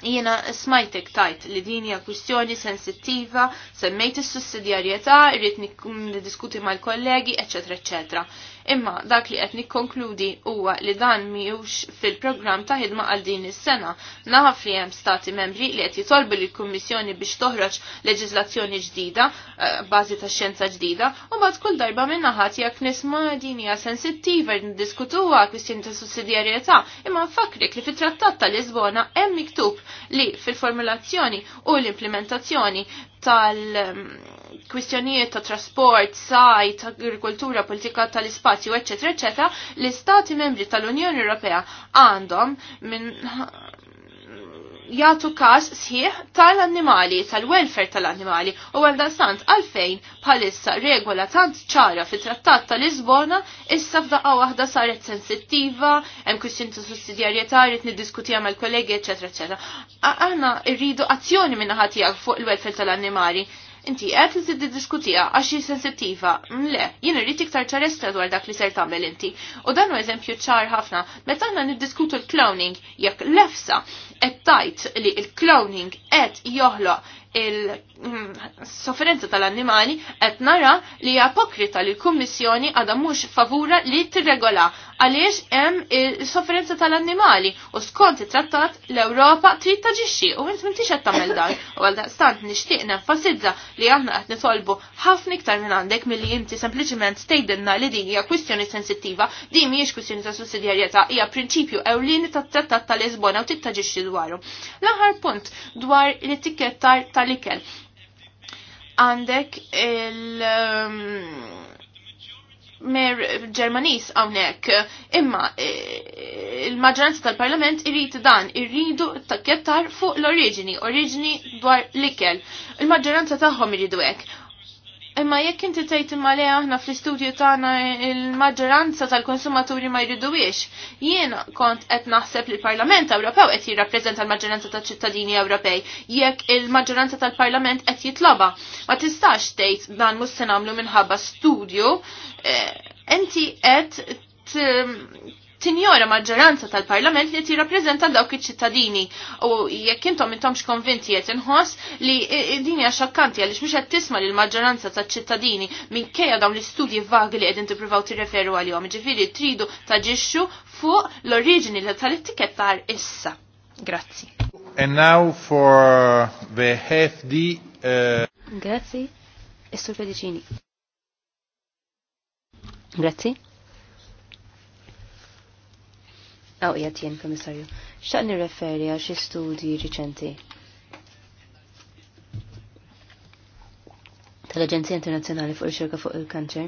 Jiena smajtek tajt li din hija kwistjoni sensittiva, semmejt is-sussidjarjetà, irrid niddiskuti mal-kollegi, eċetera, eċetera. Imma dak li qed nikkonkludi huwa li dan miħux fil-programm ta' ħidma għal din is-sena. Naħaf li hemm stati membri li qed jitolbu lill kummissjoni biex toħroġ leġiżlazzjoni ġdida, eh, bażi ta' xjenza ġdida, u bat kull darba minna naħat jekk nisma' din hija sensittiva niddiskutuha kwistjoni ta' sussidjarjetà, imma nfakrik li fit-Trattat ta' Lisbona hemm miktub li fil-formulazzjoni u l-implementazzjoni tal-kwistjonijiet ta' trasport, sajt, agrikoltura, politika tal-ispazju, eccetera, eccetera, l-istati membri tal-Unjoni Ewropea għandhom minn Jatu każ sħiħ tal-annimali, tal-welfare tal-annimali u għaldan sant għalfejn bħalissa regola tant ċara fit-trattat tal-Lisbona issa f'daqqa waħda saret sensittiva, hemm kwistjoni ta' sussidjarjetà rid niddiskutiha mal-kollegi, eċetera, eċetera. Aħna rridu azzjoni minn ħadd fuq il-welfare tal-annimali Inti qed li tiddiskutija għax hi sensittiva. Le, jien irrid iktar ċaresta dwar dak li ser tagħmel inti. U dan hu eżempju ċar ħafna meta aħna niddiskutu l-cloning jekk lefsa qed tajt li l-cloning qed joħloq il-sofferenza tal-annimali qed nara li apokrita li l-Kummissjoni għadha mhux favura li tirregola għaliex hemm il-sofferenza tal-annimali u skont it-trattat l-Ewropa trid taġixxi u int m'intix qed tagħmel dan u għal daqstant nixtieq nenfasizza li aħna qed nitolbu ħafna iktar minn għandek milli inti sempliċement tgħidilna li din hija kwistjoni sensittiva din mhijiex kwistjoni ta' sussidjarjetà hija prinċipju ewlieni tat-trattat tal-Lisbona u trid taġixxi dwaru. L-aħħar punt dwar l-etikettar tal tal-ikel. Għandek il- um, mer Ġermanis għawnek, imma e, il-maġranza tal-parlament irrit dan, irridu kettar fuq l-oriġini, oriġini dwar l-ikel. Il-maġranza taħħom irridu ek. Imma jekk inti tgħid imma le aħna fl-istudju tagħna il-maġġoranza tal-konsumaturi ma jridux, jien kont qed naħseb li l-Parlament Ewropew qed jirrappreżenta l-maġġoranza tal-ċittadini Ewropej jekk il-maġġoranza tal-Parlament qed jitloba. Ma tistax tgħid dan mhux se nagħmlu minħabba studju, eh, inti qed tinjora maġġoranza tal-Parlament li tirrapprezenta dawk iċ-ċittadini. U jekk intom intomx konvinti qed inħoss li din hija xokkanti għaliex mhux qed tisma' lil maġġoranza tal-ċittadini minkejja dawn l-istudji vagi li qegħdin tippruvaw tirreferu għalihom. Ġifieri tridu taġixxu fuq l-oriġini tal-ittikettar issa. Grazzi. And now for the hefty. Uh... Grazie. Grazzi. Għaw jgħat jien, komissarju. Xtaq nirreferi għal xi studji riċenti. Tal-Aġenzija Internazzjonali fuq ir-Xirka fuq il-Kanċer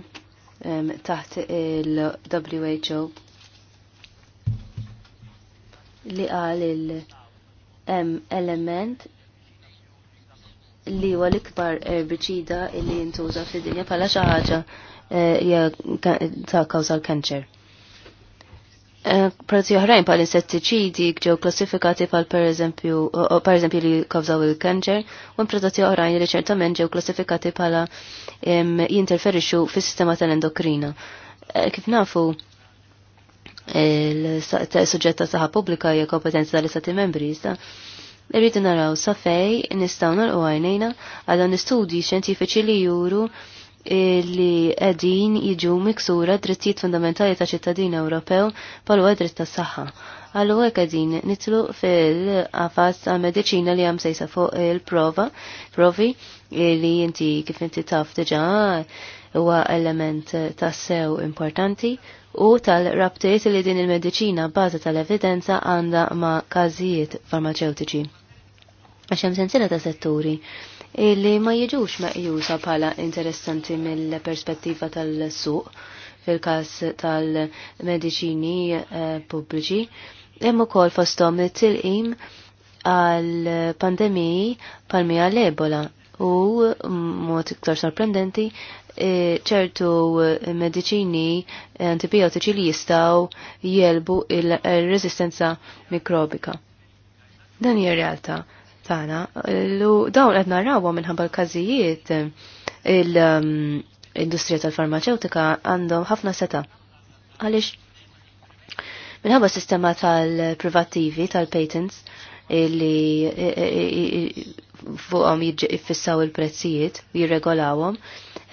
taħt il-WHO li qal il-element li huwa l-ikbar erbiċida li jintuża fid-dinja bħala xi ħaġa eh, ta' kawża l-kanċer. Eh, Prezzi oħrajn pal insettiċidi ġew klassifikati pal per eżempju per eżempju li kawżaw il-kanċer u prodotti oħrajn li ċertament ġew klassifikati pala jinterferixxu fis-sistema tal-endokrina. Eh, kif nafu il-suġġetta saħa pubblika hija kompetenza tal-istati membri issa, irridu naraw safej nistgħu nagħlqu għajnejna għal dawn l-istudji xjentifiċi li juru li qegħdin jiġu miksura drittijiet fundamentali ta' ċittadin Ewropew bħalwa dritt tas-saħħa. Allura qegħdin nitlu fil għafas ta' mediċina li hemm sejsa fuq il-prova, provi li inti kif inti taf diġà huwa element tassew importanti u tal-rabtiet li din il-mediċina baża tal-evidenza għandha ma' każijiet farmaceutiċi. Għaxem hemm sensiela ta' setturi li ma jiġux meqjusa bħala interessanti mill-perspettiva tal-suq fil-kas tal-medicini eh, pubbliċi. Hemm ukoll fosthom it-tilqim għal-pandemiji palmi għal-ebola u mm, mod iktar sorprendenti eh, ċertu medicini eh, antibiotiċi li jistaw jelbu il-resistenza mikrobika. Dan hija realtà Tana, Lu dawn qed narawhom minħabba l-każijiet um, l-industrija tal-farmaceutika għandhom ħafna seta. Għaliex minħabba sistema tal-privattivi tal-patents li fuqhom jiffissaw il-prezzijiet, jirregolawhom,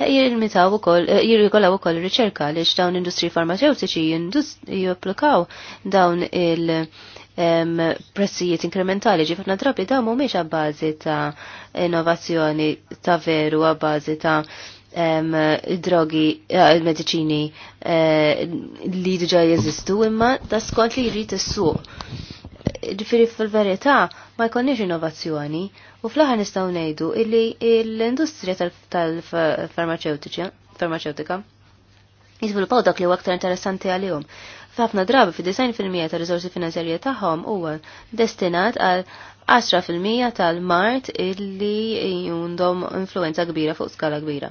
e jirmitaw ukoll e jirregolaw ukoll ir-riċerka għaliex dawn industri farmaceutiċi jopplikaw dawn il- prezzijiet inkrementali ġifna drabi da mumiex għabbażi ta' innovazzjoni ta' veru għabbażi ta' drogi, eh, medicini eh, li diġa jeżistu imma ta' skont li jrid s-su. Ġifiri fil-verità ma jkollniex innovazzjoni u fl-aħħar nistgħu ngħidu illi l-industrija tal-farmaceutika jizviluppaw dak li huwa aktar interessanti għalihom. Fafna drabi fi fil-mija ta' riżorsi finanzjarja tagħhom huwa destinat għal 10% tal-mart illi jundhom influenza kbira fuq skala kbira.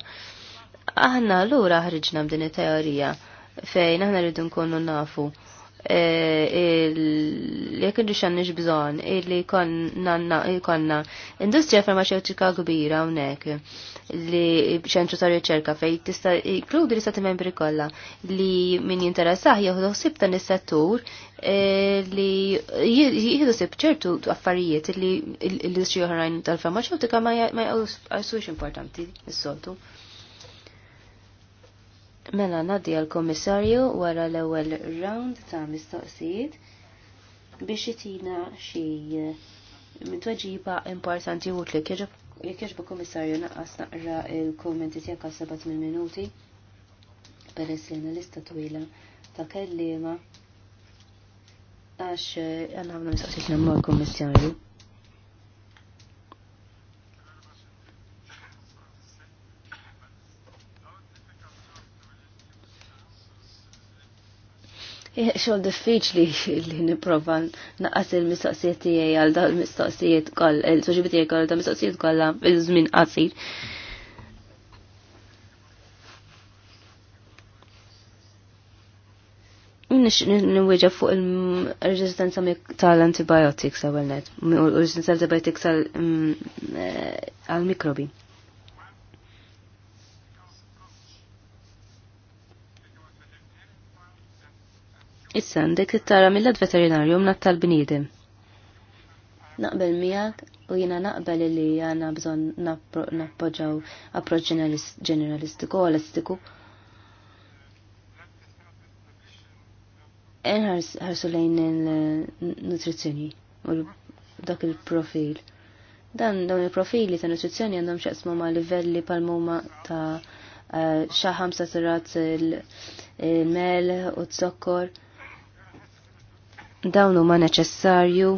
Aħna l-ura ħriġna b'din it-teorija fejn aħna rridu nkunu nafu Eh, jekk irri xannix bżon illi konna industrija farmaceutika kbira hawnhekk li ċentru ta' riċerka fej tista' jinkludi l-istati membri kollha li min jinteressah jieħdu sib ta' is-settur eh, li jieħdu sib ċertu affarijiet li l-industrija oħrajn tal-farmaceutika ma jgħusux importanti is-soltu. Mela naddi għal-komissarju wara l-ewwel round ta' mistoqsijiet biex jitina xi mitweġiba eh, importanti u tlik jekk jaġbu komissarju naqqas naqra il-kommenti tiegħek għal sebat minuti peress li lista twila ta' kellima għax eh, għanna għamna mistoqsijiet l-kommissarju. xogħol diffiċli li nipprova naqas il-mistoqsijiet tiegħi għal il-mistoqsijiet kollha, il-soġibi koll kollha, mistoqsijiet kollha il żmien qasir. Nix nwieġa fuq il-resistenza tal-antibiotics għawelnet, u resistenza tal-antibiotics għal-mikrobi. Mm, eh, Issa għandek tittara mill-led veterinarju mnat tal-bniedem. Naqbel miegħek u jiena naqbel li għandna bżonn nappoġġaw approċ ġeneralistiku u olistiku. Enħarsu lejn il-nutrizzjoni u dak il-profil. Dan dawn il-profili ta' nutrizzjoni għandhom xaqsmu ma' livelli pal-muma ta' eh, xaħam sa' sirat il-mel u t-sokkor dawn huma neċessarju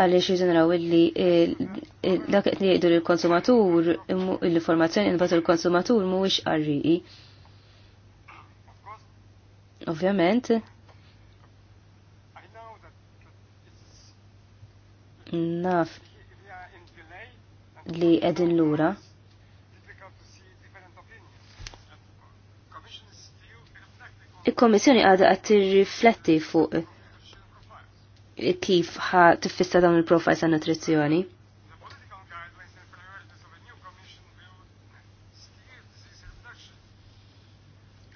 għaliex jiżenraw illi dak li jgħidu il konsumatur l-informazzjoni nbatu l-konsumatur mhuwiex qarriqi. Ovvjament, naf li qegħdin lura. il-Komissjoni għadha qed tirrifletti fuq kif ħa tiffissa dawn il-profiles sa' nutrizzjoni.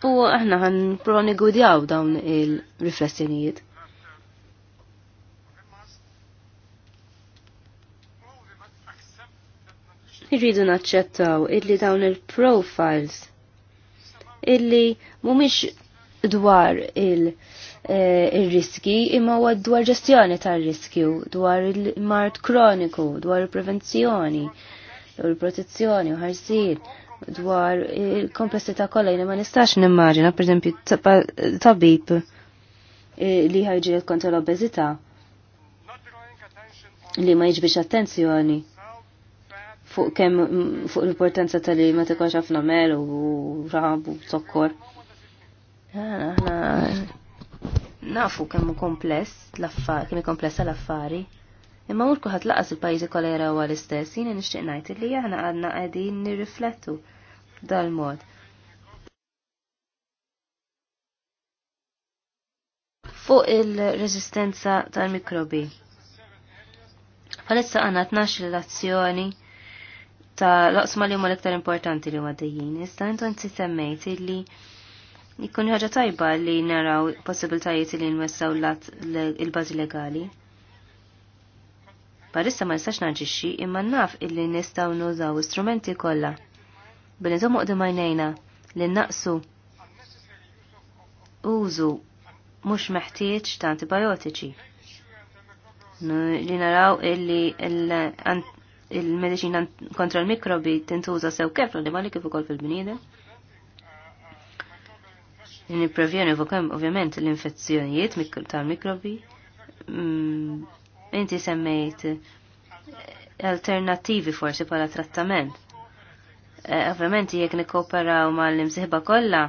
U aħna għan proni gudjaw dawn il-riflessjonijiet. Irridu naċċettaw illi dawn il-profiles illi mumiex dwar e, il-riski il imma huwa dwar ġestjoni tar-riskju, dwar il-mart kroniku, dwar il-prevenzjoni, u il-protezzjoni u ħarsin dwar il-komplessità kollha jiena ma nistax nimmaġina pereżempju tabib e, li ħajġi kontra l-obeżità li ma jiġbix attenzjoni fuq kemm fuq l-importanza tal-li ma tikolx ħafna mel u rab u sokkor nafu kemm kompless l affari kemm komplessa l-affari. Imma mur kuħat laqas il-pajjiżi kollha jaraw għal istess jiena nixtieq ngħid li aħna għadna qegħdin nirriflettu dal-mod. Fuq il-reżistenza tal-mikrobi. Palissa għanna l relazzjoni ta' laqsma li huma l-iktar importanti li huma dejjin. intu intom semmejt li Ikkun ħaġa tajba li naraw possibiltajiet li nwessaw lat il-bazi legali. Barissa ma nistax naġixxi imma naf illi nistgħu nużaw istrumenti kollha. Bil nżommu qdim għajnejna li naqsu użu mhux meħtieġ ta' antibiotiċi. Li naraw illi il-medicina kontra l-mikrobi tintuża sew kif li ma li kif ukoll fil-bniedem li nipprevjeni ovvjament l-infezzjonijiet tal-mikrobi. Mm, inti semmejt eh, alternativi forsi pala trattament. Eh, ovvjament jekk ma mal-imsieħba kollha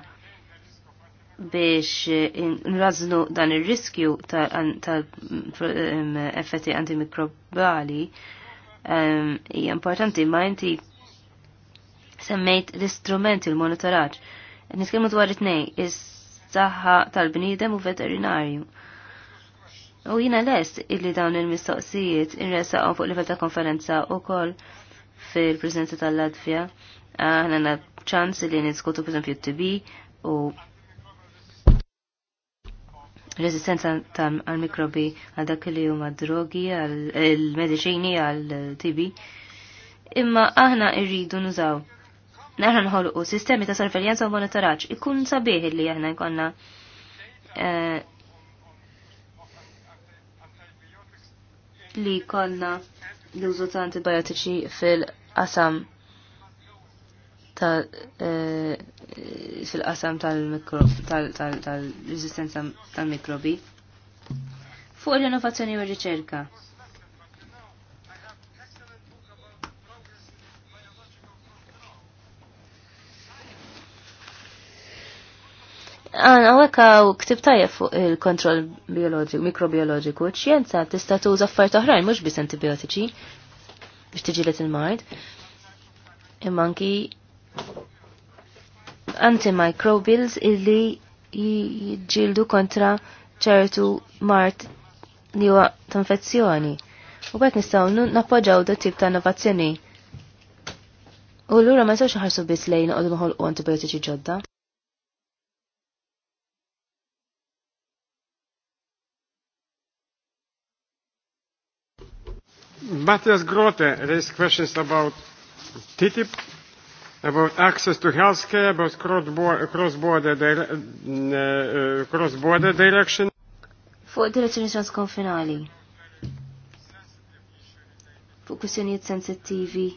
biex eh, nraznu dan ir-riskju tal-effetti antimikrobali hija importanti ma inti semmejt l-istrument il-monitoraġġ Nitkellmu dwar it nej is-saħħa tal-bniedem u veterinarju. U jina lest illi dawn il-mistoqsijiet inresaqom fuq livell ta' konferenza u koll fil-prezenza tal-Latvja. Aħna na ċans li niskutu per t-TB u resistenza għal mikrobi għal dak li huma drogi għal medicini għal TB. Imma aħna irridu nużaw Neħna nħolqu sistemi ta' sorveljanza u monitoraġġ ikun sabiħ li aħna jkollna eh, li konna l-użu ta' antibiotiċi fil-qasam eh, fil-qasam tal-resistenza tal-mikrobi. Fuq l-innovazzjoni u r-riċerka. Għana għek u ktib tajja fuq il-kontroll biologiku, mikrobiologiku, ċienza tista' tuża affarijiet oħrajn mhux biss antibiotiċi biex tiġilet il-mard. Imma anki antimicrobials illi jġildu kontra ċertu mart li huwa ta' infezzjoni. U bekk nistgħu nappoġġaw da tip ta' innovazzjoni. U l lura ma jistgħux ħarsu biss lejn noqogħdu u antibiotiċi ġodda. Matthias Grote raised questions about TTIP, about access to health care, about cross-border dire uh, uh, cross -border direction. Fuq direzzjoni transkonfinali. Fuq kwistjonijiet sensittivi.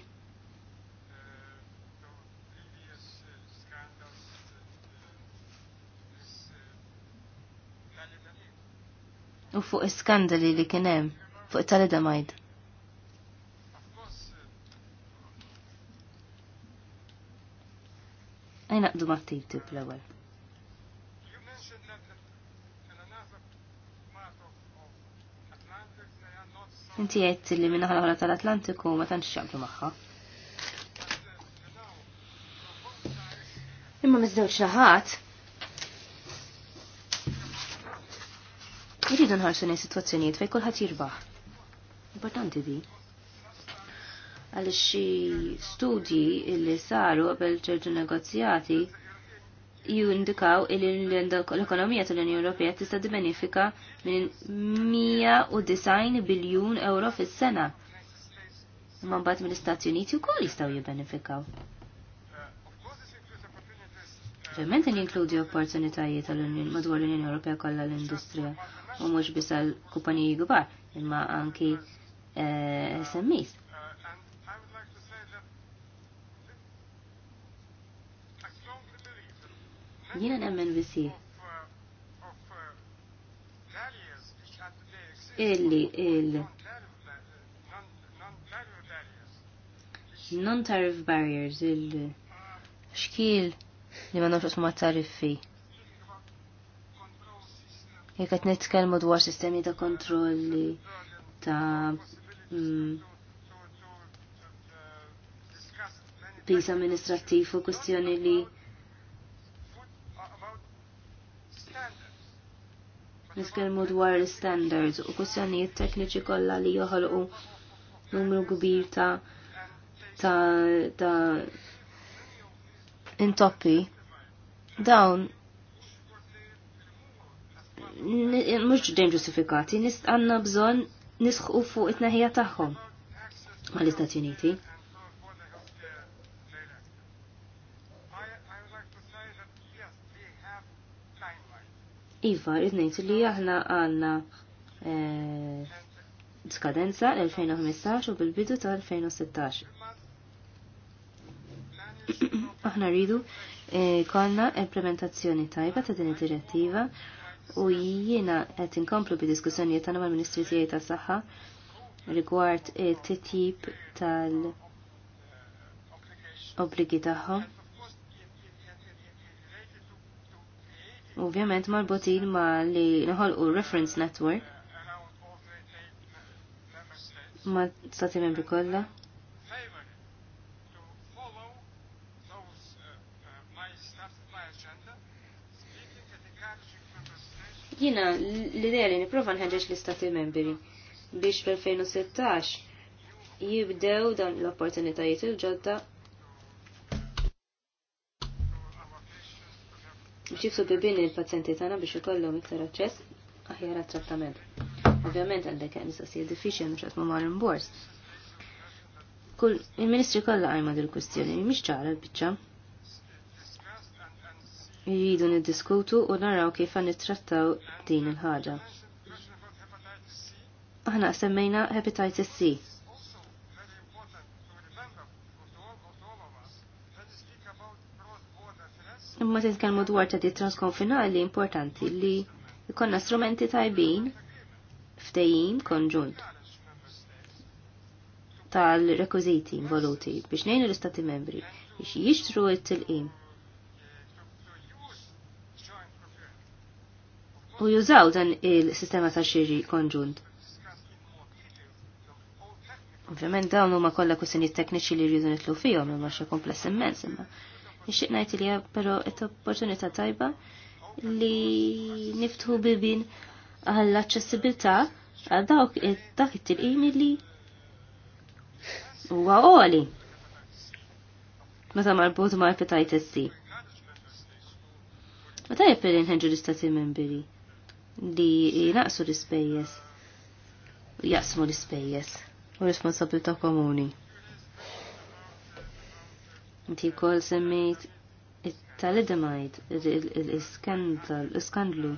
U fuq iskandali li kienem fuq tal-idamajd. Għajnaqdu ma' TTIP l-ewel. Inti għedt li minna ħala tal-Atlantiku ma tantx xaqblu magħha. Imma miż naħat. Irridu nħarsu nejn sitwazzjonijiet fejn kulħadd jirbaħ. Importanti di għal xi studji li saru qabel ċertu negozjati jindikaw li l-ekonomija tal-Unjoni Ewropea tista' dibenefika minn 190 biljun euro fis-sena. Imma mbagħad mill-Istati Uniti wkoll jistgħu jibbenefikaw. Ovvjament jinkludi opportunitajiet tal-Unjoni madwar l-Unjoni Ewropea kollha l-industrija u mhux biss għall kumpaniji kbar imma anki eh, SMEs. jina nemmen bisih. Illi il non-tariff barriers, il-xkil li ma nafx ma tariffi. Jek għat nitkellmu dwar sistemi ta' kontrolli ta' mm, pisa amministrattiv u kustjoni li niskelmu dwar standards u kwistjonijiet tekniċi kollha li joħolqu numru kbir ta' ta' ta' intoppi dawn mhux ġdejn ġustifikati għandna bżonn nisħu fuq it naħija tagħhom mal-Istati Uniti. Iva, rridnejt li aħna għanna eh, skadenza l-2015 u bil-bidu tal-2016. Aħna rridu eh, konna implementazzjoni tajba ta' din id-direttiva u jiena qed inkomplu bi diskussjonijiet tagħna mal-Ministri tiegħi tas-Saħħa rigward it-titjib eh, tal-obbligi tagħhom ovvjament marbutin ma li nħolqu reference network ma stati membri kollha. Jina l-idea li niprofa nħeġġeġ l-istati membri biex fl-2016 jibdew dan l-opportunitajiet il-ġodda biex bibini bibin il-pazjenti tagħna biex ikollhom iktar aċċess aħjar għat-trattament. Ovvjament għandek hemm mistoqsija diffiċli hemm xatt ma' rimbors. Kull il-Ministri kollha qajma dil kwistjoni mhix ċara l-biċċa. Jridu niddiskutu u naraw kif għan nittrattaw din il-ħaġa. Aħna semmejna hepatitis C Imma se nitkellmu dwar ta' di transkonfinali importanti li jkollna strumenti tajbin ftejjin konġunt tal-rekwiziti involuti biex nejnu l-istati membri biex jixtru it-tilqim. U jużaw dan il-sistema ta' xiri konġunt. Ovvjament dawn huma kollha kwistjonijiet tekniċi li jridu nitlu fihom imma xi kompless immens imma nixtieq ngħid li però qed opportunità tajba li niftħu bibin għall-aċċessibilità għal dawk dak it-tilqim li huwa għoli meta marbut ma' hepatitis C. Meta jepper inħenġu l-istati membri li naqsu l-ispejjes, jaqsmu l-ispejjes u responsabilta komuni. Inti kol semmejt it talidamajt l-iskandlu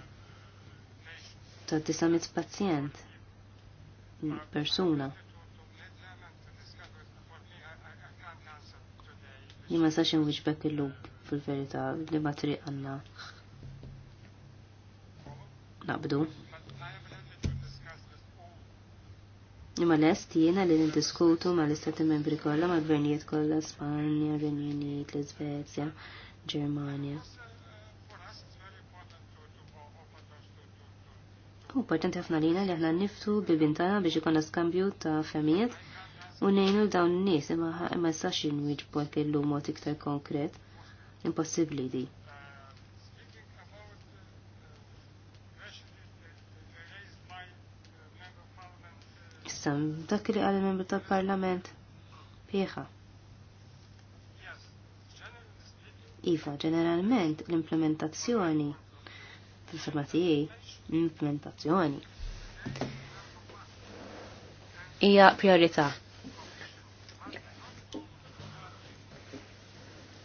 ta' 900 pazjent, persuna. Li ma sax inwiġbek il-lub fil-verita li ma triq għanna. Naqbdu. Imma lest jiena li nindiskutu ma l-istati membri kollha ma gvernijiet kollha Spanja, Renju Unit, l-Iżvezja, Ġermanja. Importanti ħafna lina li aħna niftu bil-bintana biex ikonna skambju ta' femijiet u nejnu dawn n-nies imma ma jistax jinwiġbu għak il-lumot iktar konkret. Impossibbli di. Sam, dak li għal membru tal-Parlament pieħa. Iva, ġeneralment l-implementazzjoni fil-sema l-implementazzjoni hija priorità.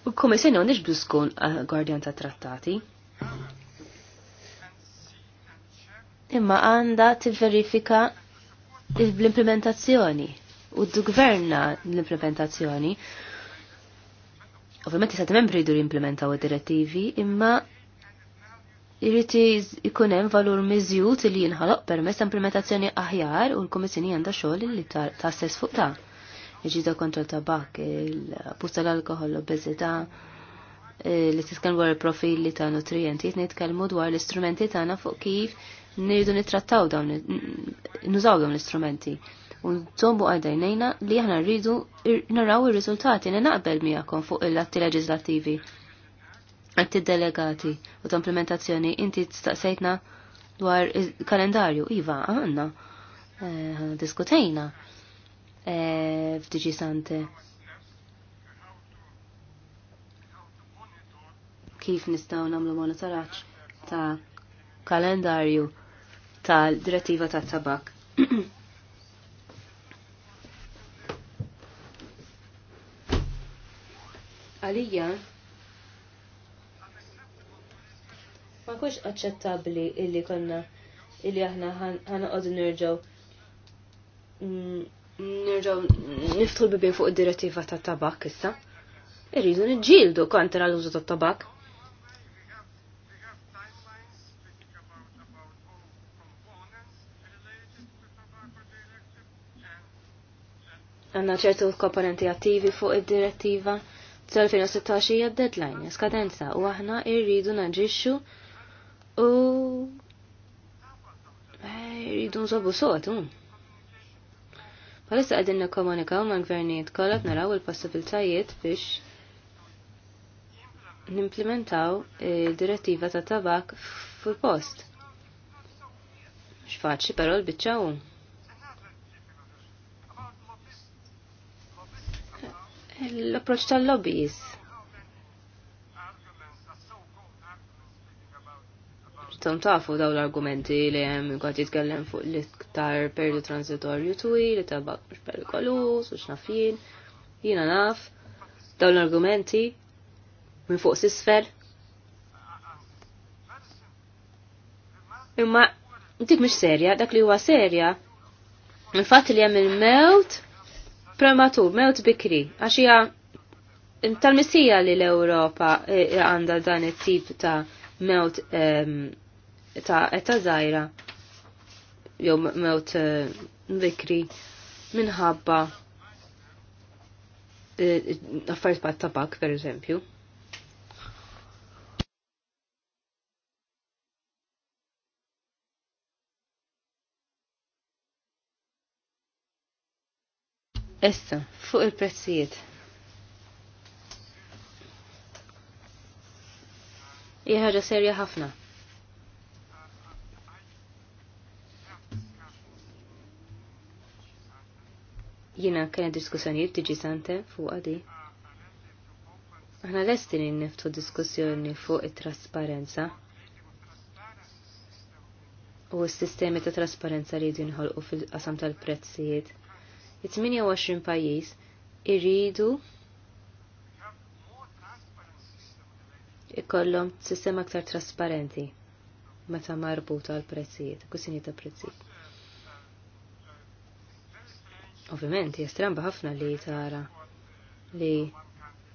U kummissjoni għandix bżuskun eh, gwardjan ta' trattati. Imma għanda tivverifika verifika l-implementazzjoni u d-gverna l-implementazzjoni. Ovvijament jisat membri jidur jimplementaw id-direttivi, imma irrid ikun hemm valur miżjud li jinħoloq permezz implementazzjoni aħjar u l komissjoni għandha xogħol li ta' stess fuq ta' iġida kontra tabak, il-pusta l-alkohol, l-obezita, eh, li tiskan dwar il-profili ta' nutrienti, jitnejt kalmu dwar l-istrumenti tagħna fuq kif Nirdu nittrattaw dawn, nużaw dawn l-istrumenti. U ntombu għajdajnejna li ħana rridu naraw il-rizultati, naqbel miegħkom fuq il-atti leġislativi, atti delegati u t-implementazzjoni. Inti staqsejtna dwar il kalendarju, iva, għanna, eh, diskutejna eh, f'Diġi Sante. Kif nistaw namlu monitoraċ ta' kalendarju tal-direttiva tat-tabak. Għalija, ma kux aċċettabli illi konna illi aħna ħanqod nirġaw mm, nirġaw niftħu bibin fuq id-direttiva ta' tabak issa. Irridu nġildu kontra l-użu ta' tabak. għanna ċertu komponenti attivi fuq id-direttiva tal-2016 hija deadline, skadenza, u aħna irridu naġixxu u irridu nżobu sotu. Palissa qegħdin nikkomunikaw ma' gvernijiet kollha naraw il-possibiltajiet biex nimplementaw il-direttiva ta' tabak fil-post. X'faċli però l l-approċ tal-lobbies. Tom tafu daw l-argumenti li jem għat jitkellem fuq l-iktar perdu transitorju twil, li tabak mux perikolus, u xnafjien, jina naf, daw l-argumenti minn fuq sisfer. Imma, dik mux serja, dak li huwa serja, il-fat li jem il-mewt, prematur, mewt bikri, għax hija tal-missija li l-Ewropa eh, għandha dan it-tip ta' mewt ta' etta zaħira jew mewt eh, bikri minħabba eh, affarijiet bħat tabak, per eżempju. Issa, fuq il-prezzijiet. ħaġa serja ħafna. Jina kena diskussjonijiet tiġi sante fuq għadi. Aħna lestin inniftu diskussjoni fuq it-trasparenza. U s-sistemi ta' trasparenza li nħolqu fil-qasam tal-prezzijiet. 28 pajjiż iridu ikollhom sistema aktar trasparenti meta marbuta għal prezzijiet, kusini ta' prezzijiet. Ovvijament, jestramba ħafna li tara li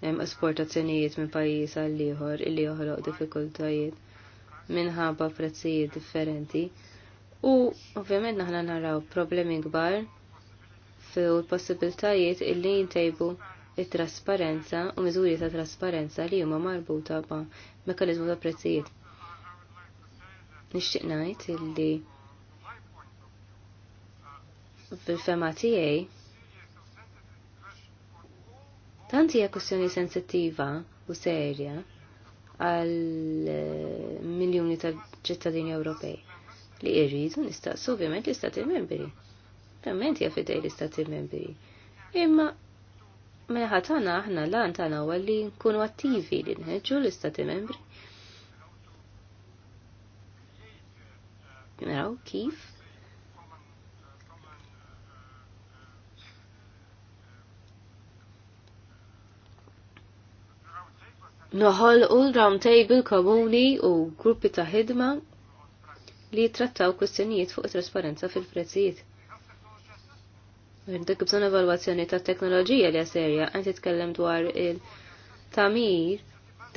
hemm esportazzjonijiet minn pajjiż għal ieħor illi joħloq diffikultajiet minħabba prezzijiet differenti. U ovvjament naħna naraw problemi kbar u l-possibiltajiet illi jintejbu it-trasparenza u miżuri ta' trasparenza li huma marbuta ma' mekanizmu ta' prezzijiet. Nixtieq ngħid illi fil-fema tiegħi tant hija kwestjoni sensittiva u serja għal miljoni ta' ċittadini Ewropej li jridu nistaqsu ovvjament l-istati membri verament hija fidej l-istati membri. Imma mela ħatana aħna lan tana huwa nkunu attivi li nħeġġu l-istati membri. Naraw kif noħol u round table komuni u gruppi ta' ħidma li trattaw kwistjonijiet fuq trasparenza fil-prezzijiet. Dik bżon evalwazzjoni ta' teknoloġija li serja għan titkellem dwar il-tamir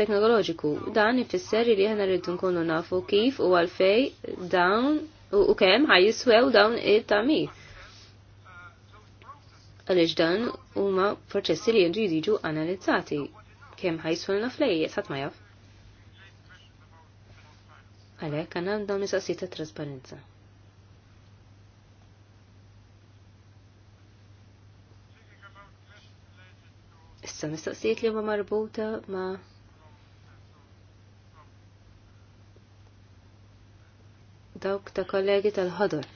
teknoloġiku. Dan ifisser li ħana rridu nkunu nafu kif u għalfej dawn u kemm ħajiswew dawn it-tamir. Għaliex dan huma proċessi li jendu jiġu analizzati kemm ħajswelna flejjes ħadd ma jaf. Għalhekk għandna dawn is-sassijiet ta' trasparenza. Issa mistoqsijiet li huma marbuta ma' dawk ta' kollegi tal-ħodor.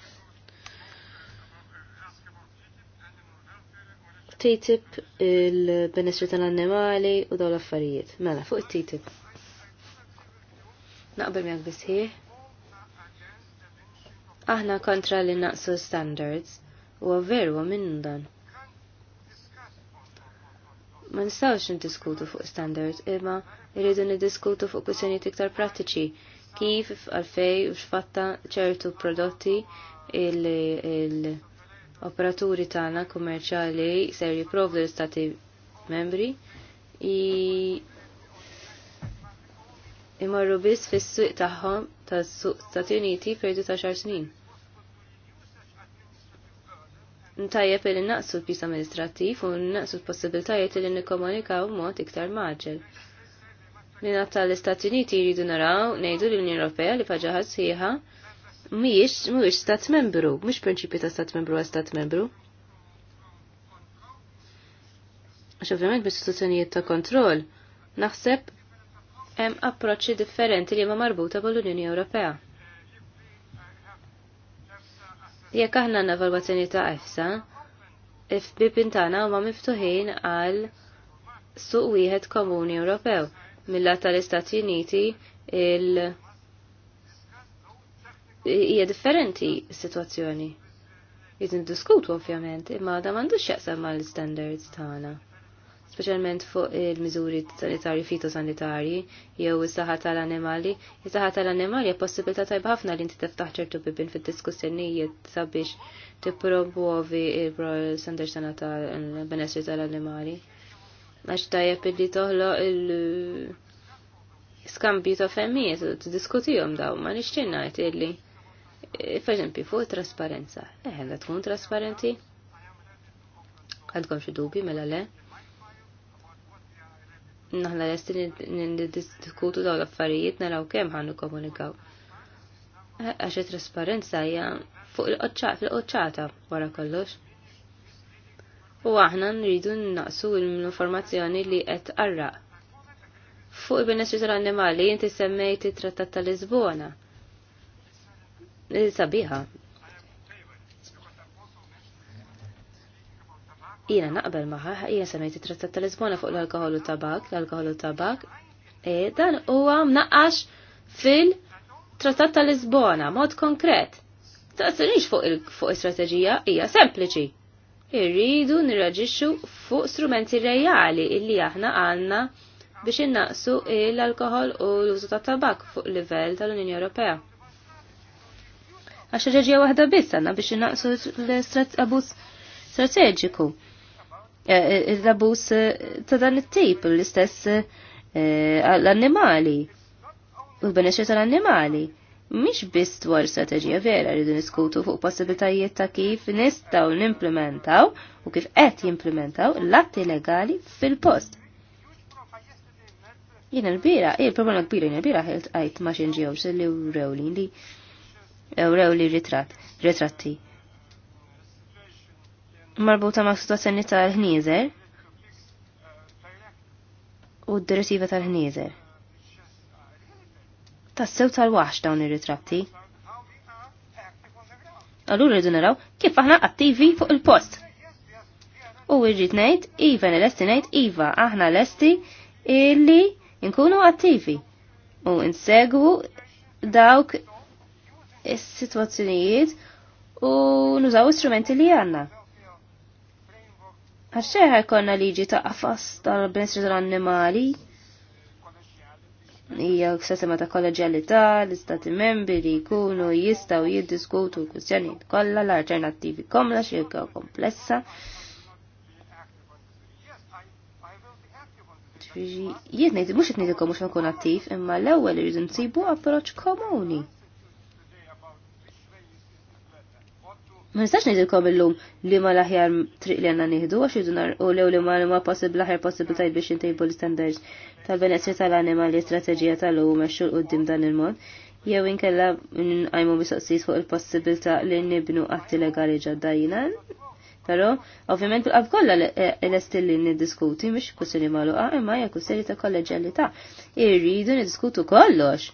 TTIP il-benessri tal-annimali u daw l-affarijiet. Mela, fuq it-TTIP. Naqbel miegħek bisħieħ. Aħna kontra li naqsu standards u għavveru minn dan ma nistawx niddiskutu fuq standards imma irridu niddiskutu fuq kwistjonijiet iktar pratiċi kif għalfej u xfatta ċertu prodotti il-operaturi tagħna kummerċjali ser jipprovdu l-istati membri i imorru biss fis-suq tagħhom tas-suq Stati Uniti perdu ta' xar snin ntajjeb li naqsu l-pis amministrativ u naqsu l-possibiltajiet li nikkomunikaw mod iktar maġel. Minna tal-Istati Uniti jridu naraw nejdu l-Unjoni Ewropea li faġaħat sieħa miex mhuwiex stat membru, mhux prinċipi ta' stat membru għal stat membru. Għax ovvjament b'istituzzjonijiet ta' kontroll, naħseb hemm approċċi differenti li huma marbuta bol unjoni Ewropea. Jekk aħna għandna evalwazzjoni ta' EFSA, il-fbib intana huma miftuħin għal suq wieħed komuni Ewropew. mill tal-Istati Uniti il- hija differenti s-sitwazzjoni. Jizin diskutu ovvjament, imma da mandux xaqsam mal standards tagħna specialment fuq il-miżuri sanitarji fitosanitarji jew is-saħħa tal-annimali. Is-saħħa tal-annimali hija possibilità tajba ħafna li inti tiftaħ ċertu bibin fid-diskussjonijiet sabiex tipprovovi l-standard sana tal-benessri tal-annimali. Għax tajjeb li toħloq il- skambju ta' femmijiet, t-diskutijom daw, ma nixċinna għet illi. Per fuq trasparenza. Eh, tkun trasparenti? Għadkom xie dubi, mela le? naħna lesti diskutu daw l-affarijiet naraw kemm ħannu komunikaw. Għaxe trasparenza hija fuq l qoċċata wara kollox. U aħna nridu naqsu l-informazzjoni li qed qarraq. Fuq il-benessri tal-annimali jinti semmejti it-Trattat tal-Lisbona. Sabiħa, Jiena naqbel maħħa, hija semmejt it-trattat tal-Lisbona fuq l-alkohol u tabak, l-alkohol u tabak, e dan huwa mnaqqax fil-trattat tal-Lisbona, mod konkret. Taqsirinx fuq il-strateġija, hija sempliċi. Irridu nirraġixxu fuq strumenti reali illi aħna għandna biex innaqsu l-alkohol u l-użu tat tabak fuq livell tal-Unjoni Ewropea għax reġija waħda biss għandna biex innaqsu l-abuz strateġiku. Eh, eh, il-rabus eh, ta' dan it-tip, l-istess l-annimali, u l-benesċi tal-annimali. Mhix biss dwar strateġija vera rridu niskutu fuq possibilitajiet ta' kif nistgħu nimplementaw u kif qed jimplementaw l-atti legali fil-post. Jien l-bira, il-problema kbira jiena l-bira għajt ma' xinġiewx li rewli li rewli ritrat, ritratti marbuta ma' situazzjoni tal-ħnieżer u d-direttiva tal-ħnieżer. Tassew tal-wax dawn ir-ritratti. Allura rridu naraw kif aħna attivi fuq il-post. U irrid ngħid iva lesti ngħid iva aħna lesti illi nkunu attivi u nsegwu dawk is-sitwazzjonijiet u nużaw istrumenti li għandna. Għaxċeħ konna liġi ta' qafas tal-benessri tal-annimali. Ija s-sistema ta' kolleġjalità, l-istati membri li jkunu jistaw jiddiskutu l kustjoni kollha l-alternattivi komla xirka komplessa. Jiet ngħid mhux qed ngħidilkom mhux nkun attiv, imma l-ewwel irridu nsibu approċċ komuni. Ma nistax ngħidilkom illum li ma l-aħjar triq li għandna nieħdu għax jidu u lew li ma ma possib l-aħjar possibbli tajt biex intejbu l-standards tal-benessri tal li strateġija tal lum mexxu l-qoddim dan il-mod. Jew inkella għajmu mistoqsijiet fuq il-possibilità li nibnu atti legali ġodda jiena. Però ovvjament bil-qab kollha e- estil li niddiskuti mhix kussjoni magħluqa imma hija kussjoni ta' kolleġjalità. Irridu niddiskutu kollox.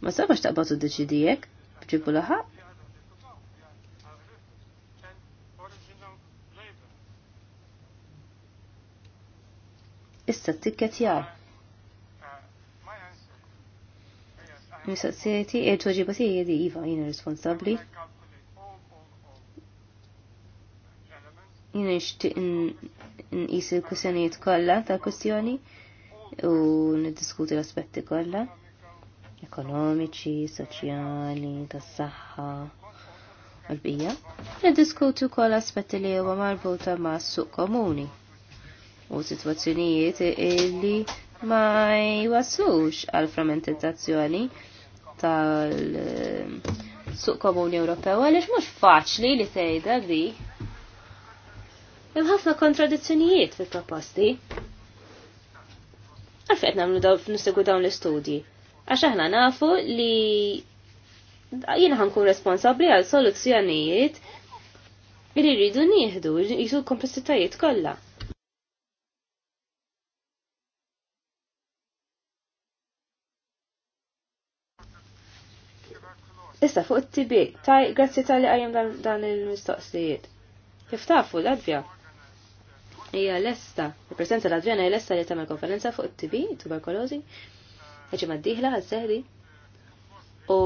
Ma sabax taqbatu deċidijek, bġibu laħaq t-tikket tikketjar Mis-sazzjeti e l-tweġiba tiegħi di iva jiena responsabbli. Jiena nixtieq nqis l kwistjonijiet kollha tal-kwistjoni u niddiskuti l-aspetti kollha ekonomiċi, soċjali, tas-saħħa għal-bija. N-diskuti kolla aspetti li huwa marbuta ma' suq komuni u situazzjonijiet illi ma jwassux għal frammentizzazzjoni tal-suq komuni Ewropew għaliex mhux faċli li tgħidha li Hemm ħafna kontradizzjonijiet fil-proposti. Għalfejn qed nagħmlu daw nissegu dawn l-istudji. Għax aħna nafu li jiena ħankun responsabbli għal soluzzjonijiet li rridu nieħdu jisu l-komplessitajiet kollha Issa fuq it-tibi, taj, grazzi tal-li għajem dan il-mistoqsijiet. Kif tafu l advja Hija l-esta, il-presenza l-Latvjana hija l-esta li tagħmel konferenza fuq it tb tuberkulozi, ħeġi maddiħla għal-sehdi. U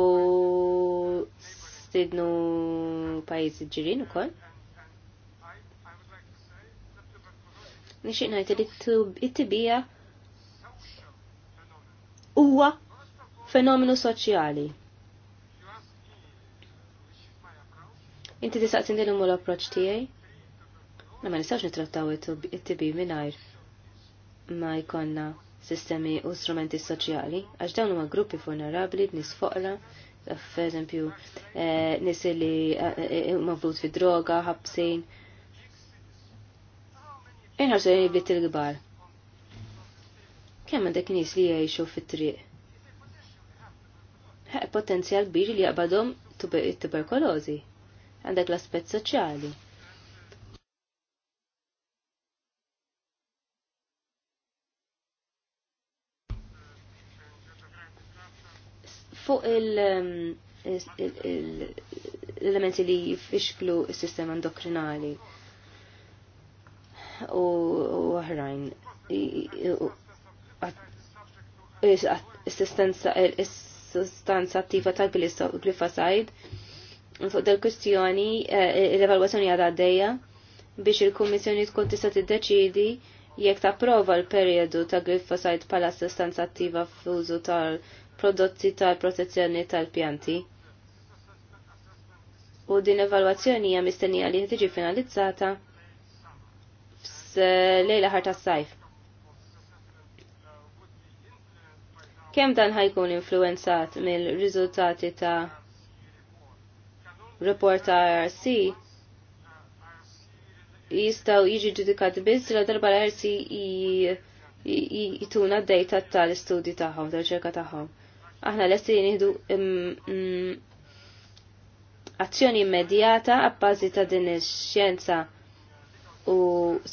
stidnu pajjiżi ġirin ukoll. Nixtieq ngħid li it-tibija huwa fenomenu soċjali Inti tisaqsin din l approċ tiegħi? Ma nistax nitrattaw it-tibi mingħajr ma jkollna sistemi u strumenti soċjali, għax dawn huma gruppi vulnerabbli b'nies per eżempju, eh, nies li eh, eh, mavrut fi droga, ħabsin. Inħarsu li jibli il-gbar. Kemm għandek nies li jgħixu fit-triq? Potenzjal kbir li jaqbadhom tuberkulożi għandek l aspet soċjali. Fuq l um, elementi li jifixklu s sistem endokrinali u għahrajn, is-sustanza attiva tal-glifosajd fuq dal-kwistjoni eh, l-evalwazzjoni għadha għaddejja biex il-Kummissjoni tkun tista' tiddeċidi jekk tapprova l-perjodu ta' glifosajt bħala sostanza attiva f'użu tal-prodotti tal-protezzjoni tal-pjanti. U din evalwazzjoni hija mistennija li tiġi finalizzata f'lejla ħar tas-sajf. Kemm dan ħajkun influenzat mill-riżultati ta' report ta' RC jistaw jiġi ġudikat biz la darba rc jituna d-dejta tal-istudji tagħhom, tal-ċerka tagħhom. Aħna l essi nieħdu mm, mm, azzjoni immedjata għabbażi ta' din ix-xjenza u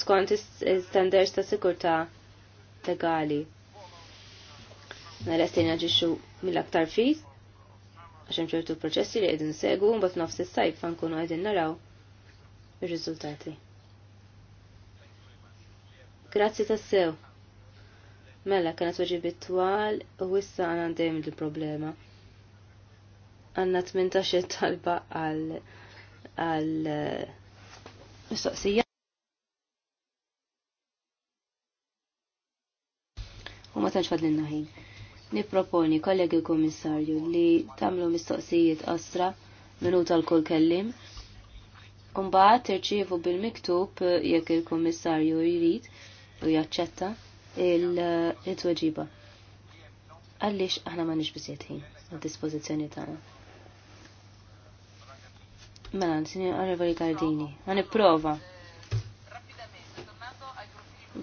skont standards ta' sikurta legali. Nal-esti naġiċu mill-aktar fis għaxem ċertu proċessi li qegħdin segwu bat nofs is-sajb fan nkunu qegħdin naraw ir-riżultati. Grazzi tassew. Mela kienet weġibit twal u wissa għandna dejjem il-problema. Għandna 18 talba għal għal mistoqsija. U ma tantx fadlinna ħin. Niproponi kollegi kummissarju li tamlu mistoqsijiet qasra minuta l-kull kellim. Umbaħt tirċivu bil-miktub eh, jekk il-kummissarju jrid u jaċċetta il-tweġiba. Eh, Għallix aħna ma nix bisiet għal għad-dispozizjoni tagħna. Mela, sinjor Arrivali Gardini, għan prova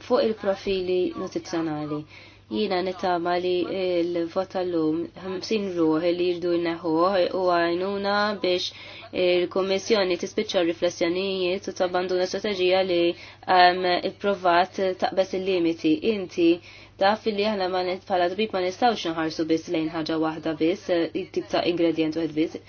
fuq il-profili nutrizzjonali. Jina nitama li il-vot tal-lum 50 ruħ li jirdu jneħu u għajnuna biex il komissjoni tispiċċa riflessjonijiet u tabbanduna strategija li ehm, ipprovat taqbess il-limiti. Inti taf li aħna ma bħala tabib ma nistgħux nħarsu biss lejn ħaġa waħda biss, eh, tip ta' ingredient waħed biss.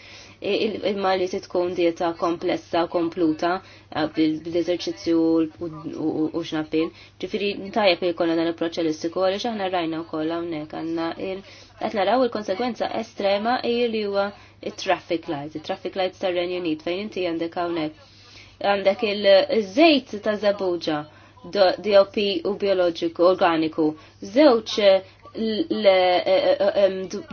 Imma li se tkun dieta komplessa kompluta eh, bil-eżerċizzju u xnafil. Ġifieri ntajjeb li konna dan il-approċċ holistiku għaliex aħna rajna wkoll hawnhekk għandna il- qed naraw il-konsekwenza estrema hi li huwa il traffic lights, it-traffic lights tar-Renju Unit fejn inti għandek hawnhekk għandek il-żejt ta' zabuġa DOP u biologiku organiku. Zewċ e, e, e,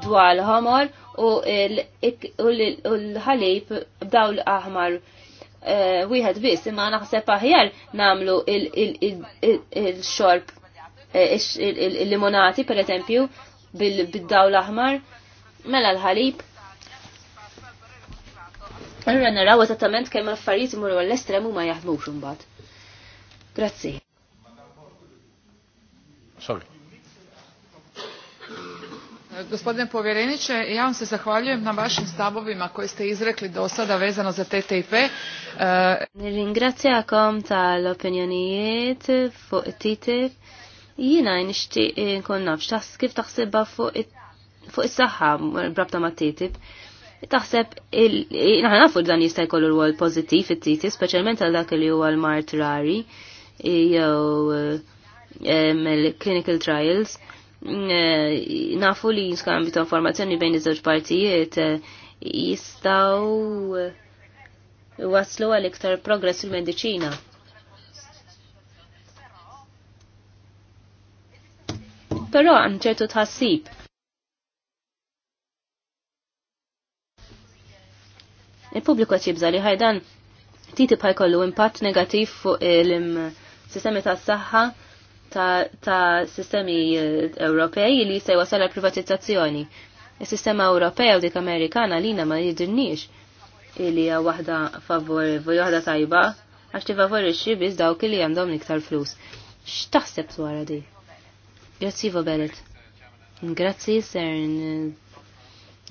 dwar l-ħomor u l-ħalib b'daw l-aħmar wieħed biss imma naħseb aħjar namlu il-xorb il-limonati per eżempju bil-daw l-aħmar mela l-ħalib Allora naraw eżattament kemm affarijiet imorru għall-estrem ma jaħdmux imbagħad. Grazzi. Sorry. E, gospodine povjereniče, ja vam se zahvaljujem na vašim stavovima koje ste izrekli do sada vezano za TTIP. E, kom tal-opinjonijiet fuq TTIP. Jina nishtiq nkun nafx kif taħsibha fuq is-saħħa brabta ma' TTIP. Taħseb, naħna nafu dan jista' jkollu rwol pożittiv it-TTIP, speċjalment għal dak li huwa l-mart rari jew eh, clinical trials. Mm, eh, nafu li skambi ta' informazzjoni bejn iż-żewġ partijiet eh, jistaw waslu għal iktar progress fil-medicina. Però għan ċertu tħassib. Il-pubbliku għat jibżali ħajdan titi bħajkollu impatt negativ fuq il- sistemi ta' saħħa ta', ta sistemi eh, Ewropej li jista' jwasal privatizzazzjoni. Is-sistema Ewropea u dik Amerikana lina ma jidirniex li hija waħda favorevoli waħda tajba għax tifavorixxi biss dawk li għandhom iktar flus. X'taħseb dwar di? Grazzi Vobelet. Grazzi ser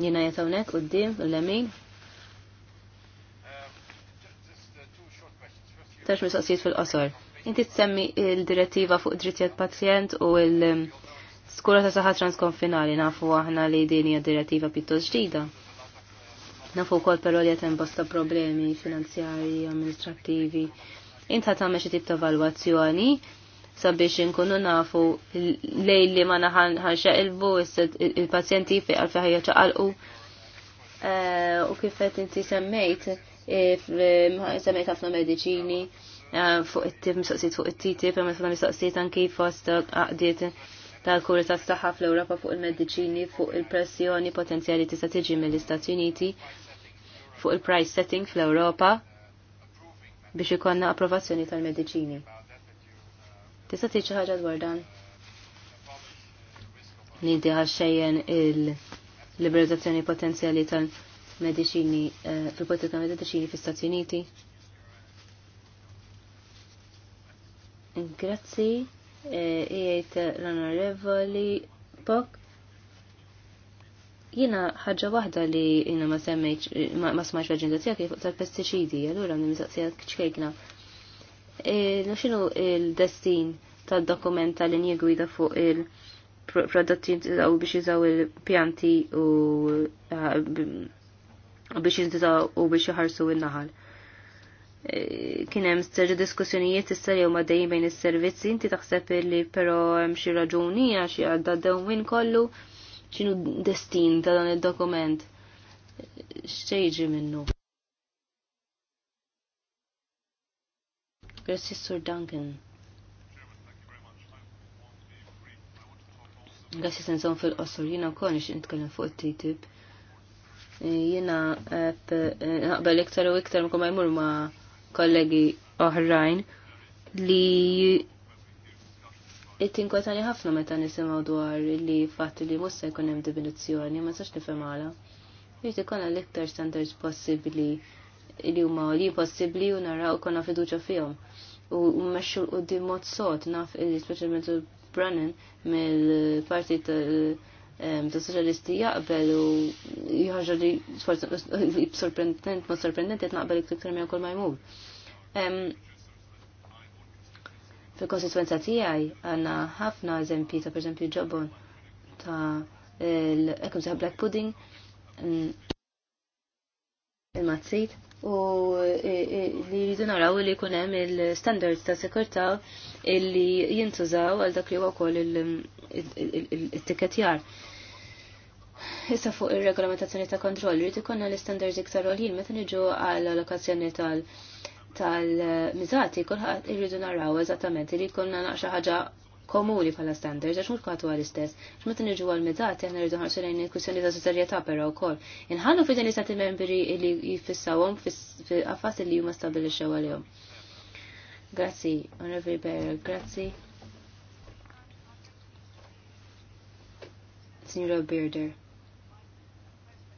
jina jetawnek u d l-lemin. Tax mistoqsijiet fil-qosor. Inti semmi il-direttiva fuq drittijat pazjent u il-skura ta' saħħa transkonfinali nafu aħna li din hija direttiva pittos ġdida. Nafu wkoll però li qed hemm bosta problemi finanzjarji, amministrattivi. Inti tagħmel xi tip ta' valwazzjoni sabiex inkunu nafu lej li ma naħanħaxa il-bu il-pazjenti fi għalfi ħajja ċaqalqu eh, u kifet inti semmejt eh, semmejt ħafna mediċini Eh, fuq it-tip mistoqsijiet fuq it-titip, hemm isma' mistoqsijiet anki fost għaqdiet tal-kura tas-saħħa fl-Ewropa fuq il-mediċini, fuq il-pressjoni potenzjali tista' tiġi mill-Istati Uniti, fuq il-price setting fl-Ewropa biex ikonna approvazzjoni tal-mediċini. Tista' tiġi xi ħaġa dwar dan? Nidi xejjen il-liberalizzazzjoni potenzjali tal-mediċini eh, fil-politika mediċini fl-Istati Uniti. Grazzi, eh, jgħid l-onorevoli Pok. Jina ħaġa waħda li jina ma semmejċ, ma smajċ l-ġenda tijak fuq tal-pesticidi, għallura n-mizaqsija kċkejkna. Eh, Naxinu il-destin tal-dokument tal-linja gwida fuq il-prodotti eh, u biex jizaw il-pjanti u biex jintizaw u biex jħarsu il-naħal Eh, kien hemm serġa diskussjonijiet issa jew u dejjem bejn is-servizzi, inti taħseb li però hemm xi raġuni għax għadda dewwin kollu x'inhu destin ta' dan id-dokument. X'ejġi minnu? Grazie Sur Duncan. Grazzi sensom fil-qosor, jina wkoll nix nitkellem fuq it-TTIP. Eh, jina eh, naqbel iktar u iktar ma jmur ma' kollegi oħrajn li jittinkwetani ħafna meta nisimgħu dwar li fatt li mhux se jkun hemm divinizzjoni ma sax nifhem għala. Jrid ikun l-iktar standards possibbli li huma li possibbli u naraw konna fiduċa fihom. U mmexxu l-qudiem mod sod naf il-speċjalment eh, mill-parti tal- eh, ta' soċjalisti jaqbel u jħarġa li sorprendent ma sorprendent qed naqbel iktar minn kol ma jmur. Fil-konsekwenza tiegħi għandna ħafna eżempji ta' pereżempju ġobon ta' l-ekum black pudding il-mazzit u li jridu naraw li jkun hemm il-standards ta' sekurtà illi jintużaw għal dak li huwa wkoll il-tikketjar. Issa fuq ir-regolamentazzjoni ta' kontroll, irid ikollna l-istandards iktar għolin meta niġu għall allokazzjoni tal- tal-miżati kulħadd irridu naraw eżattament li jkollna naqxa ħaġa komuni bħala standards għax mhux kulħadd huwa l-istess. Għax meta niġu għall-miżati aħna rridu ħarsu lejn il-kwistjoni ta' susserjetà però wkoll. Inħallu fidel istati membri li jfissawhom f'qafas li huma għal għalihom. Grazzi, Onorevoli Bear, grazzi. Signora Bearder.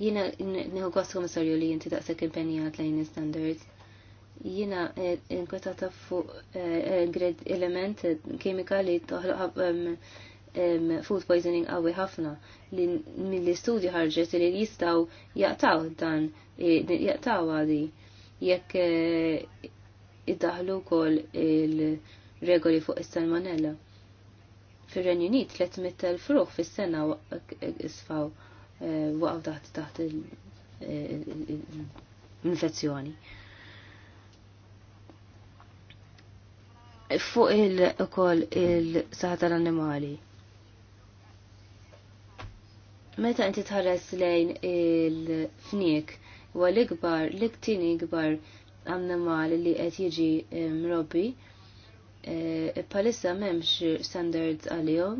Jina nħu għas sarju li jinti daqsek impenjat lejn standards. Jina nkwetata fuq grid element kemikali toħloq food poisoning għawi ħafna li mill-istudju ħarġet li jistaw jaqtaw dan, jaqtaw għadi jekk iddaħlu kol il-regoli fuq is-salmonella. Fir-Renju Unit 300.000 fruħ fis-sena isfaw Eh, waqgħu taħt taħt l-infezzjoni. Fuq il-ukoll il saħat tal-annimali. Meta inti tħares lejn il-fnik huwa l-ikbar, l-iktini ikbar annimali li qed jiġi eh, mrobbi, palissa eh, memx standards għal-jom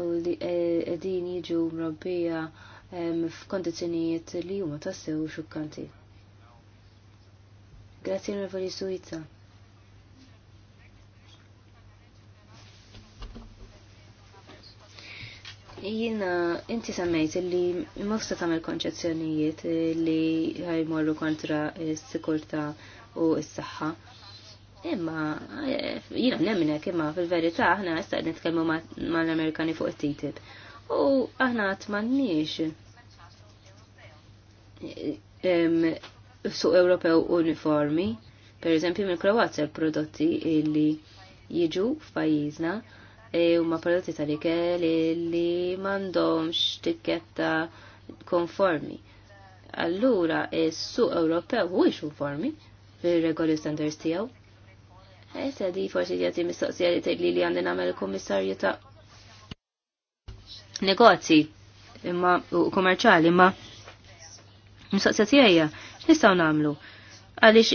U li qegħdin eh, jiġu mrabbija f'kondizzjonijiet li huma tassew xukkanti. mille per Suizza. Jina, inti semmejt li mosta tamel konċezzjonijiet li ħajmorru kontra s-sikurta u s-saxħa Imma, jina nemminek imma fil-verità aħna jistaq nitkellmu mal-Amerikani fuq it-TTIP. U aħna tmanniex suq Ewropew uniformi, per eżempju mill kroazja l-prodotti illi jiġu f'pajjiżna e huma prodotti tal-ikel illi m'għandhomx tikketta konformi. Allura su suq Ewropew mhuwiex uniformi fir-regoli standards tiegħu Għajt di forsi jati mistoqsija li tegli li għandin għamel komissarju ta' negozji imma u komerċali imma mistoqsija tijajja nistaw namlu għalix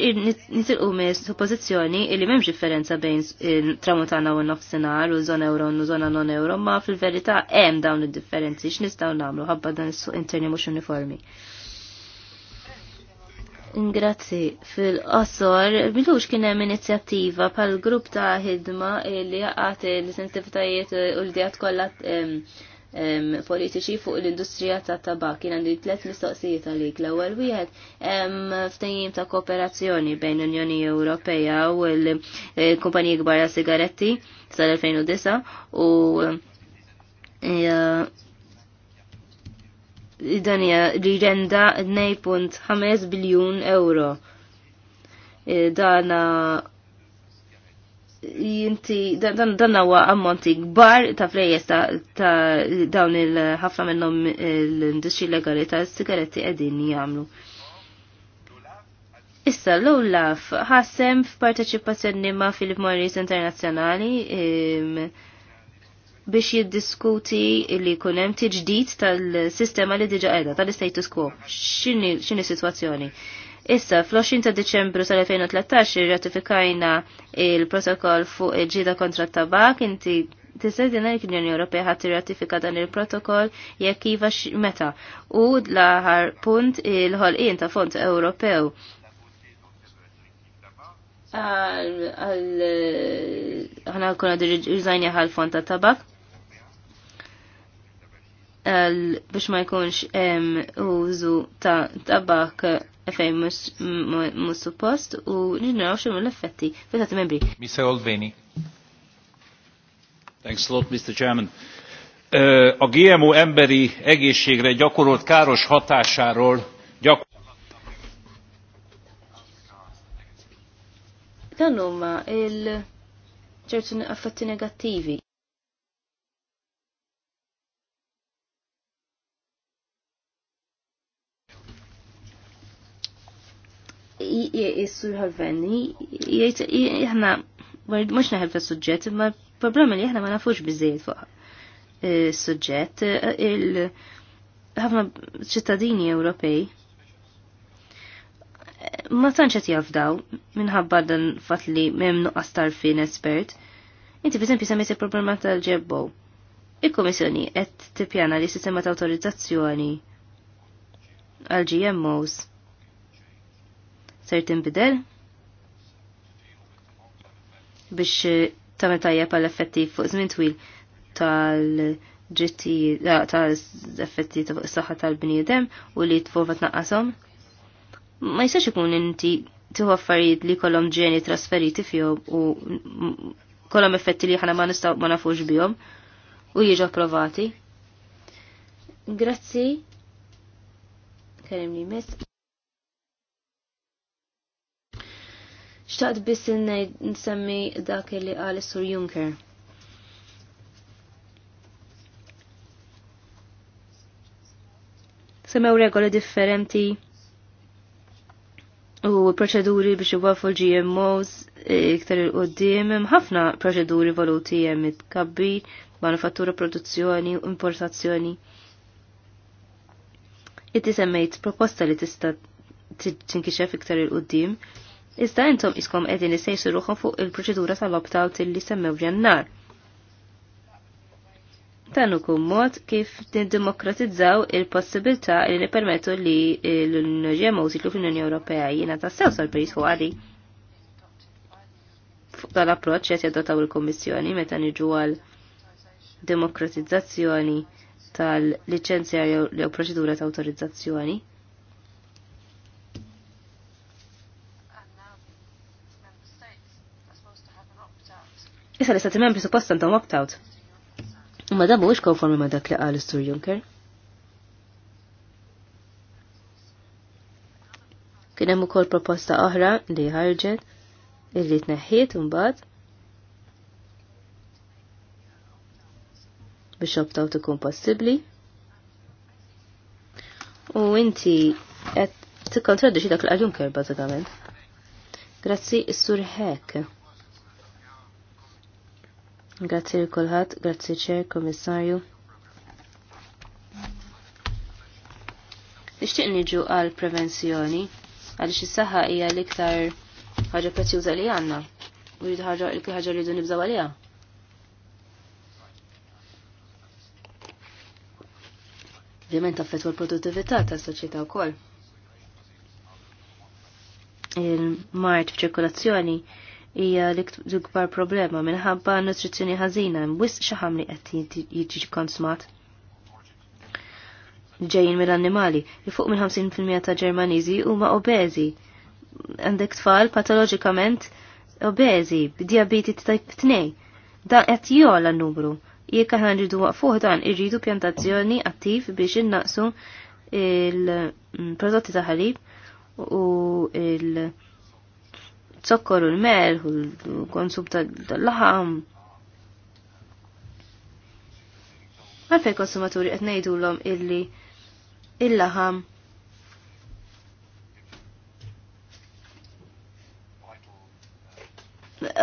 nitilqu me suppozizjoni illi memx differenza bejn tramutana u nofsenar u zona euro u zona non euro ma fil-verita hemm dawn id-differenzi x'nistgħu nagħmlu ħabba dan suq interni mhux uniformi. Ingrazzi. fil qassor bilux kien hemm inizjattiva pal grupp ta' ħidma li jaqgħat l-sensitivitajiet u l-dijat kollha politiċi fuq l-industrija ta' tabak. Kien għandi tliet mistoqsijiet għalik. L-ewwel wieħed hemm ftehim ta' kooperazzjoni bejn l-Unjoni Ewropea u l-kumpaniji kbar ta' sigaretti sal-2009 u id-danja li renda 2.5 biljun euro. E, dana jinti dan dan huwa ammonti kbar ta' flejjes ta' dawn il-ħafna minnhom l-industri legali ta' sigaretti qegħdin jagħmlu. Issa l-Olaf ħassem f'parteċipazzjoni ma' Philip Morris Internazzjonali biex jiddiskuti li kunem tiġdid tal-sistema li diġa edha, tal-status quo. Xini, situazzjoni? Issa, fl-20 ta' Deċembru tal-2013 ratifikajna il-protokoll fuq il-ġida kontra t-tabak, inti t dinaj l-Unjoni Ewropea ħadd ratifika dan il-protokoll jekk iva meta. U l-aħħar punt il-ħolqien ta' Fond Ewropew għal ħana kuna dirġajni ħal fond ta' tabak biex ma jkunx użu ta' tabak fej mhux suppost u nġneraw xe l-effetti Fetat membri. Mr. Olveni. Thanks a lot, Mr. Chairman. Eh, a GMO emberi egészségre gyakorolt káros hatásáról gyakorolt. Dan huma il ċertu affetti negativi. jissu jħolvenni, jħna, mux naħeb suġġet, ma problemi li jħna ma nafux bizzejt fuq suġġet, il ħafna ċittadini Ewropej ma tanċet jafdaw minħabba dan fat li mem nuqqas tarfin espert. Inti per pisa semmejt il-problema tal-ġebbo. Il-Komissjoni qed tippjana li sistema ta' autorizzazzjoni għal GMOs ser tinbidel biex eh, tagħmel tajjeb għal effetti fuq żmien twil tal-ġitti eh, tal-effetti fuq is-saħħa tal-bniedem u li tfova tnaqqashom. Ma jistax ikun inti tieħu affarijiet li kollhom ġeni trasferiti fihom u kollhom effetti li ħana ma nistgħu ma nafux bihom u jiġu approvati. Grazzi. Kerim li mis. Xtaqt biss nsemmi dak li qal sur Juncker. Semmew regoli differenti u proċeduri biex iwafu l-GMOs e, iktar il-qoddim ħafna proċeduri voluti hemm it-kabbi, manufattura, produzzjoni u importazzjoni. Itti semmejt proposta li tista' tinkixef iktar il-qoddim Iżda intom iskom qegħdin issejsu ruħhom fuq il-proċedura tal-opt-out semmew ġennar. Dan ukoll mod kif niddemokratizzaw il-possibilità li nippermettu li l-GMOs jitlu fl-Unjoni Ewropea jiena tassew sal-pajjiż fuq għali. Fuq dal-approċċ qed jadottaw il-Kummissjoni meta niġu għal demokratizzazzjoni tal-liċenzja jew proċedura ta' awtorizzazzjoni. Issa l-istati membri suppost għandhom opt-out. Ma dabu konformi ma dak li qal Sur Juncker. Kien hemm ukoll proposta oħra li ħarġet illi tneħħiet imbagħad biex opt-out ikun possibbli. U inti qed tikkontraddi xi dak l għal Juncker bażikament. Grazzi, s sur Hekk. Grazzi l kulħadd, grazzi ċer, komissarju. Nixtieq niġu għal prevenzjoni għaliex is-saħħa hija l-iktar ħaġa prezzjuża li għandna u li ħaġa ħaġa rridu nibżgħu għaliha. Ovvjament affettwa l-produttività tas-soċjetà wkoll. Il-mart f'ċirkolazzjoni hija l-ikbar problema minħabba nutrizzjoni ħażina hemm wisq xi ħamli qed jiġi konsumat ġejjin mill-annimali li fuq minn 50% ta' Ġermaniżi huma obeżi. Għandek tfal patoloġikament obeżi b'diabeti tajp 2. Dan qed jola n-numru. Jekk aħna nridu waqfuh dan irridu pjantazzjoni attiv biex innaqsu il-prodotti ta' ħalib u il- zokkor u l-mel u l-konsum tal-laħam. Għalfej konsumaturi qed ngħidulhom illi il-laħam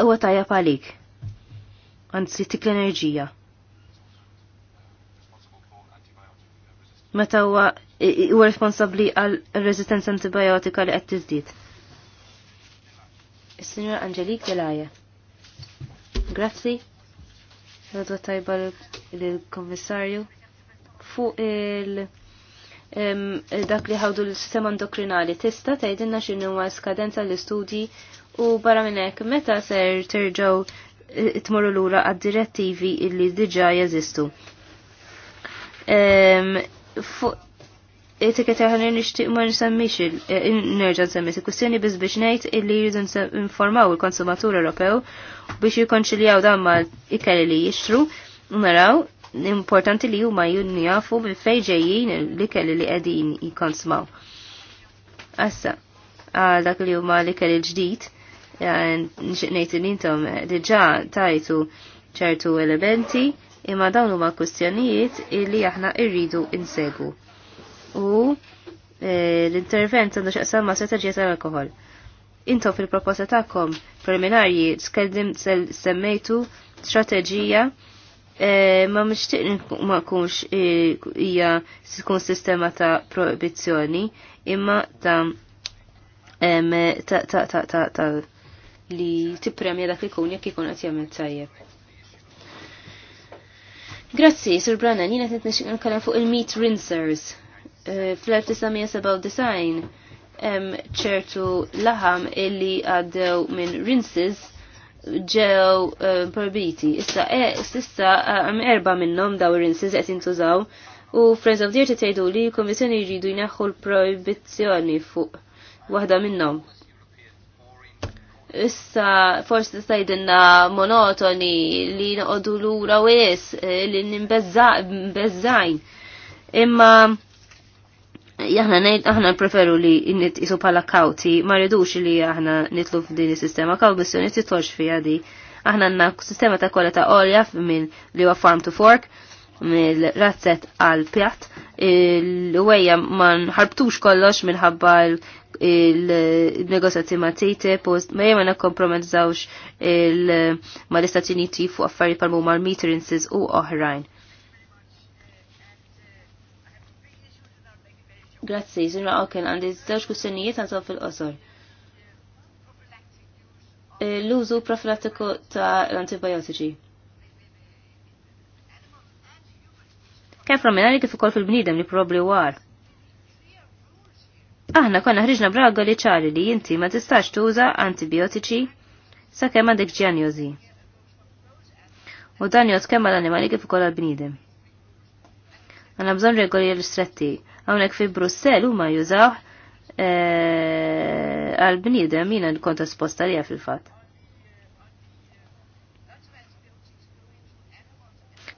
huwa tajja għalik. Anzi sittik l-enerġija. Meta huwa responsabbli għal resistenza antibiotika li qed tiżdied. Is-Sinjor Angelik Delaja. Grazzi. Għadwa tajba l-Kommissarju. Fu il- dak li ħawdu l-sistema endokrinali tista' tgħidilna xinu għu skadenza l-istudji u barra minn hekk meta ser terġgħu eh, tmorru lura għad-direttivi illi diġà jeżistu etiketar ħan nishtiq ma nsemmix eh, nerġa' nsemmi kwistjoni biss biex ngħid illi jridu informaw il-konsumatur Ewropew biex jikkonċiljaw dan ma ikel li jixtru naraw importanti li huma jafu minn fejn ġejjin l-ikel li qegħdin jikkonsmaw. Assa, għal dak li huma l-ikel il-ġdid, nixtieq ngħid li intom diġà tajtu ċertu elementi imma dawn huma kwistjonijiet illi aħna rridu insegu u eh, l-intervent għandu xaqsam ma' strategija tal-alkohol. Intom fil-proposta tagħkom preliminarji tkellim semmejtu strateġija eh, ma mixtieq ma kunx eh, hija tkun sistema ta' proibizzjoni imma ta' ta' ta' ta' ta' li tippremja dak ikun jekk ikun qed jagħmel tajjeb. Grazzi, Sur Brannan, jiena qed nitkellem fuq il-meat rinsers Eh, fl-1997 hemm ċertu laħam illi għaddew minn rinses ġew eh, probiti. Issa eh, s'issa hemm erba' minnhom daw rinses qed jintużaw u Friends of dirti tgħidu li l jridu jneħħu l-proibizzjoni fuq waħda minnhom. Issa forsi tgħidilna monotoni li noqogħdu lura wis li nimbeżżajn. Imma Jaħna nejt, aħna preferu li nit isu pala kawti, ma rridux li aħna nitlu f'din is-sistema, kaw missjoni titolx fija di. Aħna għanna sistema ta' kolla ta' olja minn li huwa farm to fork, mill-razzet għal pjat l-għeja ma nħarbtux kollox minħabba il-negozjati ma TTIP post, ma jema na kompromenzawx ma l-Istati Uniti fuq affarijiet pal-mumar meterinses u oħrajn. Grazzi, zinra għokken għandi zewġ kussinijiet għantaw fil-qosor. E, l-użu profilattiku ta' l-antibiotiċi. Kemm promenali kif ukoll fil-bniedem li probli war. Aħna konna ħriġna braga li ċari li inti ma tistax tuża antibiotiċi sakemm għandek ġjanjozi. U dan jgħod kemm għal-animali kif ukoll għal-bniedem. Għanna bżon regoli l-istretti, hawnhekk fi Brussell huma jużaw e, għal bniedem jina kont esposta lija fil-fatt.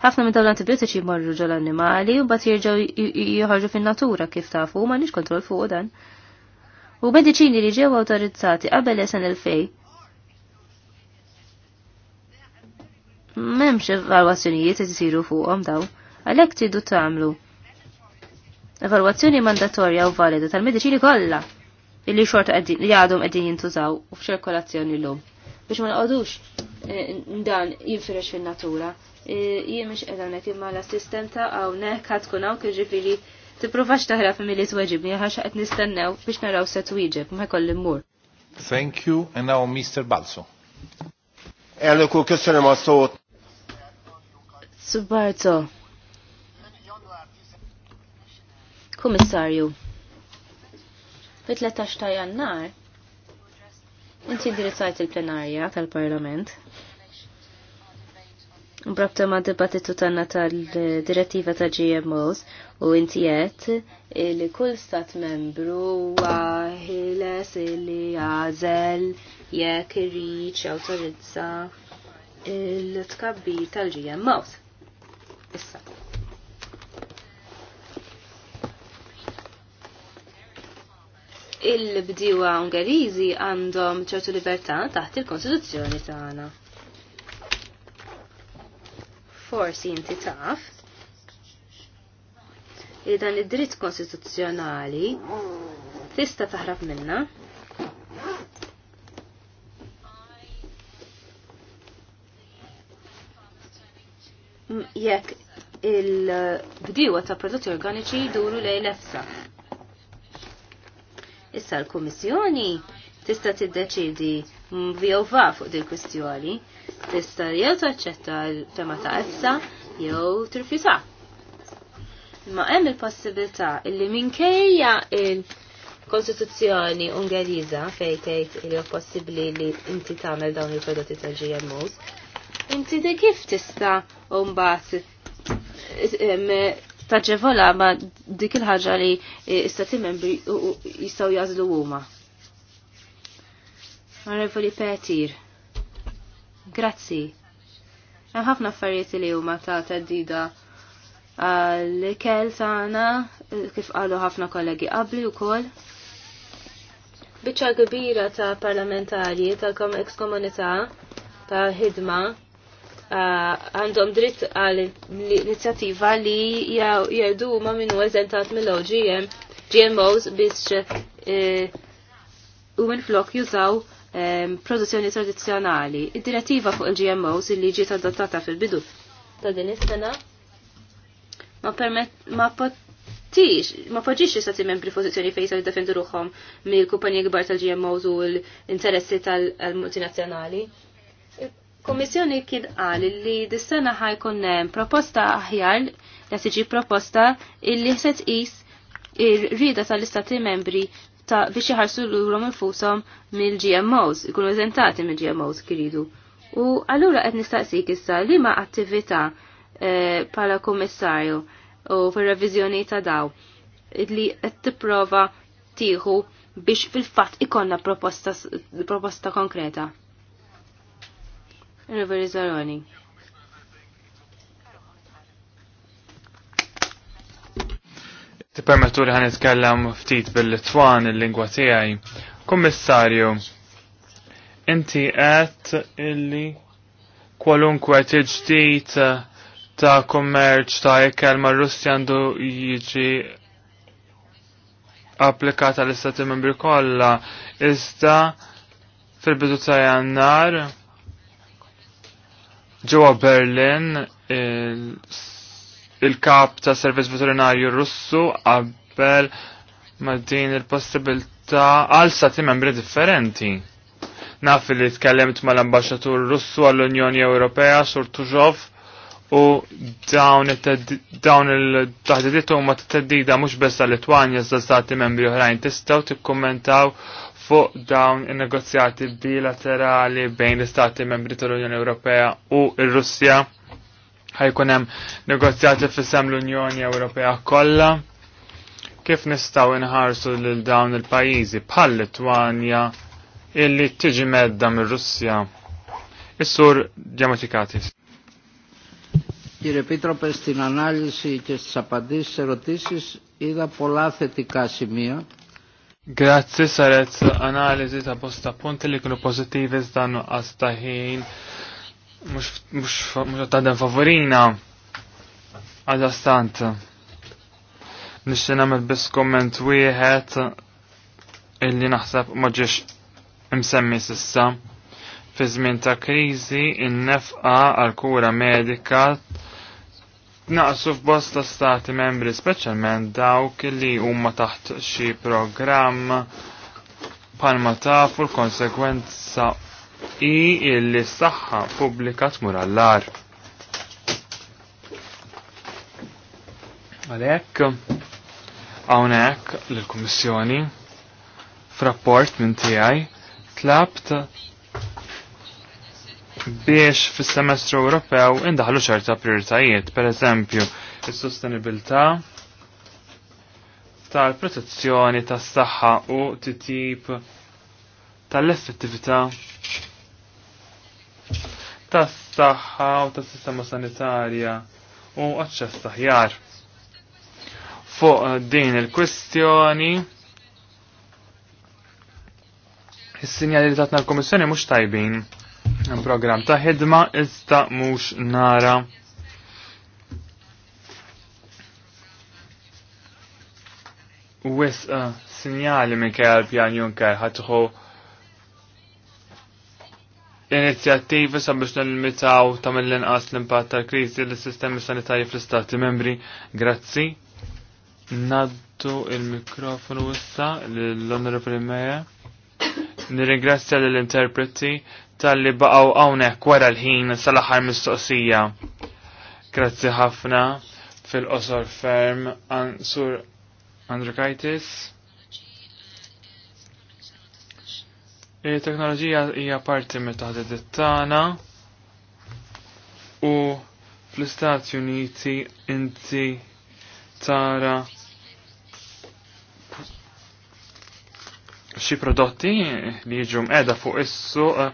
ħafna minn dawn l-antibiotiċi jmorru ġol annimali u bat jirġaw jħorġu fin-natura kif tafu u nix kontrol fuq dan. U mediċini li ġew awtorizzati qabel esen il-fej memx evalwazzjonijiet isiru fuqhom daw, għalhekk tridu tagħmlu evalwazzjoni mandatorja u valida tal-mediċini kollha illi xorta li għadhom qegħdin jintużaw u f'ċirkolazzjoni llum. Biex ma naqodux eh, dan jinfirex fin-natura. Eh, jien mhux qiegħda imma l-assistenta hawnhekk ħadd tkun hawn kif ġifieri taħra' taħraf milli tweġibni għax qed nistennew biex naraw se twieġeb ma jkolli mmur. Thank you and now Mr. Balso. Elnök úr, köszönöm s-sot. Szubárca. Kummissarju, fit-13 ta' jannar, inti indirizzajt il-plenarja tal-Parlament. Brabta ma' dibattitu tanna tal-direttiva ta' GMOs u inti jett li kull stat membru għahiles li għazel jekk irriċ autorizza il-tkabbi tal-GMOs. Issa. il bdiwa Ungeriżi għandhom ċertu libertà taħt il-Kostituzzjoni tagħna. Forsi inti taf li dan id-dritt konstituzzjonali tista' taħrab minna. Jekk il bdiwa ta' prodotti organiċi jduru lejn nefsa. Issa l-Kummissjoni tista' tiddeċidi jew va fuq din kwistjoni, tista' jew taċċetta l-tema ta' EFSA jew tirfisa. Imma hemm il-possibilità li minkejja il-Kostituzzjoni Ungeriża fejn tgħid li hu possibbli li inti tagħmel dawn il-prodotti tal-GMOs, inti de kif tista' mbagħad taġevola ma dik il-ħaġa li eh, istati membri jistaw jazlu huma. Onorevoli Petir, grazzi. Hemm ħafna affarijiet li huma ta' teddida għall ikel tagħna kif qalu ħafna kollegi qabli wkoll. Biċċa kbira ta' parlamentari tal-ex komunità ta' ħidma Eh, għandhom dritt għal inizjattiva li jgħidu ma minnu eżentat mill-OGM GMOs biex eh, u minn flok jużaw eh, produzzjoni tradizjonali. Id-direttiva fuq il-GMOs li ġiet adottata fil-bidu ta' din is-sena ma permet ma tix, ma poġiċi li stati membri pozizjoni fejn li defendu ruħom mill kumpanija gbar tal-GMOs u l-interessi tal-multinazzjonali. Komissjoni kien qal li dis-sena ħajkun eh, proposta aħjar li tiġi proposta illi se tqis ir-rida tal-istati membri ta' biex iħarsu lurhom infushom mill-GMOs, ikunu eżentati mill-GMOs kiridu. U allura qed nistaqsik issa li ma' attività pala eh, kummissarju u fir-reviżjoni ta' daw li qed tipprova tieħu biex fil-fatt ikonna proposta, proposta konkreta. Riveri Zaroni. Tippermettu li ħanitkellem ftit bil-Litwan il-lingwa tiegħi. Kummissarju, inti għet illi kwalunkwe tiġdid ta' kummerċ ta' ikel ma' russi għandu jiġi applikata l-istati membri kollha iżda fil-bidu ta' jannar Ġewwa Berlin il-kap ta' servizz veterinarju russu qabel ma' din il-possibilità għal stati membri differenti. Naf li tkellemt mal ambasġatur russu għall-Unjoni Ewropea sur Tużov u dawn il-taħdidiet huma t-teddida mhux biss għal Litwanja iżda stati membri oħrajn tistgħu tikkummentaw fuq dawn in-negozjati bilaterali bejn l-Istati membri tal-Unjoni Ewropea u r-Russja. Ħajkun hemm negozjati fissem l-Unjoni Ewropea kollha. Kif nistgħu inħarsu lil dawn il-pajjiżi bħal Litwanja illi tiġi medda mir-Russja. Is-sur Ġematikatis. Κύριε Πίτροπε, στην ανάλυση και στις απαντήσεις ερωτήσεις είδα πολλά Grazzi saret analizi ta' bosta punti li kienu pozittivi zdan nuqqas ta' ħin mux ta' dan favorina għadastant. Nixti nagħmel bis komment wieħed illi naħseb maġiex imsemmi sissa. Fi żmien ta' kriżi in-nefqa għal kura medika naqsu f'bosta stati membri, speċjalment dawk li huma taħt xi programm bħal ma tafu l-konsekwenza i illi s-saxħa pubblika tmur għallar. Għalek, għawnek l-Komissjoni, frapport minn tijaj, tlabt biex fis-semestru Ewropew indaħlu ċerta prioritajiet, per eżempju, il sostenibilità tal-protezzjoni tas-saħħa u titjib tal-effettività tas-saħħa u tas-sistema sanitarja u aċċess taħjar. Fuq din il-kwistjoni is-sinjali li tatna l-Komissjoni mhux tajbin program ta' ħidma ista mhux nara. Wis eh, sinjali minn kajal pjan Junker ħatħu inizjattivi sabiex nil-mitaw ta' mill-inqas l-impatt tal-krizi l-sistemi sanitarji fl-istati membri. Grazzi. Naddu il-mikrofonu wissa l-Onorevoli Meja. Nirringrazzja l-interpreti tal-li baqaw għawnek wara l-ħin sal aħħar mistoqsija. Grazzi ħafna fil-qosor ferm an sur Andrukaitis. Il-teknoloġija hija parti me taħdet it-tana u fl-Istati Uniti inti tara xi prodotti li jiġu mqeda fuq is-suq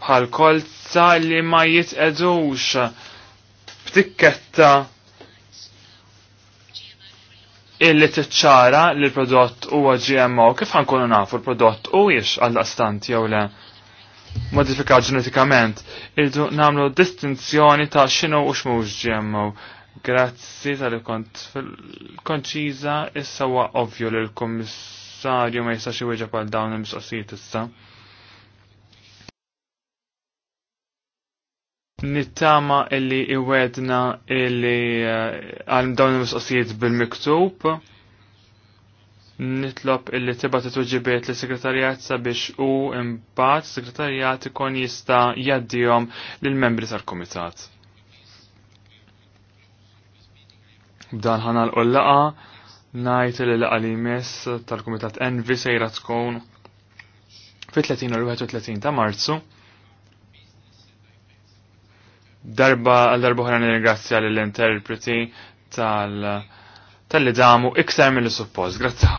bħal kolza li ma jitqedux b'tikketta illi tiċċara li l-prodott huwa GMO, kif ħankunu nafu l-prodott u jiex għall-astant jew le modifikat ġenetikament, irdu namlu distinzjoni ta' xinu u xmux GMO. Grazzi tal kont fil-konċiza issa huwa ovvju li l-Kommissarju ma jistax iwieġeb għal dawn il-mistoqsijiet issa. Nittama illi iwedna illi eh, għal dawn il-mistoqsijiet bil-miktub. Nitlob illi tibba t-tuġibiet li segretarjat sabiex u imbagħad segretarjat ikun jista' jaddijom lill-membri tal-kumitat. B'dan ħana l ullaqa najt li l-għalimis jmiss tal-kumitat Envi sejra tkun fit-30 u 31 ta' Marzu. Darba għal-darba ħra nirgrazzja l-interpreti tal- tal-li damu iktar mill-suppost. Grazzi.